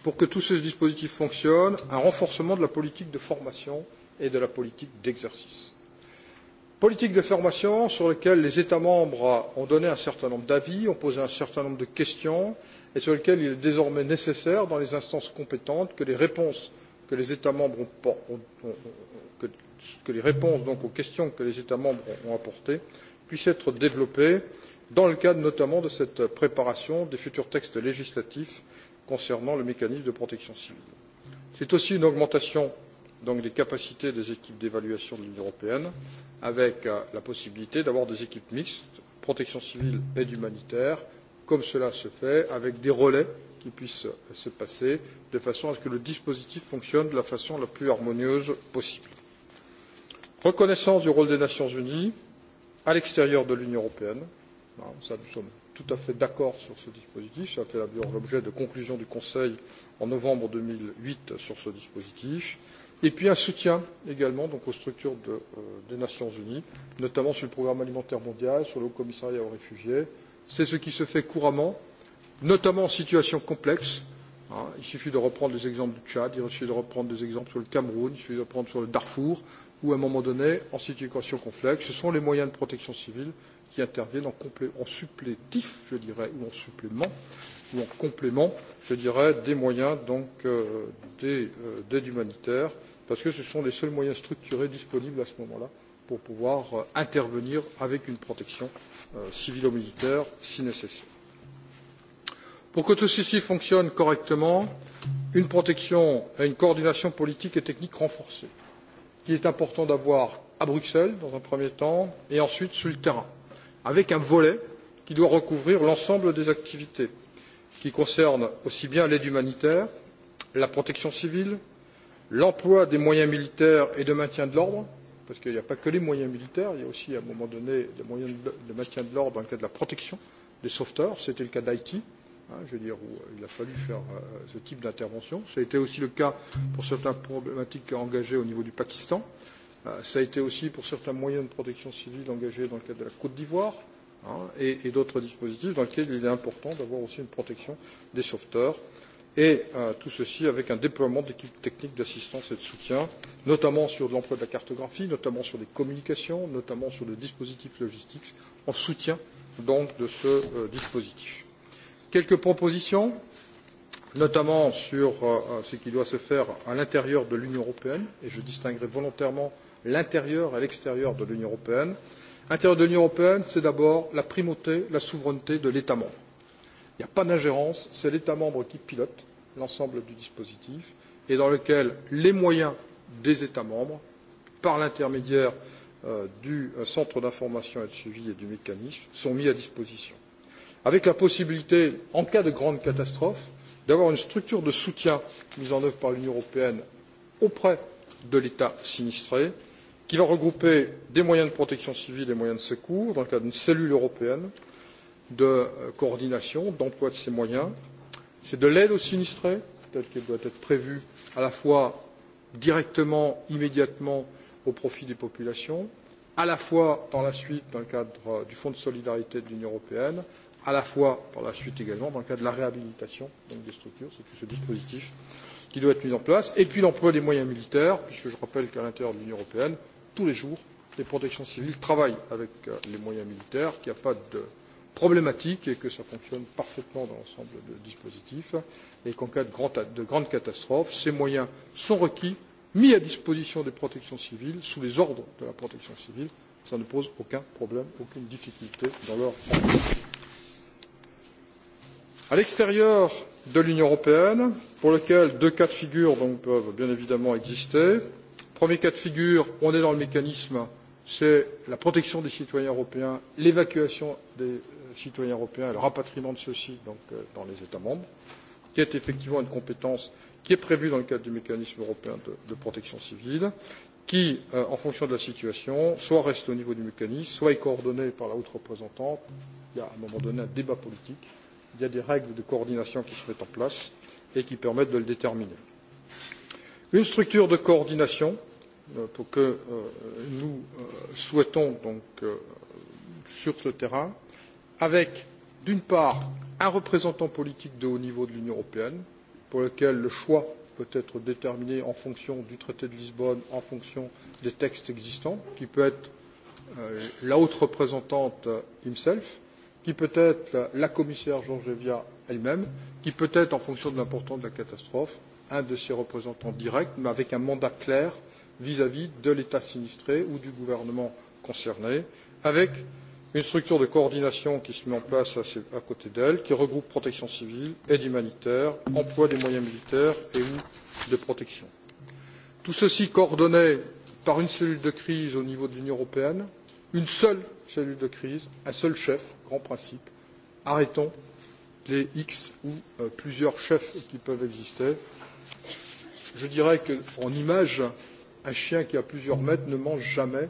pour que tout ce dispositif fonctionne, un renforcement de la politique de formation et de la politique d'exercice. Politique de formation sur laquelle les États membres ont donné un certain nombre d'avis, ont posé un certain nombre de questions et sur laquelle il est désormais nécessaire, dans les instances compétentes, que les réponses que les États membres ont, ont, ont que, que les réponses donc aux questions que les États membres ont apportées puissent être développées dans le cadre notamment de cette préparation des futurs textes législatifs concernant le mécanisme de protection civile. C'est aussi une augmentation donc des capacités des équipes d'évaluation de l'Union européenne, avec la possibilité d'avoir des équipes mixtes, protection civile, et humanitaire, comme cela se fait, avec des relais qui puisse se passer, de façon à ce que le dispositif fonctionne de la façon la plus harmonieuse possible. Reconnaissance du rôle des Nations Unies à l'extérieur de l'Union européenne. Ça, nous sommes tout à fait d'accord sur ce dispositif. Ça fait d'ailleurs l'objet de conclusions du Conseil en novembre deux mille huit sur ce dispositif. Et puis un soutien également aux structures des Nations Unies, notamment sur le programme alimentaire mondial, sur le Haut Commissariat aux réfugiés. C'est ce qui se fait couramment notamment en situation complexe. il suffit de reprendre les exemples du Tchad, il suffit de reprendre des exemples sur le Cameroun, il suffit de reprendre sur le Darfour, où à un moment donné, en situation complexe, ce sont les moyens de protection civile qui interviennent en, en supplétif, je dirais, ou en supplément, ou en complément, je dirais, des moyens donc euh, d'aide humanitaire, parce que ce sont les seuls moyens structurés disponibles à ce moment-là pour pouvoir intervenir avec une protection civilo-militaire si nécessaire pour que tout ceci fonctionne correctement une protection et une coordination politique et technique renforcées qu'il est important d'avoir à bruxelles dans un premier temps et ensuite sur le terrain avec un volet qui doit recouvrir l'ensemble des activités qui concernent aussi bien l'aide humanitaire la protection civile l'emploi des moyens militaires et de maintien de l'ordre parce qu'il n'y a pas que les moyens militaires il y a aussi à un moment donné des moyens de maintien de l'ordre dans le cadre de la protection des sauveteurs c'était le cas d'haïti je veux dire, où il a fallu faire ce type d'intervention. Ça a été aussi le cas pour certaines problématiques engagées au niveau du Pakistan. Ça a été aussi pour certains moyens de protection civile engagés dans le cadre de la Côte d'Ivoire et, et d'autres dispositifs dans lesquels il est important d'avoir aussi une protection des sauveteurs. Et euh, tout ceci avec un déploiement d'équipes techniques d'assistance et de soutien, notamment sur l'emploi de la cartographie, notamment sur les communications, notamment sur le dispositif logistique, en soutien donc de ce euh, dispositif quelques propositions, notamment sur ce qui doit se faire à l'intérieur de l'Union européenne, et je distinguerai volontairement l'intérieur et l'extérieur de l'Union européenne. L'intérieur de l'Union européenne, c'est d'abord la primauté, la souveraineté de l'État membre. Il n'y a pas d'ingérence, c'est l'État membre qui pilote l'ensemble du dispositif et dans lequel les moyens des États membres, par l'intermédiaire du centre d'information et de suivi et du mécanisme, sont mis à disposition avec la possibilité en cas de grande catastrophe d'avoir une structure de soutien mise en œuvre par l'union européenne auprès de l'état sinistré qui va regrouper des moyens de protection civile et moyens de secours dans le cadre d'une cellule européenne de coordination d'emploi de ces moyens. c'est de l'aide aux sinistrés telle qu'elle doit être prévue à la fois directement immédiatement au profit des populations à la fois par la suite dans le cadre du fonds de solidarité de l'union européenne à la fois par la suite également dans le cadre de la réhabilitation donc des structures, c'est tout ce dispositif qui doit être mis en place, et puis l'emploi des moyens militaires, puisque je rappelle qu'à l'intérieur de l'Union européenne, tous les jours, les protections civiles travaillent avec les moyens militaires, qu'il n'y a pas de problématique et que ça fonctionne parfaitement dans l'ensemble du dispositif et qu'en cas de, grand, de ces moyens sont requis, mis à disposition des protections civiles, sous les ordres de la protection civile, ça ne pose aucun problème, aucune difficulté dans leur à l'extérieur de l'union européenne pour lequel deux cas de figure peuvent bien évidemment exister premier cas de figure on est dans le mécanisme c'est la protection des citoyens européens l'évacuation des citoyens européens et le rapatriement de ceux ci dans les états membres qui est effectivement une compétence qui est prévue dans le cadre du mécanisme européen de protection civile qui en fonction de la situation soit reste au niveau du mécanisme soit est coordonnée par la haute représentante il y a à un moment donné un débat politique il y a des règles de coordination qui se mettent en place et qui permettent de le déterminer. Une structure de coordination pour que nous souhaitons donc sur le terrain, avec d'une part un représentant politique de haut niveau de l'Union européenne, pour lequel le choix peut être déterminé en fonction du traité de Lisbonne, en fonction des textes existants, qui peut être la haute représentante himself, qui peut être la commissaire Georgieva elle-même, qui peut être, en fonction de l'importance de la catastrophe, un de ses représentants directs, mais avec un mandat clair vis-à-vis de l'État sinistré ou du gouvernement concerné, avec une structure de coordination qui se met en place à côté d'elle, qui regroupe protection civile, aide humanitaire, emploi des moyens militaires et ou de protection. Tout ceci coordonné par une cellule de crise au niveau de l'Union européenne, une seule cellule de crise, un seul chef, grand principe. Arrêtons les X ou plusieurs chefs qui peuvent exister. Je dirais qu'en image, un chien qui a plusieurs mètres ne mange jamais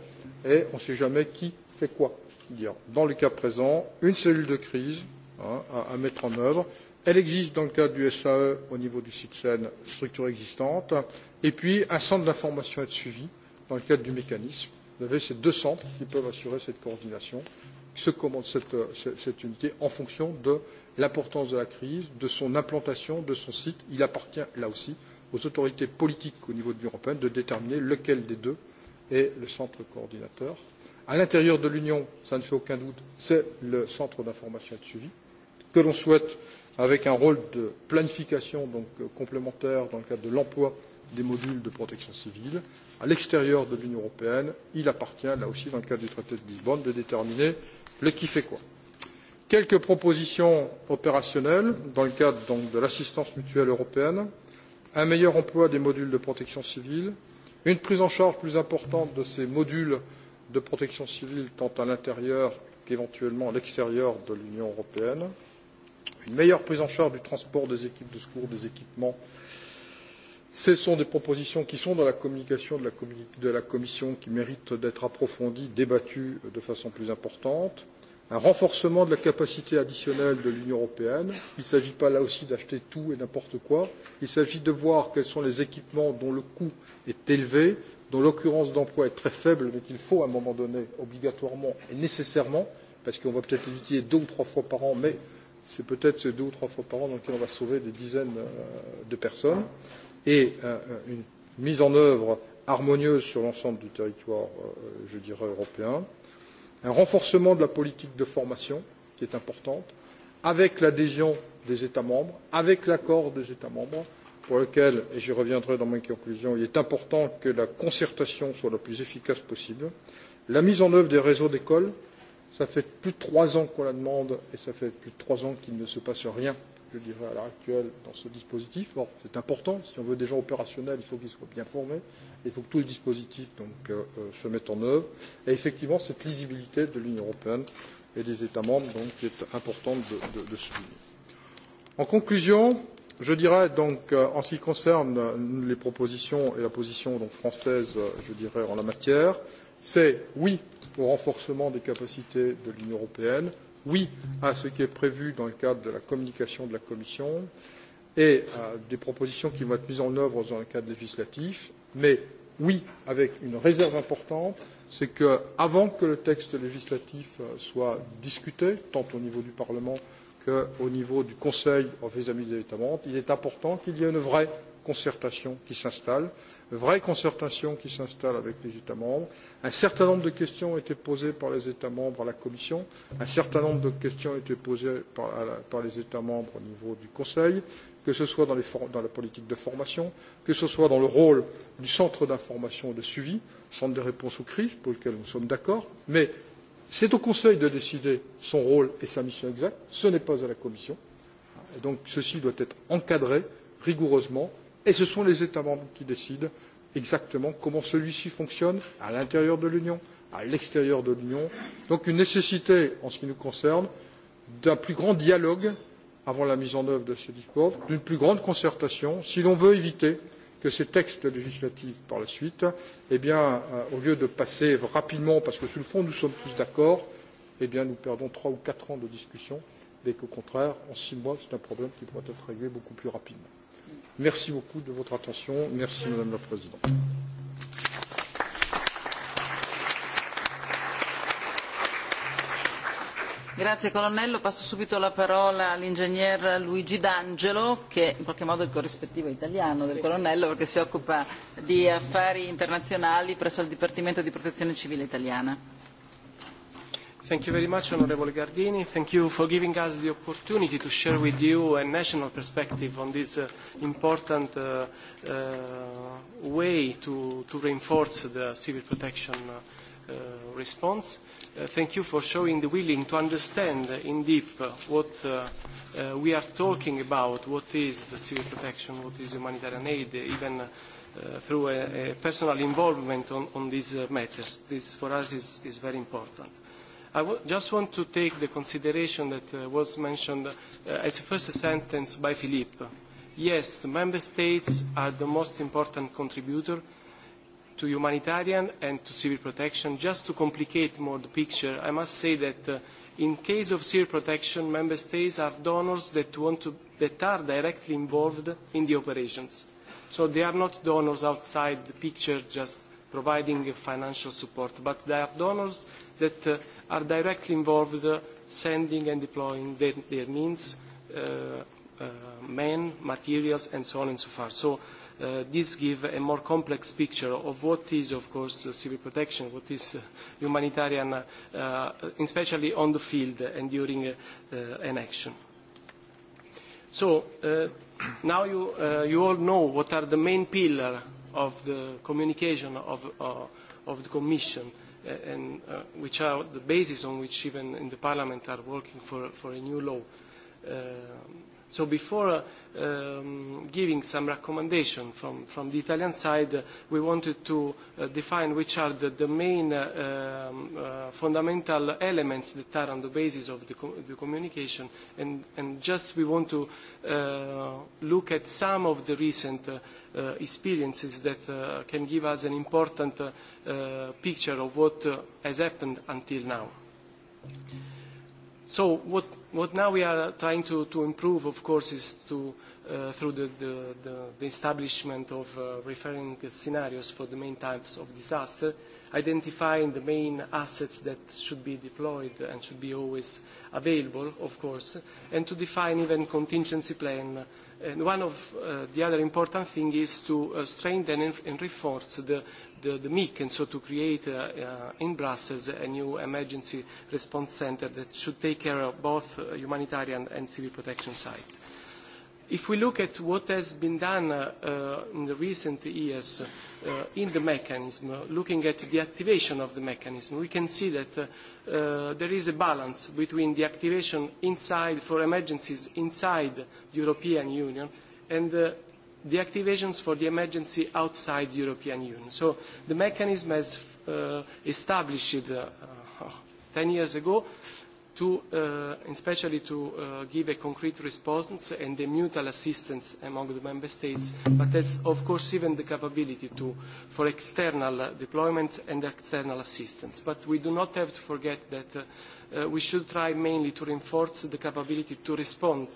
et on ne sait jamais qui fait quoi. Dire. Dans le cas présent, une cellule de crise à, mettre en œuvre. Elle existe dans le cadre du SAE au niveau du CITSEN, structure existante, et puis un centre d'information et de suivi dans le cadre du mécanisme Vous avez ces deux centres qui peuvent assurer cette coordination, ce, cette, cette unité en fonction de l'importance de la crise, de son implantation, de son site. Il appartient là aussi aux autorités politiques au niveau de l'Union européenne de déterminer lequel des deux est le centre coordinateur. À l'intérieur de l'Union, ça ne fait aucun doute, c'est le centre d'information et de suivi que l'on souhaite avec un rôle de planification donc complémentaire dans le cadre de l'emploi des modules de protection civile. À l'extérieur de l'Union européenne, il appartient, là aussi, dans le cadre du traité de Lisbonne, de déterminer le qui fait quoi. Quelques propositions opérationnelles dans le cadre de l'assistance mutuelle européenne, un meilleur emploi des modules de protection civile, une prise en charge plus importante de ces modules de protection civile tant à l'intérieur qu'éventuellement à l'extérieur de l'Union européenne, une meilleure prise en charge du transport des équipes de secours, des équipements Ce sont des propositions qui sont dans la communication de la, Commission qui méritent d'être approfondies, débattues de façon plus importante. Un renforcement de la capacité additionnelle de l'Union européenne. Il ne s'agit pas là aussi d'acheter tout et n'importe quoi. Il s'agit de voir quels sont les équipements dont le coût est élevé, dont l'occurrence d'emploi est très faible, mais qu'il faut à un moment donné, obligatoirement et nécessairement, parce qu'on va peut-être les utiliser deux ou trois fois par an, mais c'est peut-être ces deux ou trois fois par an dans lesquelles on va sauver des dizaines de personnes et une mise en œuvre harmonieuse sur l'ensemble du territoire, je dirais, européen, un renforcement de la politique de formation qui est importante, avec l'adhésion des États membres, avec l'accord des États membres, pour lequel, et j'y reviendrai dans mes conclusions, il est important que la concertation soit la plus efficace possible, la mise en œuvre des réseaux d'écoles, cela fait plus de trois ans qu'on la demande et cela fait plus de trois ans qu'il ne se passe rien je dirais, à l'heure actuelle dans ce dispositif. Bon, c'est important. Si on veut des gens opérationnels, il faut qu'ils soient bien formés. Il faut que tout le dispositif donc, euh, se mette en œuvre. Et effectivement, cette lisibilité de l'Union européenne et des États membres donc, est importante de, de, de souligner. En conclusion, je dirais donc, en ce qui concerne les propositions et la position donc, française, je dirais, en la matière, c'est oui au renforcement des capacités de l'Union européenne, oui à ce qui est prévu dans le cadre de la communication de la Commission et à des propositions qui vont être mises en œuvre dans le cadre législatif, mais oui avec une réserve importante, c'est que avant que le texte législatif soit discuté, tant au niveau du Parlement qu'au niveau du Conseil vis-à-vis des États membres, il est important qu'il y ait une vraie concertation qui s'installe vraie concertation qui s'installe avec les États membres. Un certain nombre de questions ont été posées par les États membres à la Commission, un certain nombre de questions ont été posées par, les États membres au niveau du Conseil, que ce soit dans, la politique de formation, que ce soit dans le rôle du centre d'information et de suivi, centre de réponse aux crises, pour lequel nous sommes d'accord, mais c'est au Conseil de décider son rôle et sa mission exacte, ce n'est pas à la Commission. Et donc ceci doit être encadré rigoureusement et ce sont les États membres qui décident exactement comment celui ci fonctionne à l'intérieur de l'Union, à l'extérieur de l'Union. Donc une nécessité, en ce qui nous concerne, d'un plus grand dialogue avant la mise en œuvre de ces discours, d'une plus grande concertation, si l'on veut éviter que ces textes législatifs par la suite, eh bien, au lieu de passer rapidement, parce que sur le fond nous sommes tous d'accord, eh bien, nous perdons trois ou quatre ans de discussion, et qu'au contraire, en six mois, c'est un problème qui pourrait être réglé beaucoup plus rapidement. Merci beaucoup de votre attention. Merci, Madame la Présidente. Grazie colonnello, passo subito la parola all'ingegner Luigi D'Angelo che in qualche modo è il corrispettivo italiano del colonnello perché si occupa di affari internazionali presso il Dipartimento di Protezione Civile italiana. Thank you very much, Honorable Gardini. Thank you for giving us the opportunity to share with you a national perspective on this uh, important uh, uh, way to, to reinforce the civil protection uh, response. Uh, thank you for showing the willing to understand in deep what uh, uh, we are talking about, what is the civil protection, what is humanitarian aid, even uh, through a, a personal involvement on, on these uh, matters. This for us is, is very important. I w just want to take the consideration that was mentioned as a first sentence by Philippe. Yes, member states are the most important contributor to humanitarian and to civil protection. Just to complicate more the picture, I must say that in case of civil protection, member states are donors that, want to, that are directly involved in the operations. So they are not donors outside the picture just providing financial support, but there are donors that are directly involved sending and deploying their, their means, men, materials, and so on and so far. So this gives a more complex picture of what is, of course, civil protection, what is humanitarian, especially on the field and during an action. So now you, you all know what are the main pillars of the communication of, uh, of the Commission, and uh, which are the basis on which even in the Parliament are working for, for a new law. Uh, so before uh, giving some recommendation from, from the Italian side, we wanted to define which are the, the main fundamental elements that are on the basis of the, the communication, and, and just we want to look at some of the recent experiences that can give us an important picture of what has happened until now. So what What now we are trying to, to improve, of course, is to through the, the, the, the establishment of uh, referring scenarios for the main types of disaster, identifying the main assets that should be deployed and should be always available, of course, and to define even contingency plan. And one of uh, the other important thing is to uh, strengthen and, and reinforce the, the, the MIC, and so to create uh, uh, in Brussels a new emergency response center that should take care of both humanitarian and civil protection sites. If we look at what has been done in the recent years in the mechanism, looking at the activation of the mechanism, we can see that there is a balance between the activation inside for emergencies inside the European Union and the activations for the emergency outside the European Union. So the mechanism has established ten years ago to, especially to give a concrete response and the mutual assistance among the member states, but that's of course even the capability to, for external deployment and external assistance. But we do not have to forget that we should try mainly to reinforce the capability to respond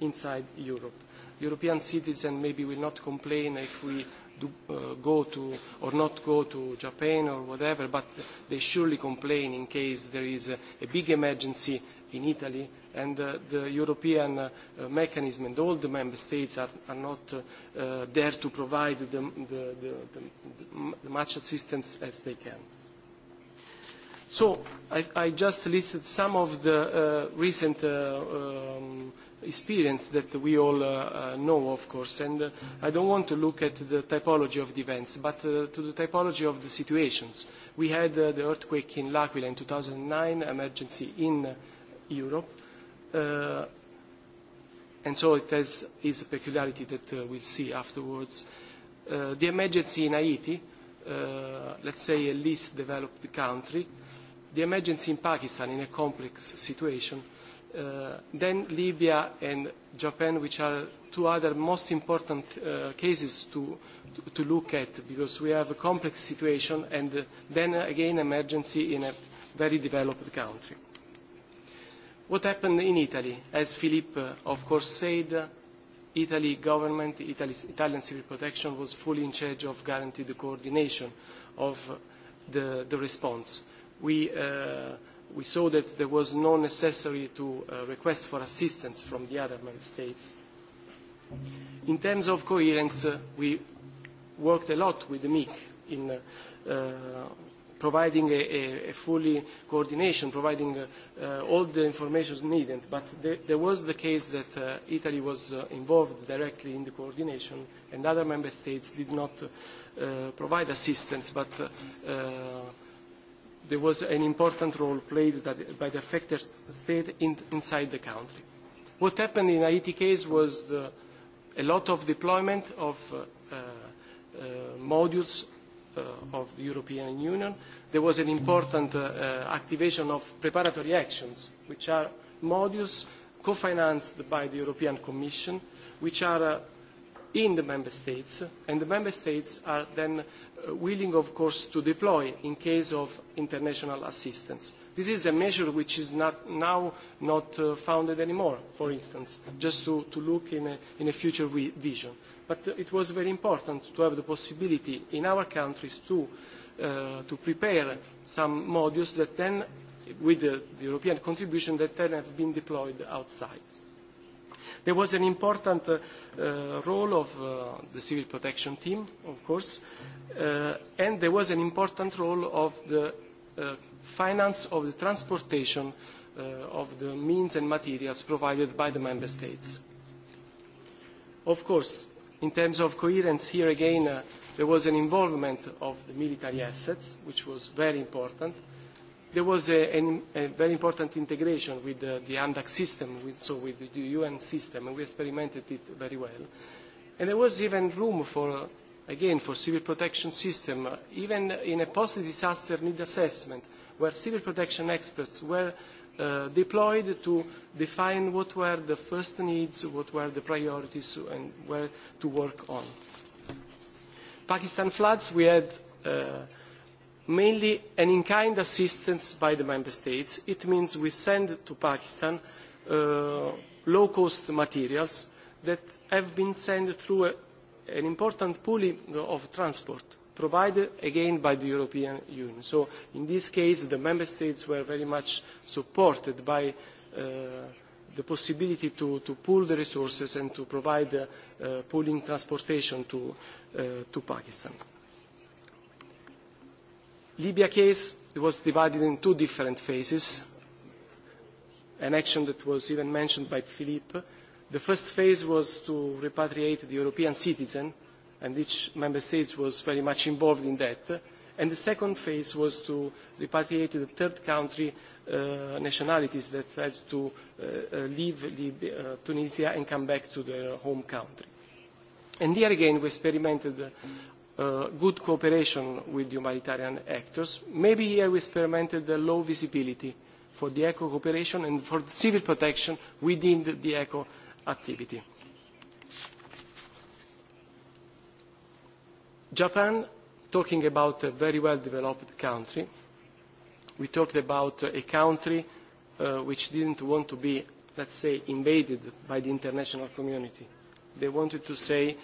inside Europe. European citizens maybe will not complain if we do, uh, go to or not go to Japan or whatever, but they surely complain in case there is a, a big emergency in Italy and uh, the European uh, mechanism and all the member states are, are not uh, there to provide the, the, the, the, the much assistance as they can. So I, I just listed some of the uh, recent uh, um, experience that we all uh, know, of course. And uh, I don't want to look at the typology of the events, but uh, to the typology of the situations. We had uh, the earthquake in L'Aquila in 2009, emergency in Europe. Uh, and so it has its peculiarity that uh, we'll see afterwards. Uh, the emergency in Haiti, uh, let's say a least developed country. The emergency in Pakistan in a complex situation then Libya and Japan, which are two other most important cases to, to look at because we have a complex situation and then again emergency in a very developed country. What happened in Italy? As Philippe, of course, said, Italy government, Italy's, Italian civil protection was fully in charge of guaranteed the coordination of the, the response. We uh, we saw that there was no necessary to uh, request for assistance from the other member states. In terms of coherence, uh, we worked a lot with the MIC in uh, uh, providing a, a, a fully coordination, providing uh, uh, all the information needed. But there, there was the case that uh, Italy was uh, involved directly in the coordination and other member states did not uh, provide assistance, but uh, there was an important role played by the affected state in, inside the country. What happened in Haiti case was the, a lot of deployment of uh, uh, modules uh, of the European Union. There was an important uh, uh, activation of preparatory actions, which are modules co-financed by the European Commission, which are uh, in the member states, and the member states are then willing, of course, to deploy in case of international assistance. This is a measure which is not, now not uh, founded anymore, for instance, just to, to look in a, in a future we vision. But it was very important to have the possibility in our countries to, uh, to prepare some modules that then, with the, the European contribution, that then have been deployed outside. There was an important uh, uh, role of uh, the civil protection team, of course, uh, and there was an important role of the uh, finance of the transportation uh, of the means and materials provided by the member states. Of course, in terms of coherence, here again, uh, there was an involvement of the military assets, which was very important, There was a, a very important integration with the, the ANDAC system, with, so with the UN system, and we experimented it very well. And there was even room for, again, for civil protection system, even in a post-disaster need assessment, where civil protection experts were uh, deployed to define what were the first needs, what were the priorities, and where to work on. Pakistan floods, we had uh, mainly an in-kind assistance by the member states. It means we send to Pakistan low-cost materials that have been sent through an important pooling of transport provided again by the European Union. So in this case, the member states were very much supported by the possibility to, pool the resources and to provide pooling transportation to Pakistan. Libya case was divided in two different phases, an action that was even mentioned by Philippe. The first phase was to repatriate the European citizen, and each member state was very much involved in that. And the second phase was to repatriate the third country nationalities that had to leave Tunisia and come back to their home country. And here again, we experimented good cooperation with humanitarian actors. Maybe here we experimented the low visibility for the eco cooperation and for civil protection within the eco activity. Japan, talking about a very well developed country, we talked about a country which didn't want to be, let's say, invaded by the international community. They wanted to say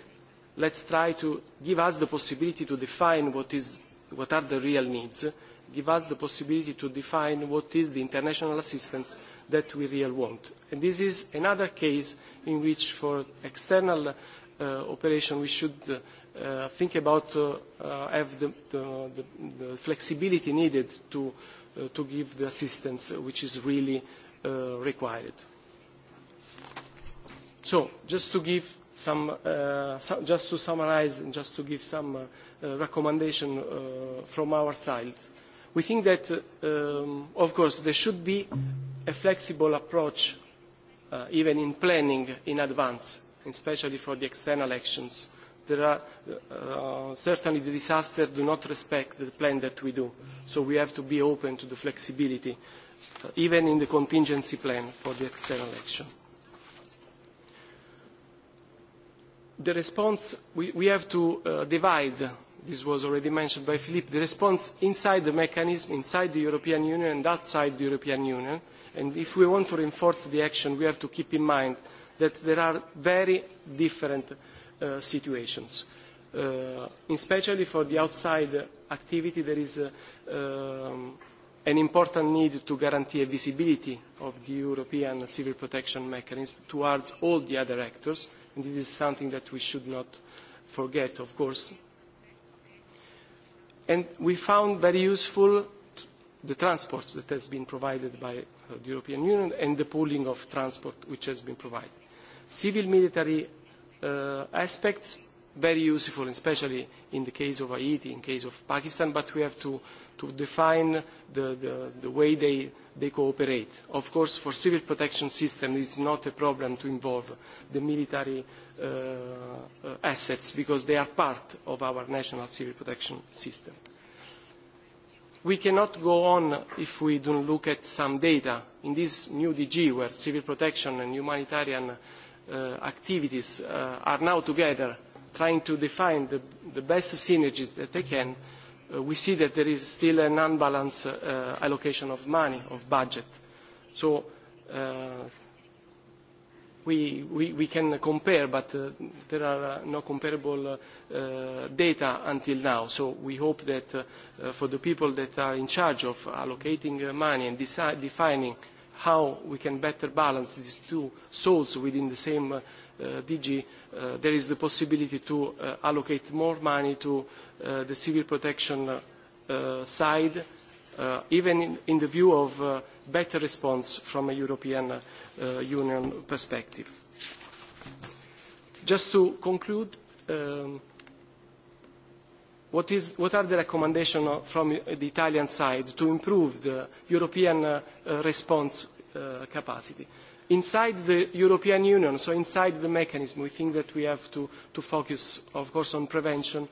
let's try to give us the possibility to define what, is, what are the real needs, give us the possibility to define what is the international assistance that we really want. And this is another case in which for external operation we should think about have the, the, the flexibility needed to, to give the assistance which is really required. So just to give some, just to summarize and just to give some uh, recommendation from our side. We think that, of course, there should be a flexible approach even in planning in advance, especially for the external actions. There are, certainly the disasters do not respect the plan that we do, so we have to be open to the flexibility, even in the contingency plan for the external action. the response, we, we have to divide, this was already mentioned by Philippe, the response inside the mechanism, inside the European Union and outside the European Union. And if we want to reinforce the action, we have to keep in mind that there are very different situations. especially for the outside activity, there is an important need to guarantee a visibility of the European civil protection mechanism towards all the other actors And this is something that we should not forget, of course. And we found very useful the transport that has been provided by the European Union and the pooling of transport which has been provided. Civil-military aspects very useful, especially in the case of Haiti, in the case of Pakistan, but we have to, to define the, the, the way they, they cooperate. Of course, for civil protection system, it's not a problem to involve the military assets because they are part of our national civil protection system. We cannot go on if we don't look at some data. In this new DG, where civil protection and humanitarian activities are now together, trying to define the, the best synergies that they can, we see that there is still an unbalanced allocation of money, of budget. So we, we, we can compare, but there are no comparable data until now. So we hope that for the people that are in charge of allocating money and defining how we can better balance these two souls within the same DG, there is the possibility to allocate more money to the civil protection side, even in the view of better response from a European Union perspective. Just to conclude, what, is, what are the recommendations from the Italian side to improve the European response capacity? inside the European Union, so inside the mechanism, we think that we have to, to focus, of course, on prevention,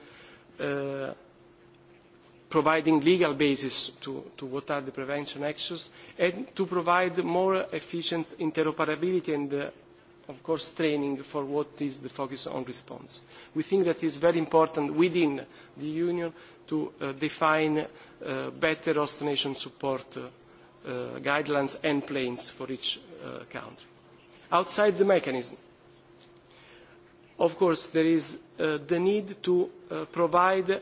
providing legal basis to, to what are the prevention actions, and to provide more efficient interoperability and, of course, training for what is the focus on response. We think that it is very important within the Union to define better host nation support guidelines and plans for each country, outside the mechanism. Of course, there is the need to provide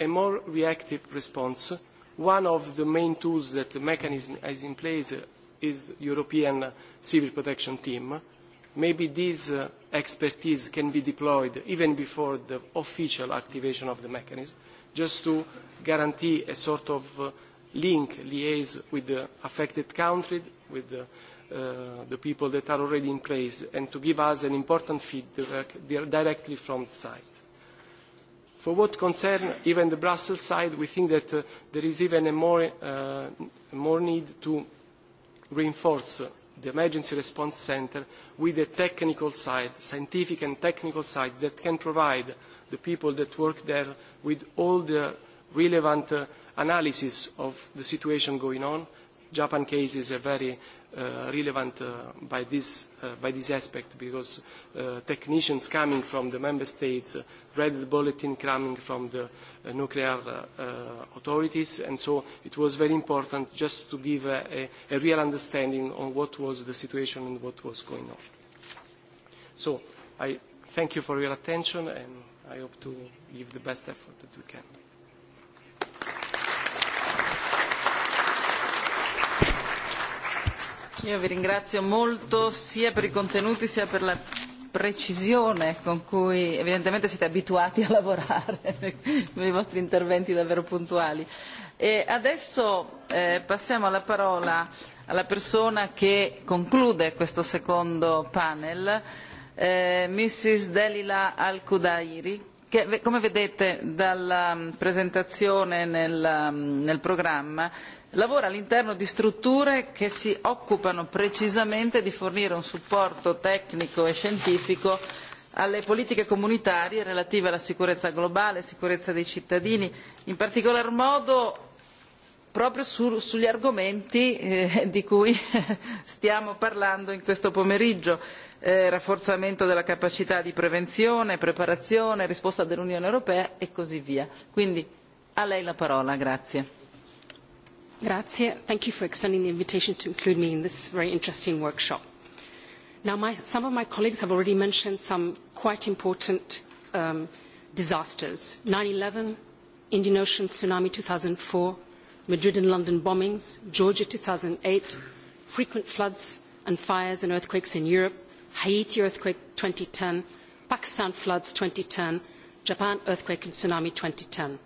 a more reactive response. One of the main tools that the mechanism has in place is the European Civil Protection Team. Maybe this expertise can be deployed even before the official activation of the mechanism, just to guarantee a sort of link, liaise with the affected country, with the the people that are already in place and to give us an important feedback directly from the site. For what concerns even the Brussels side, we think that there is even a more, need to reinforce the Emergency Response Centre with a technical side, scientific and technical side, that can provide the people that work there with all the relevant analysis of the situation going on. Japan case is a very relevant by, this, aspect because technicians coming from the member states read the bulletin coming from the nuclear authorities and so it was very important just to give a, real understanding on what was the situation and what was going on. So I thank you for your attention and I hope to give the best effort that we can. Io vi ringrazio molto sia per i contenuti sia per la precisione con cui evidentemente siete abituati a lavorare con i vostri interventi davvero puntuali. E adesso passiamo la parola alla persona che conclude questo secondo panel, Mrs. Delila Al-Kudairi, che come vedete dalla presentazione nel programma lavora all'interno di strutture che si occupano precisamente di fornire un supporto tecnico e scientifico alle politiche comunitarie relative alla sicurezza globale, e sicurezza dei cittadini, in particolar modo proprio sugli argomenti di cui stiamo parlando in questo pomeriggio rafforzamento della capacità di prevenzione, preparazione, risposta dell'Unione Europea e così via. Quindi a lei la parola, grazie. Grazie. Thank you for extending the invitation to include me in this very interesting workshop. Now, my, some of my colleagues have already mentioned some quite important um, disasters. 9-11, Indian Ocean tsunami 2004, Madrid and London bombings, Georgia 2008, frequent floods and fires and earthquakes in Europe, Haiti earthquake 2010, Pakistan floods 2010, Japan earthquake and tsunami 2010.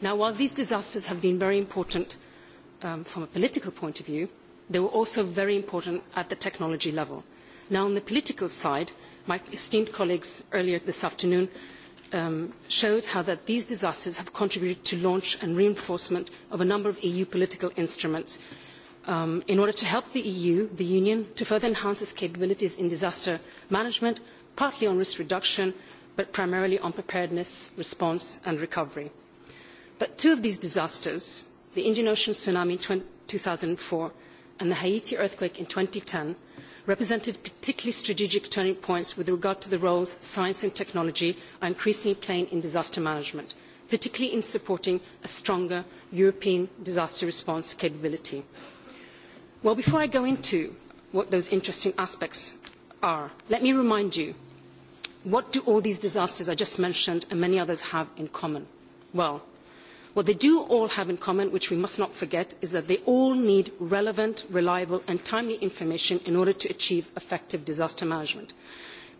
Now, while these disasters have been very important, from a political point of view, they were also very important at the technology level. Now, on the political side, my esteemed colleagues earlier this afternoon showed how that these disasters have contributed to launch and reinforcement of a number of EU political instruments in order to help the EU, the Union, to further enhance its capabilities in disaster management, partly on risk reduction, but primarily on preparedness, response and recovery. But two of these disasters the Indian Ocean tsunami in two thousand and four and the Haiti earthquake in ten represented particularly strategic turning points with regard to the roles science and technology are increasingly playing in disaster management, particularly in supporting a stronger European disaster response capability. Well, before I go into what those interesting aspects are, let me remind you, what do all these disasters I just mentioned and many others have in common? Well, What they do all have in common, which we must not forget, is that they all need relevant, reliable and timely information in order to achieve effective disaster management.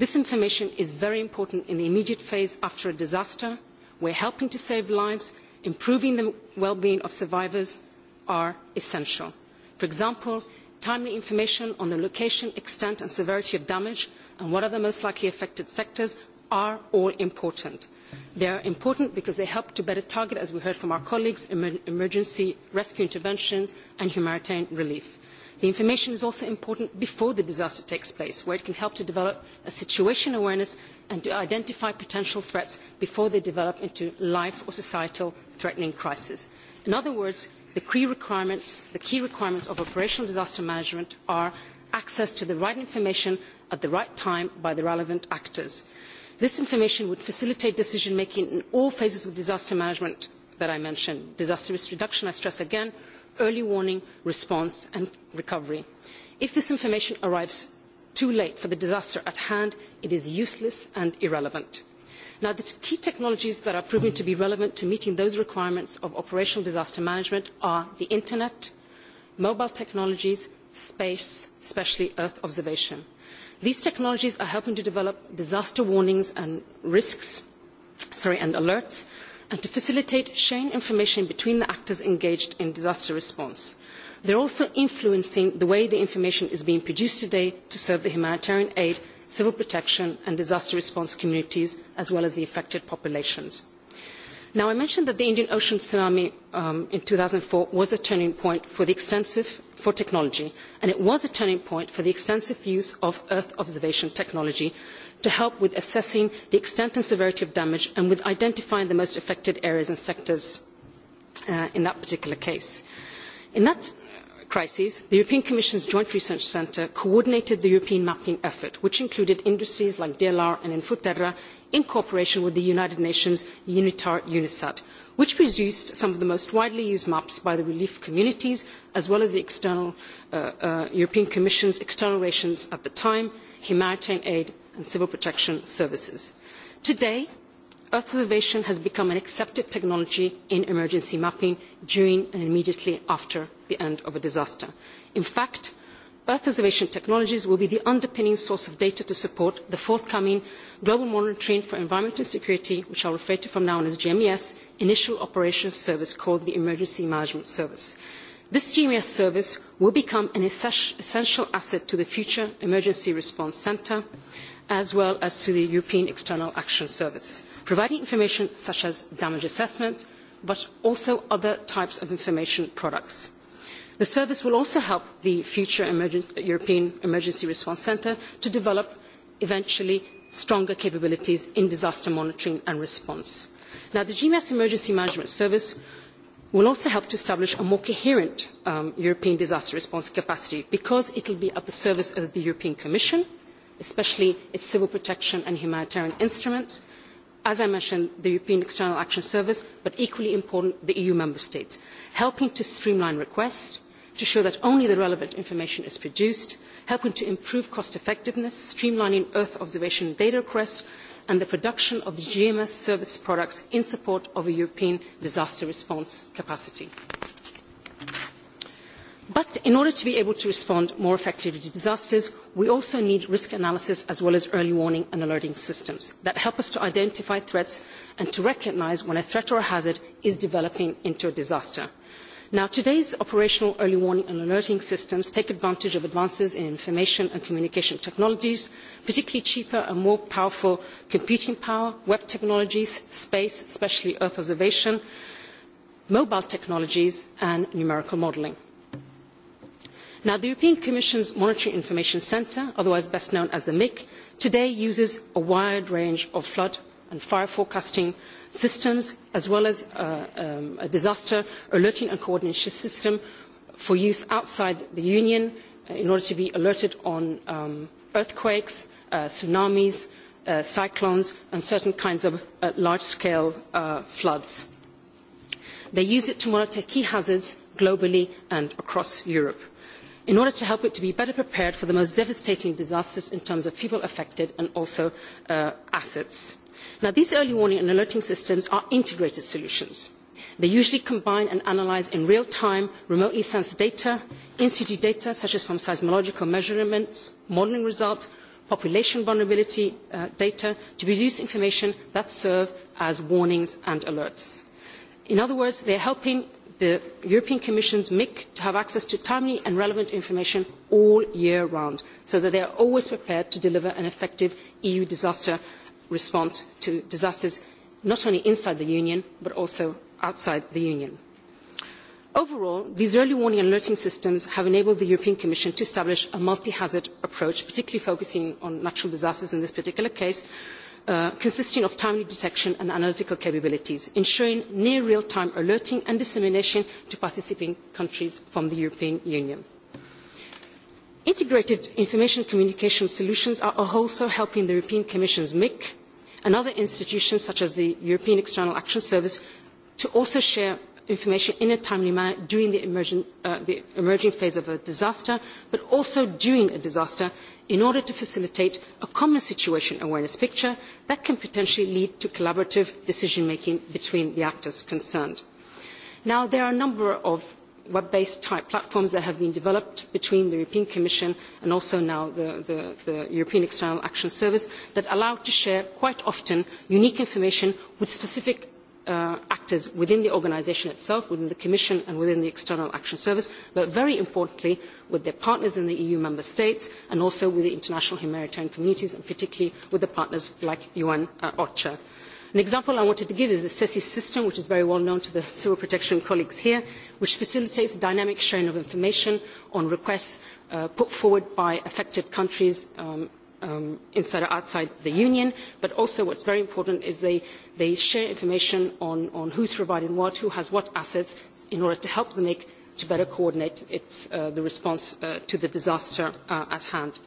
This information is very important in the immediate phase after a disaster, where helping to save lives, improving the well-being of survivors are essential. For example, timely information on the location, extent and severity of damage and what are the most likely affected sectors are all important. They are important because they help to better target, as we heard from our colleagues, emergency rescue interventions and humanitarian relief. The information is also important before the disaster takes place, where it can help to develop a situation awareness and to identify potential threats before they develop into life or societal threatening crises. In other words, the key requirements, of operational disaster management are access to the right information at the right time by the relevant actors, This information would facilitate decision making in all phases of disaster management that I mentioned. Disaster risk reduction, I stress again, early warning, response and recovery. If this information arrives too late for the disaster at hand, it is useless and irrelevant. Now, the key technologies that are proven to be relevant to meeting those requirements of operational disaster management are the internet, mobile technologies, space, especially earth observation. These technologies are helping to develop disaster warnings and risks, sorry, and alerts, and to facilitate sharing information between the actors engaged in disaster response. They are also influencing the way the information is being produced today to serve the humanitarian aid, civil protection, and disaster response communities, as well as the affected populations. Now, I mentioned that the Indian Ocean tsunami um, in 2004 was a turning point for the extensive for technology, and it was a turning point for the extensive use of Earth observation technology to help with assessing the extent and severity of damage and with identifying the most affected areas and sectors in that particular case. In that crisis, the European Commission's Joint Research Centre coordinated the European mapping effort, which included industries like DLR and Infoterra in cooperation with the United Nations UNITAR UNISAT, which produced some of the most widely used maps by the relief communities, as well as the external, European Commission's external relations at the time, humanitarian aid and civil protection services. Today, Earth observation has become an accepted technology in emergency mapping during and immediately after the end of a disaster. In fact, Earth observation technologies will be the underpinning source of data to support the forthcoming Global Monitoring for Environment and Security, which I'll refer to from now on as GMES, Initial Operations Service called the Emergency Management Service. This GMES service will become an essential asset to the future Emergency Response Centre as well as to the European External Action Service, providing information such as damage assessments, but also other types of information products. The service will also help the future European Emergency Response Centre to develop eventually stronger capabilities in disaster monitoring and response. Now, the GMS Emergency Management Service will also help to establish a more coherent European disaster response capacity because it will be at the service of the European Commission, especially its civil protection and humanitarian instruments, as I mentioned, the European External Action Service, but equally important, the EU member states, helping to streamline requests, to show that only the relevant information is produced, helping to improve cost effectiveness, streamlining Earth observation data requests, and the production of the GMS service products in support of a European disaster response capacity. But in order to be able to respond more effectively to disasters, we also need risk analysis as well as early warning and alerting systems that help us to identify threats and to recognise when a threat or a hazard is developing into a disaster today's operational early warning and alerting systems take advantage of advances in information and communication technologies, particularly cheaper and more powerful computing power, web technologies, space, especially Earth observation, mobile technologies, and numerical modelling. the European Commission's Monitoring Information Centre, otherwise best known as the MIC, today uses a wide range of flood and fire forecasting systems as well as a disaster alerting and coordination system for use outside the Union in order to be alerted on earthquakes, tsunamis, cyclones and certain kinds of large-scale floods. They use it to monitor key hazards globally and across Europe in order to help it to be better prepared for the most devastating disasters in terms of people affected and also assets. Now, these early warning and alerting systems are integrated solutions. They usually combine and analyse in real time remotely sensed data, in situ data such as from seismological measurements, modelling results, population vulnerability data to produce information that serve as warnings and alerts. In other words, they are helping the European Commission's MIC to have access to timely and relevant information all year round so that they are always prepared to deliver an effective EU disaster response to disasters not only inside the Union but also outside the Union. Overall, these early warning and alerting systems have enabled the European Commission to establish a multi-hazard approach, particularly focusing on natural disasters in this particular case, consisting of timely detection and analytical capabilities, ensuring near real-time alerting and dissemination to participating countries from the European Union. Integrated information communication solutions are also helping the European Commission's MIC and other institutions such as the European External Action Service to also share information in a timely manner during the emerging, phase of a disaster, but also during a disaster in order to facilitate a common situation awareness picture that can potentially lead to collaborative decision making between the actors concerned. Now, there are a number of web-based type platforms that have been developed between the European Commission and also now the, European External Action Service that allow to share quite often unique information with specific actors within the organisation itself, within the Commission and within the External Action Service, but very importantly with their partners in the EU member states and also with the international humanitarian communities and particularly with the partners like UN OCHA An example I wanted to give is the SESI system, which is very well known to the civil protection colleagues here, which facilitates dynamic sharing of information on requests put forward by affected countries inside or outside the union. But also what's very important is they, they share information on, on who's providing what, who has what assets, in order to help them make to better coordinate its, the response to the disaster at hand.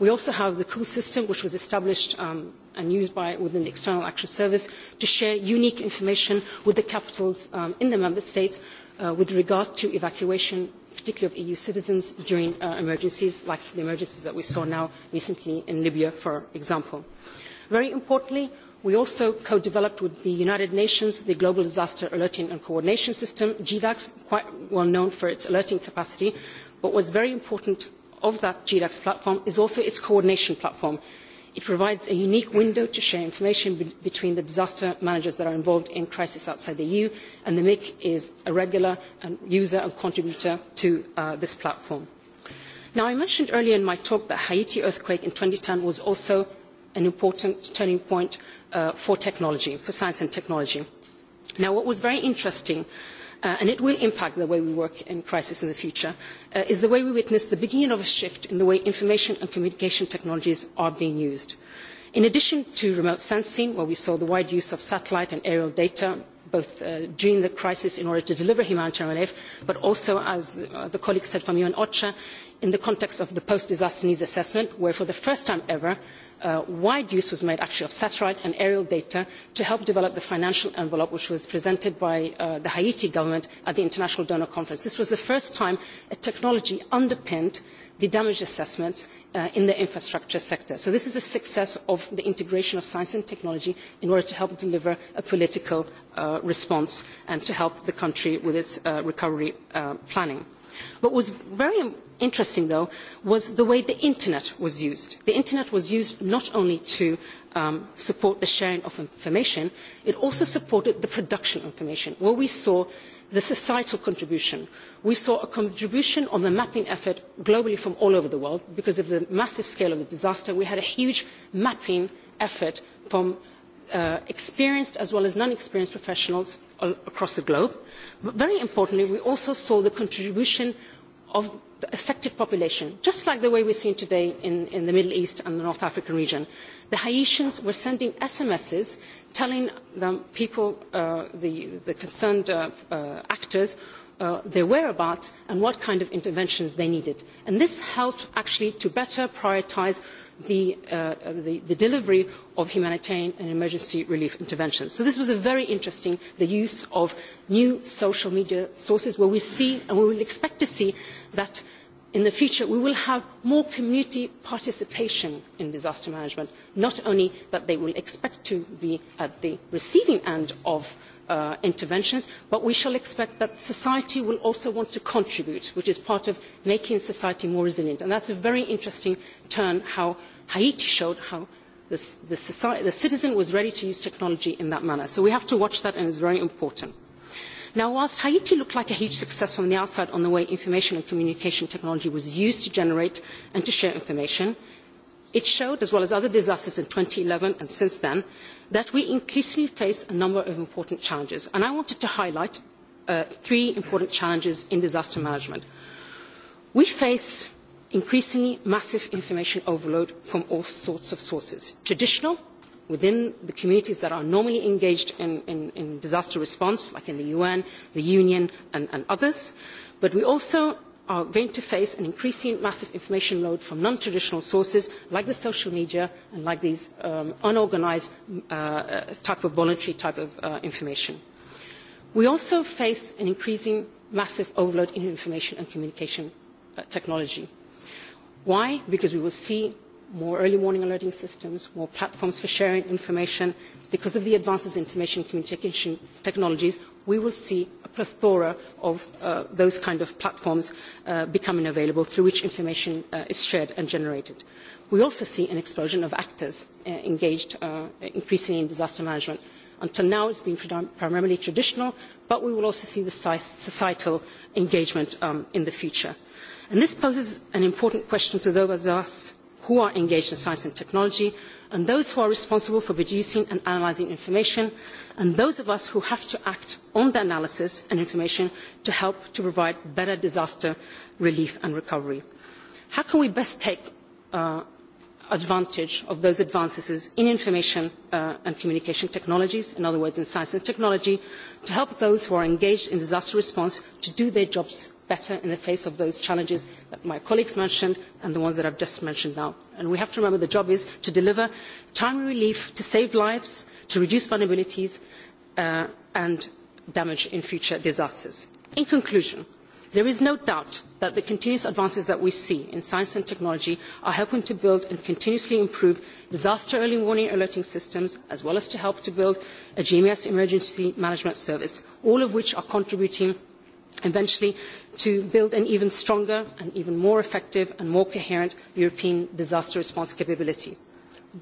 We also have the COOL system, which was established and used by, within the External Action Service to share unique information with the capitals in the member states with regard to evacuation, particularly of EU citizens during emergencies, like the emergencies that we saw now recently in Libya, for example. Very importantly, we also co-developed with the United Nations the Global Disaster Alerting and Coordination System, GDAX, quite well known for its alerting capacity. But what is very important of that GDAX platform is also its coordination platform. It provides a unique window to share information between the disaster managers that are involved in crisis outside the EU, and the MIC is a regular user and contributor to this platform. Now, I mentioned earlier in my talk that Haiti earthquake in ten was also an important turning point for technology, for science and technology. Now, what was very interesting was and it will impact the way we work in crisis in the future, is the way we witness the beginning of a shift in the way information and communication technologies are being used. In addition to remote sensing, where we saw the wide use of satellite and aerial data, both during the crisis in order to deliver humanitarian relief, but also, as the colleague said from UN OCHA, in the context of the post-disaster needs assessment, where for the first time ever, wide use was made actually of satellite and aerial data to help develop the financial envelope which was presented by the Haiti government at the International Donor Conference. This was the first time a technology underpinned the damage assessments in the infrastructure sector. So this is a success of the integration of science and technology in order to help deliver a political response and to help the country with its recovery planning. What was very interesting, though, was the way the internet was used. The internet was used not only to support the sharing of information, it also supported the production of information, where we saw the societal contribution. We saw a contribution on the mapping effort globally from all over the world because of the massive scale of the disaster. We had a huge mapping effort from experienced as well as non-experienced professionals across the globe. But very importantly, we also saw the contribution of the affected population, just like the way we are seeing today in, the Middle East and the North African region. The Haitians were sending SMSs telling the people, the, concerned actors, their whereabouts and what kind of interventions they needed. And this helped actually to better prioritise the, delivery of humanitarian and emergency relief interventions. So this was a very interesting, the use of new social media sources where we see and we will expect to see that in the future we will have more community participation in disaster management, not only that they will expect to be at the receiving end of interventions, but we shall expect that society will also want to contribute, which is part of making society more resilient. And that's a very interesting turn how Haiti showed how the, citizen was ready to use technology in that manner. So we have to watch that, and it's very important. Now, whilst Haiti looked like a huge success from the outside on the way information and communication technology was used to generate and to share information, it showed, as well as other disasters in eleven and since then, that we increasingly face a number of important challenges. And I wanted to highlight three important challenges in disaster management. We face increasingly massive information overload from all sorts of sources. Traditional, within the communities that are normally engaged in, disaster response, like in the UN, the Union, and, others. But we also are going to face an increasing massive information load from non-traditional sources like the social media and like these um, unorganized type of voluntary type of information. We also face an increasing massive overload in information and communication technology. Why? Because we will see more early warning alerting systems, more platforms for sharing information. Because of the advances in information communication technologies, we will see a plethora of those kind of platforms becoming available through which information is shared and generated. We also see an explosion of actors engaged increasingly in disaster management. Until now, it has been primarily traditional, but we will also see the societal engagement in the future. this poses an important question to those of us who are engaged in science and technology, and those who are responsible for producing and analysing information, and those of us who have to act on the analysis and information to help to provide better disaster relief and recovery. How can we best take advantage of those advances in information and communication technologies, in other words, in science and technology, to help those who are engaged in disaster response to do their jobs better in the face of those challenges that my colleagues mentioned and the ones that I have just mentioned now. we have to remember the job is to deliver timely relief to save lives, to reduce vulnerabilities and damage in future disasters. In conclusion, there is no doubt that the continuous advances that we see in science and technology are helping to build and continuously improve disaster early warning alerting systems, as well as to help to build a GMS emergency management service, all of which are contributing eventually to build an even stronger and even more effective and more coherent European disaster response capability.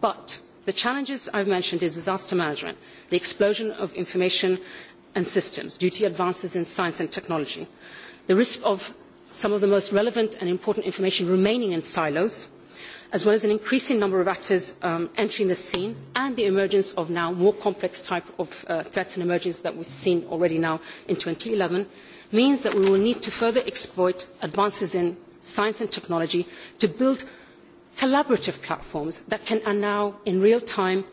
But the challenges I have mentioned is disaster management, the explosion of information and systems, due to advances in science and technology, the risk of some of the most relevant and important information remaining in silos, as well as an increasing number of actors entering the scene and the emergence of now more complex type of threats and emergencies that we have seen already now in eleven means that we will need to further exploit advances in science and technology to build collaborative platforms that can allow in real time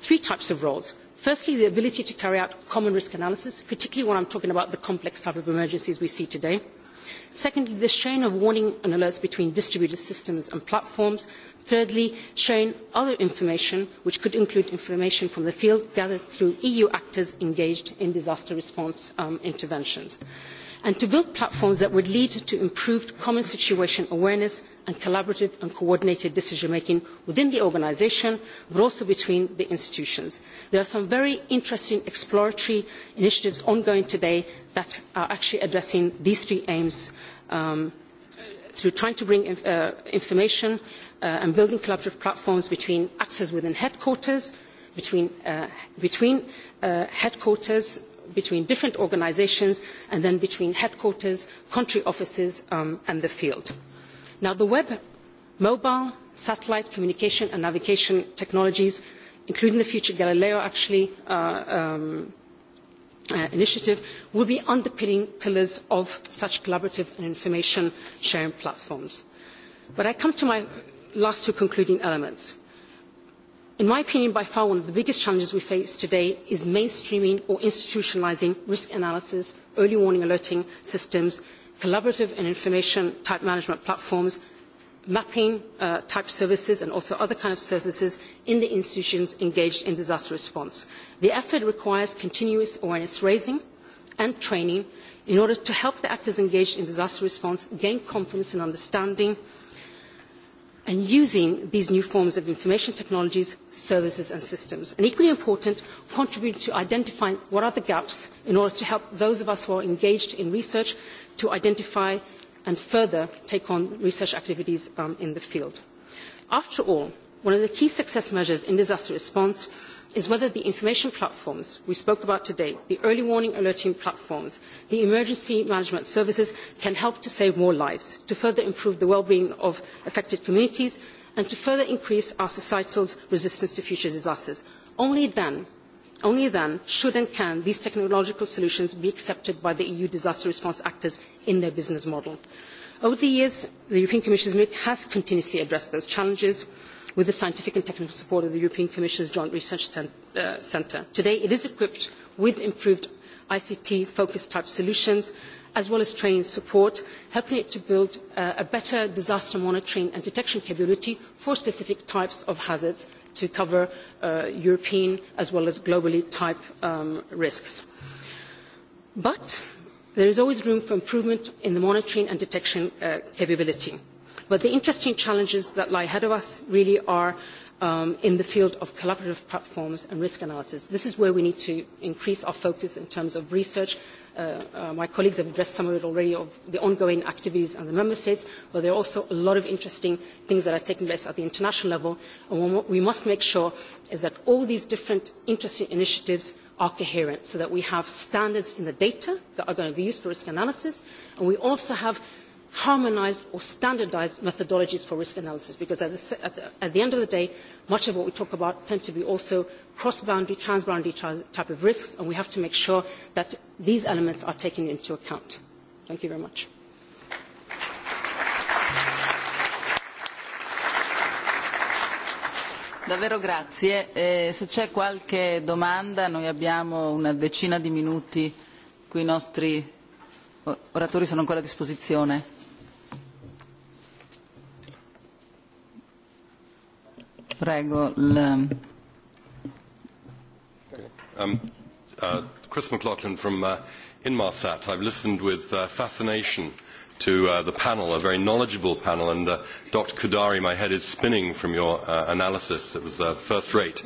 three types of roles. Firstly, the ability to carry out common risk analysis, particularly when I am talking about the complex type of emergencies we see today. Secondly, the sharing of warning and alerts between distributed systems and platforms thirdly sharing other information which could include information from the field gathered through eu actors engaged in disaster response interventions and to build platforms that would lead to improved common situation awareness and collaborative and coordinated decision making within the organisation but also between the institutions. There are some very interesting exploratory initiatives ongoing today that are actually addressing these three aims through trying to bring information and building collaborative platforms between actors within headquarters, between, headquarters, between different organisations, and then between headquarters, country offices, and the field. Now, the web, mobile, satellite communication and navigation technologies, including the future Galileo, actually, initiative will be underpinning pillars of such collaborative and information sharing platforms. But I come to my last two concluding elements. In my opinion, by far one of the biggest challenges we face today is mainstreaming or institutionalising risk analysis, early warning alerting systems, collaborative and information type management platforms, mapping type services and also other kinds of services in the institutions engaged in disaster response. The effort requires continuous awareness raising and training in order to help the actors engaged in disaster response gain confidence and understanding and using these new forms of information technologies, services and systems. And equally important, contribute to identifying what are the gaps in order to help those of us who are engaged in research to identify and further take on research activities in the field. After all, one of the key success measures in disaster response is whether the information platforms we spoke about today, the early warning alerting platforms, the emergency management services can help to save more lives, to further improve the well-being of affected communities and to further increase our societal resistance to future disasters. Only then Only then should and can these technological solutions be accepted by the EU disaster response actors in their business model. Over the years, the European Commission's MIC has continuously addressed those challenges with the scientific and technical support of the European Commission's Joint Research Centre. Today, it is equipped with improved ICT-focused type solutions, as well as training support, helping it to build a better disaster monitoring and detection capability for specific types of hazards to cover European as well as globally type risks. But there is always room for improvement in the monitoring and detection capability. But the interesting challenges that lie ahead of us really are in the field of collaborative platforms and risk analysis. This is where we need to increase our focus in terms of research my colleagues have addressed some of it already of the ongoing activities in the member states, but there are also a lot of interesting things that are taking place at the international level. And what we must make sure is that all these different interesting initiatives are coherent so that we have standards in the data that are going to be used for risk analysis, and we also have harmonised or standardised methodologies for risk analysis because at the, end of the day, much of what we talk about tend to be also cross-boundary, trans-boundary type of risks, and we have to make sure that these elements are taken into account. Thank you very much. Davvero grazie. Eh, se c'è qualche domanda, noi abbiamo una decina di minuti qui i nostri oratori sono ancora a disposizione. Prego. Um, uh, Chris McLaughlin from uh, Inmarsat. I've listened with uh, fascination to uh, the panel, a very knowledgeable panel, and uh, Dr. Kudari, my head is spinning from your uh, analysis. It was uh, first rate.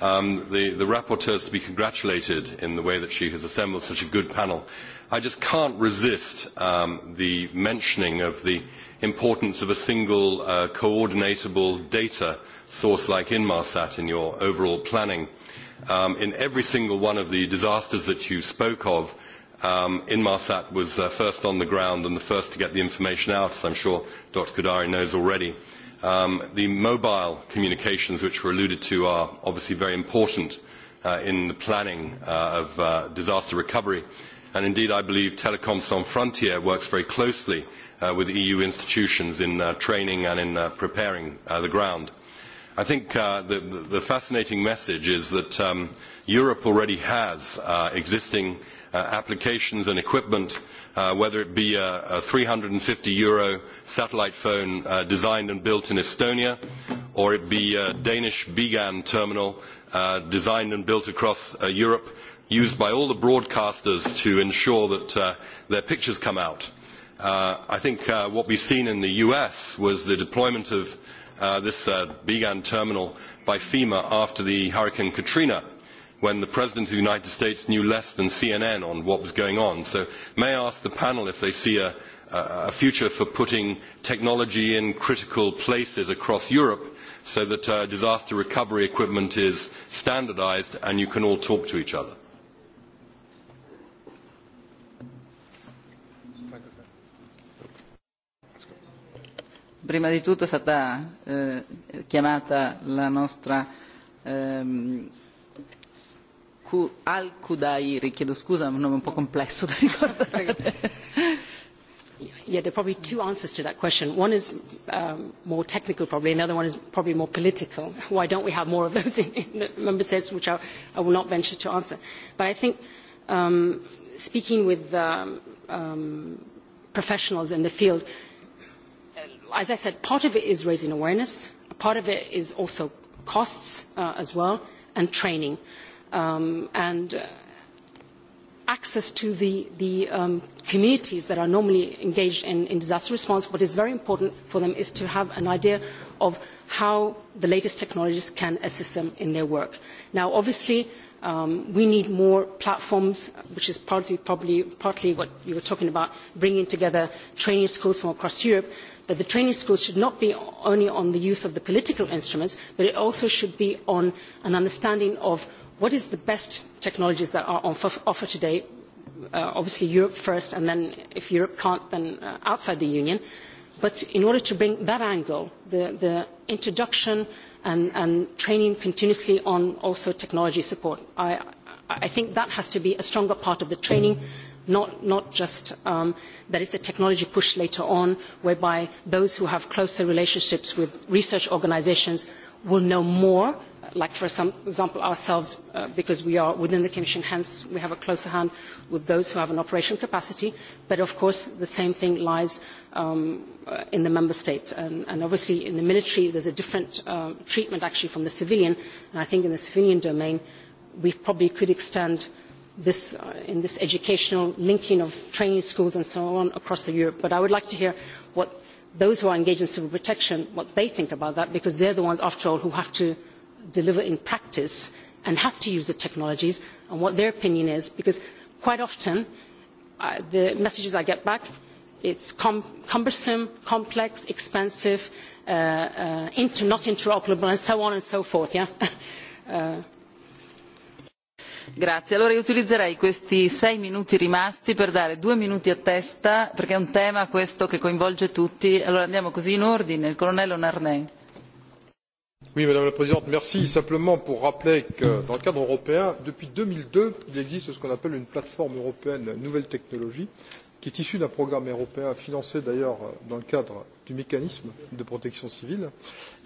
Um, the, the rapporteur is to be congratulated in the way that she has assembled such a good panel. I just can't resist um, the mentioning of the importance of a single uh, coordinatable data source like Inmarsat in your overall planning. Um, in every single one of the disasters that you spoke of, um, Inmarsat was uh, first on the ground and the first to get the information out, as I'm sure Dr. Kudari knows already. Um, the mobile communications, which were alluded to, are obviously very important uh, in the planning uh, of uh, disaster recovery. And indeed, I believe Telecom Sans Frontier works very closely uh, with EU institutions in uh, training and in uh, preparing uh, the ground. I think uh, the, the fascinating message is that um, Europe already has uh, existing applications and equipment, whether it be a, a 350 euro satellite phone designed and built in Estonia, or it be a Danish BGAN terminal designed and built across Europe, used by all the broadcasters to ensure that their pictures come out. I think what we have seen in the US was the deployment of this BGAN terminal by FEMA after the Hurricane Katrina when the President of the United States knew less than CNN on what was going on. So may I ask the panel if they see a, a future for putting technology in critical places across Europe so that uh, disaster recovery equipment is standardized and you can all talk to each other? Prima di tutto è stata eh, chiamata la nostra ehm, al chiedo scusa, è un nome un po' complesso da ricordare. Yeah, there are probably two answers to that question. One is um, more technical, probably, and the other one is probably more political. Why don't we have more of those in, in the member states, which I, I will not venture to answer. But I think um, speaking with um, um, professionals in the field, as I said, part of it is raising awareness, part of it is also costs uh, as well, and training and access to the, communities that are normally engaged in, disaster response. What is very important for them is to have an idea of how the latest technologies can assist them in their work. Now, obviously, we need more platforms, which is partly, probably, partly what you were talking about, bringing together training schools from across Europe. But the training schools should not be only on the use of the political instruments, but it also should be on an understanding of what is the best technologies that are on offer today? obviously, Europe first, and then if Europe can't, then outside the Union. But in order to bring that angle, the, introduction and, training continuously on also technology support, I, I think that has to be a stronger part of the training, not, not just um, that it's a technology push later on, whereby those who have closer relationships with research organisations will know more like for example ourselves, because we are within the Commission, hence we have a closer hand with those who have an operational capacity. But of course, the same thing lies in the member states, and, obviously in the military, there is a different treatment actually from the civilian. And I think in the civilian domain, we probably could extend this in this educational linking of training schools and so on across Europe. But I would like to hear what those who are engaged in civil protection, what they think about that, because they are the ones, after all, who have to deliver in practice and have to use the technologies and what their opinion is because quite often the messages I get back it's cumbersome, complex, expensive, not interoperable and so on and so forth. Grazie, allora io utilizzerei questi sei minuti rimasti per dare due minuti a testa perché è un tema questo che coinvolge tutti, allora andiamo così in ordine, il colonnello Narnè Oui, Madame la Présidente, merci. Simplement pour rappeler que dans le cadre européen, depuis deux mille deux, il existe ce qu'on appelle une plateforme européenne nouvelles technologies, qui est issue d'un programme européen financé d'ailleurs dans le cadre du mécanisme de protection civile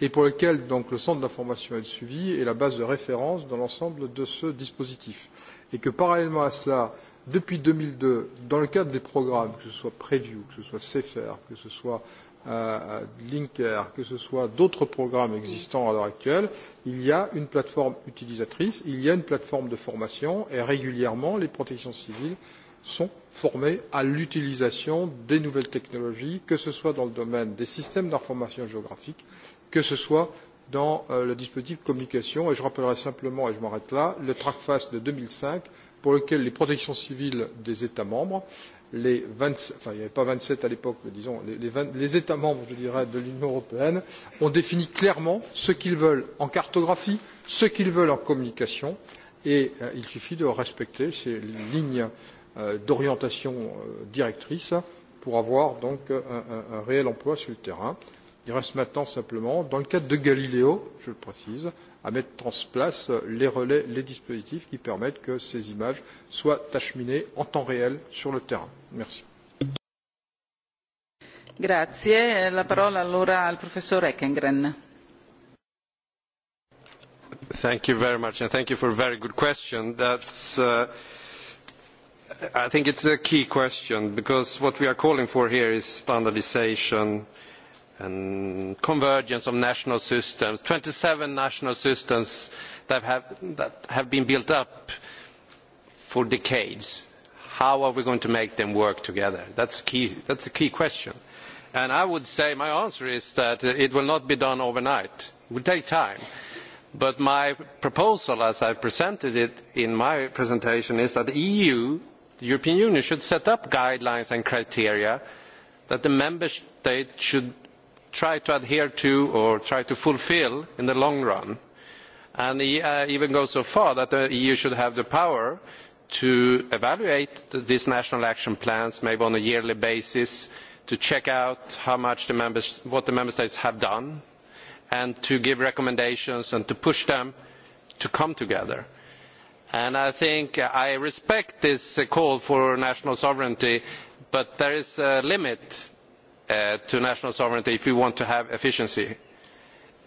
et pour lequel le centre d'information et de suivi est la base de référence dans l'ensemble de ce dispositif. Et que parallèlement à cela, depuis deux mille deux, dans le cadre des programmes, que ce soit Preview, que ce soit CFR, que ce soit Linker, que ce soit d'autres programmes existants à l'heure actuelle, il y a une plateforme utilisatrice, il y a une plateforme de formation et régulièrement les protections civiles sont formées à l'utilisation des nouvelles technologies, que ce soit dans le domaine des systèmes d'information géographique, que ce soit dans le dispositif de communication. Et je rappellerai simplement, et je m'arrête là, le TRACFAS de deux mille cinq, pour lequel les protections civiles des États membres les vingt sept enfin il n'y avait pas vingt sept à l'époque mais disons les états membres je dirais de l'union européenne ont défini clairement ce qu'ils veulent en cartographie ce qu'ils veulent en communication et il suffit de respecter ces lignes d'orientation directrice pour avoir donc un réel emploi sur le terrain. Il reste maintenant simplement, dans le cadre de Galileo, je le précise, à mettre en place les relais, les dispositifs qui permettent que ces images soient acheminées en temps réel sur le terrain. Merci. Grazie. La allora al professor Eckengren. Thank you very much and thank you for a very good question. That's uh, I think it's a key question because what we are calling for here is standardization uh, convergence of national systems, twenty seven national systems that have, been built up for decades. How are we going to make them work together? That's key, that's a key question. And I would say my answer is that it will not be done overnight. It will take time. But my proposal, as I presented it in my presentation, is that the EU, the European Union, should set up guidelines and criteria that the member state should try to adhere to or try to fulfil in the long run. And he even goes so far that the EU should have the power to evaluate these national action plans, maybe on a yearly basis, to check out how much the members, what the member states have done, and to give recommendations and to push them to come together. And I think I respect this call for national sovereignty, but there is a limit to national sovereignty if we want to have efficiency.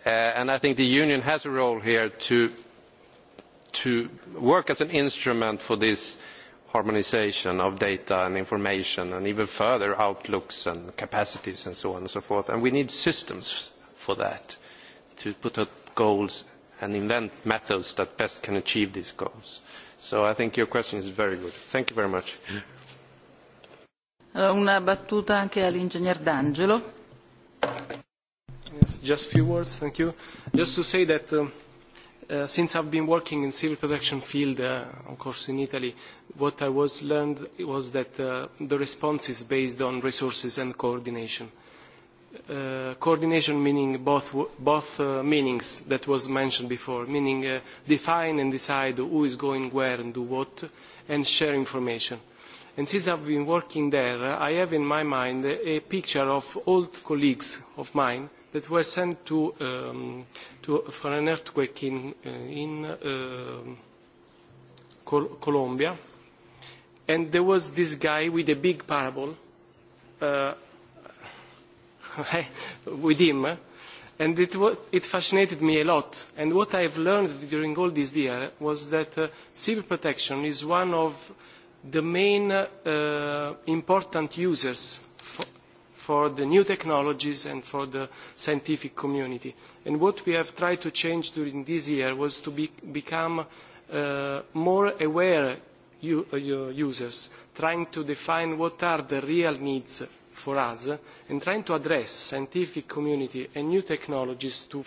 I think the Union has a role here to, to work as an instrument for this harmonisation of data and information and even further outlooks and capacities and so on and so forth. And we need systems for that to put up goals and invent methods that best can achieve these goals. So I think your question is very good. Thank you very much una battuta anche all'ingegner D'Angelo. Yes, just a few words, thank you. Just to say that um, uh, since I've been working in civil protection field, uh, of course in Italy, what I was learned was that uh, the response is based on resources and coordination. Uh, coordination meaning both, both uh, meanings that was mentioned before, meaning uh, define and decide who is going where and do what, and share information And since I've been working there, I have in my mind a picture of old colleagues of mine that were sent to, um, to for an earthquake in, uh, in uh, Col Colombia. And there was this guy with a big parable uh, with him. And it, it fascinated me a lot. And what I've learned during all this year was that uh, civil protection is one of the main important users for the new technologies and for the scientific community. And what we have tried to change during this year was to become more aware users, trying to define what are the real needs for us and trying to address scientific community and new technologies to,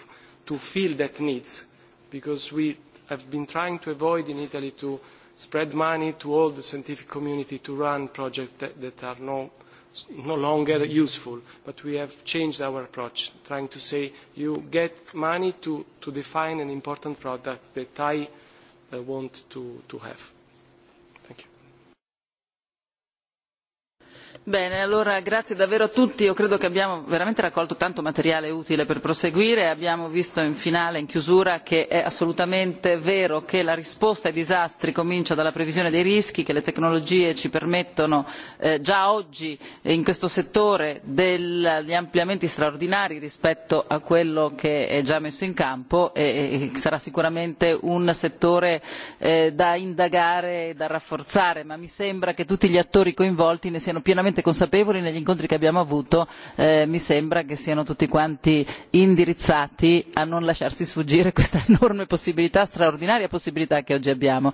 to fill that needs because we have been trying to avoid in Italy to spread money to all the scientific community to run projects that, that are no, no longer useful. But we have changed our approach, trying to say you get money to, to define an important product that I uh, want to, to have. Bene, allora grazie davvero a tutti. Io credo che abbiamo veramente raccolto tanto materiale utile per proseguire. Abbiamo visto in finale, in chiusura, che è assolutamente vero che la risposta ai disastri comincia dalla previsione dei rischi che le tecnologie ci permettono già oggi in questo settore degli ampliamenti straordinari rispetto a quello che è già messo in campo e sarà sicuramente un settore da indagare e da rafforzare, ma mi sembra che tutti gli attori coinvolti ne siano pienamente perfettamente consapevoli negli incontri che abbiamo avuto mi sembra che siano tutti quanti indirizzati a non lasciarsi sfuggire questa enorme possibilità straordinaria possibilità che oggi abbiamo.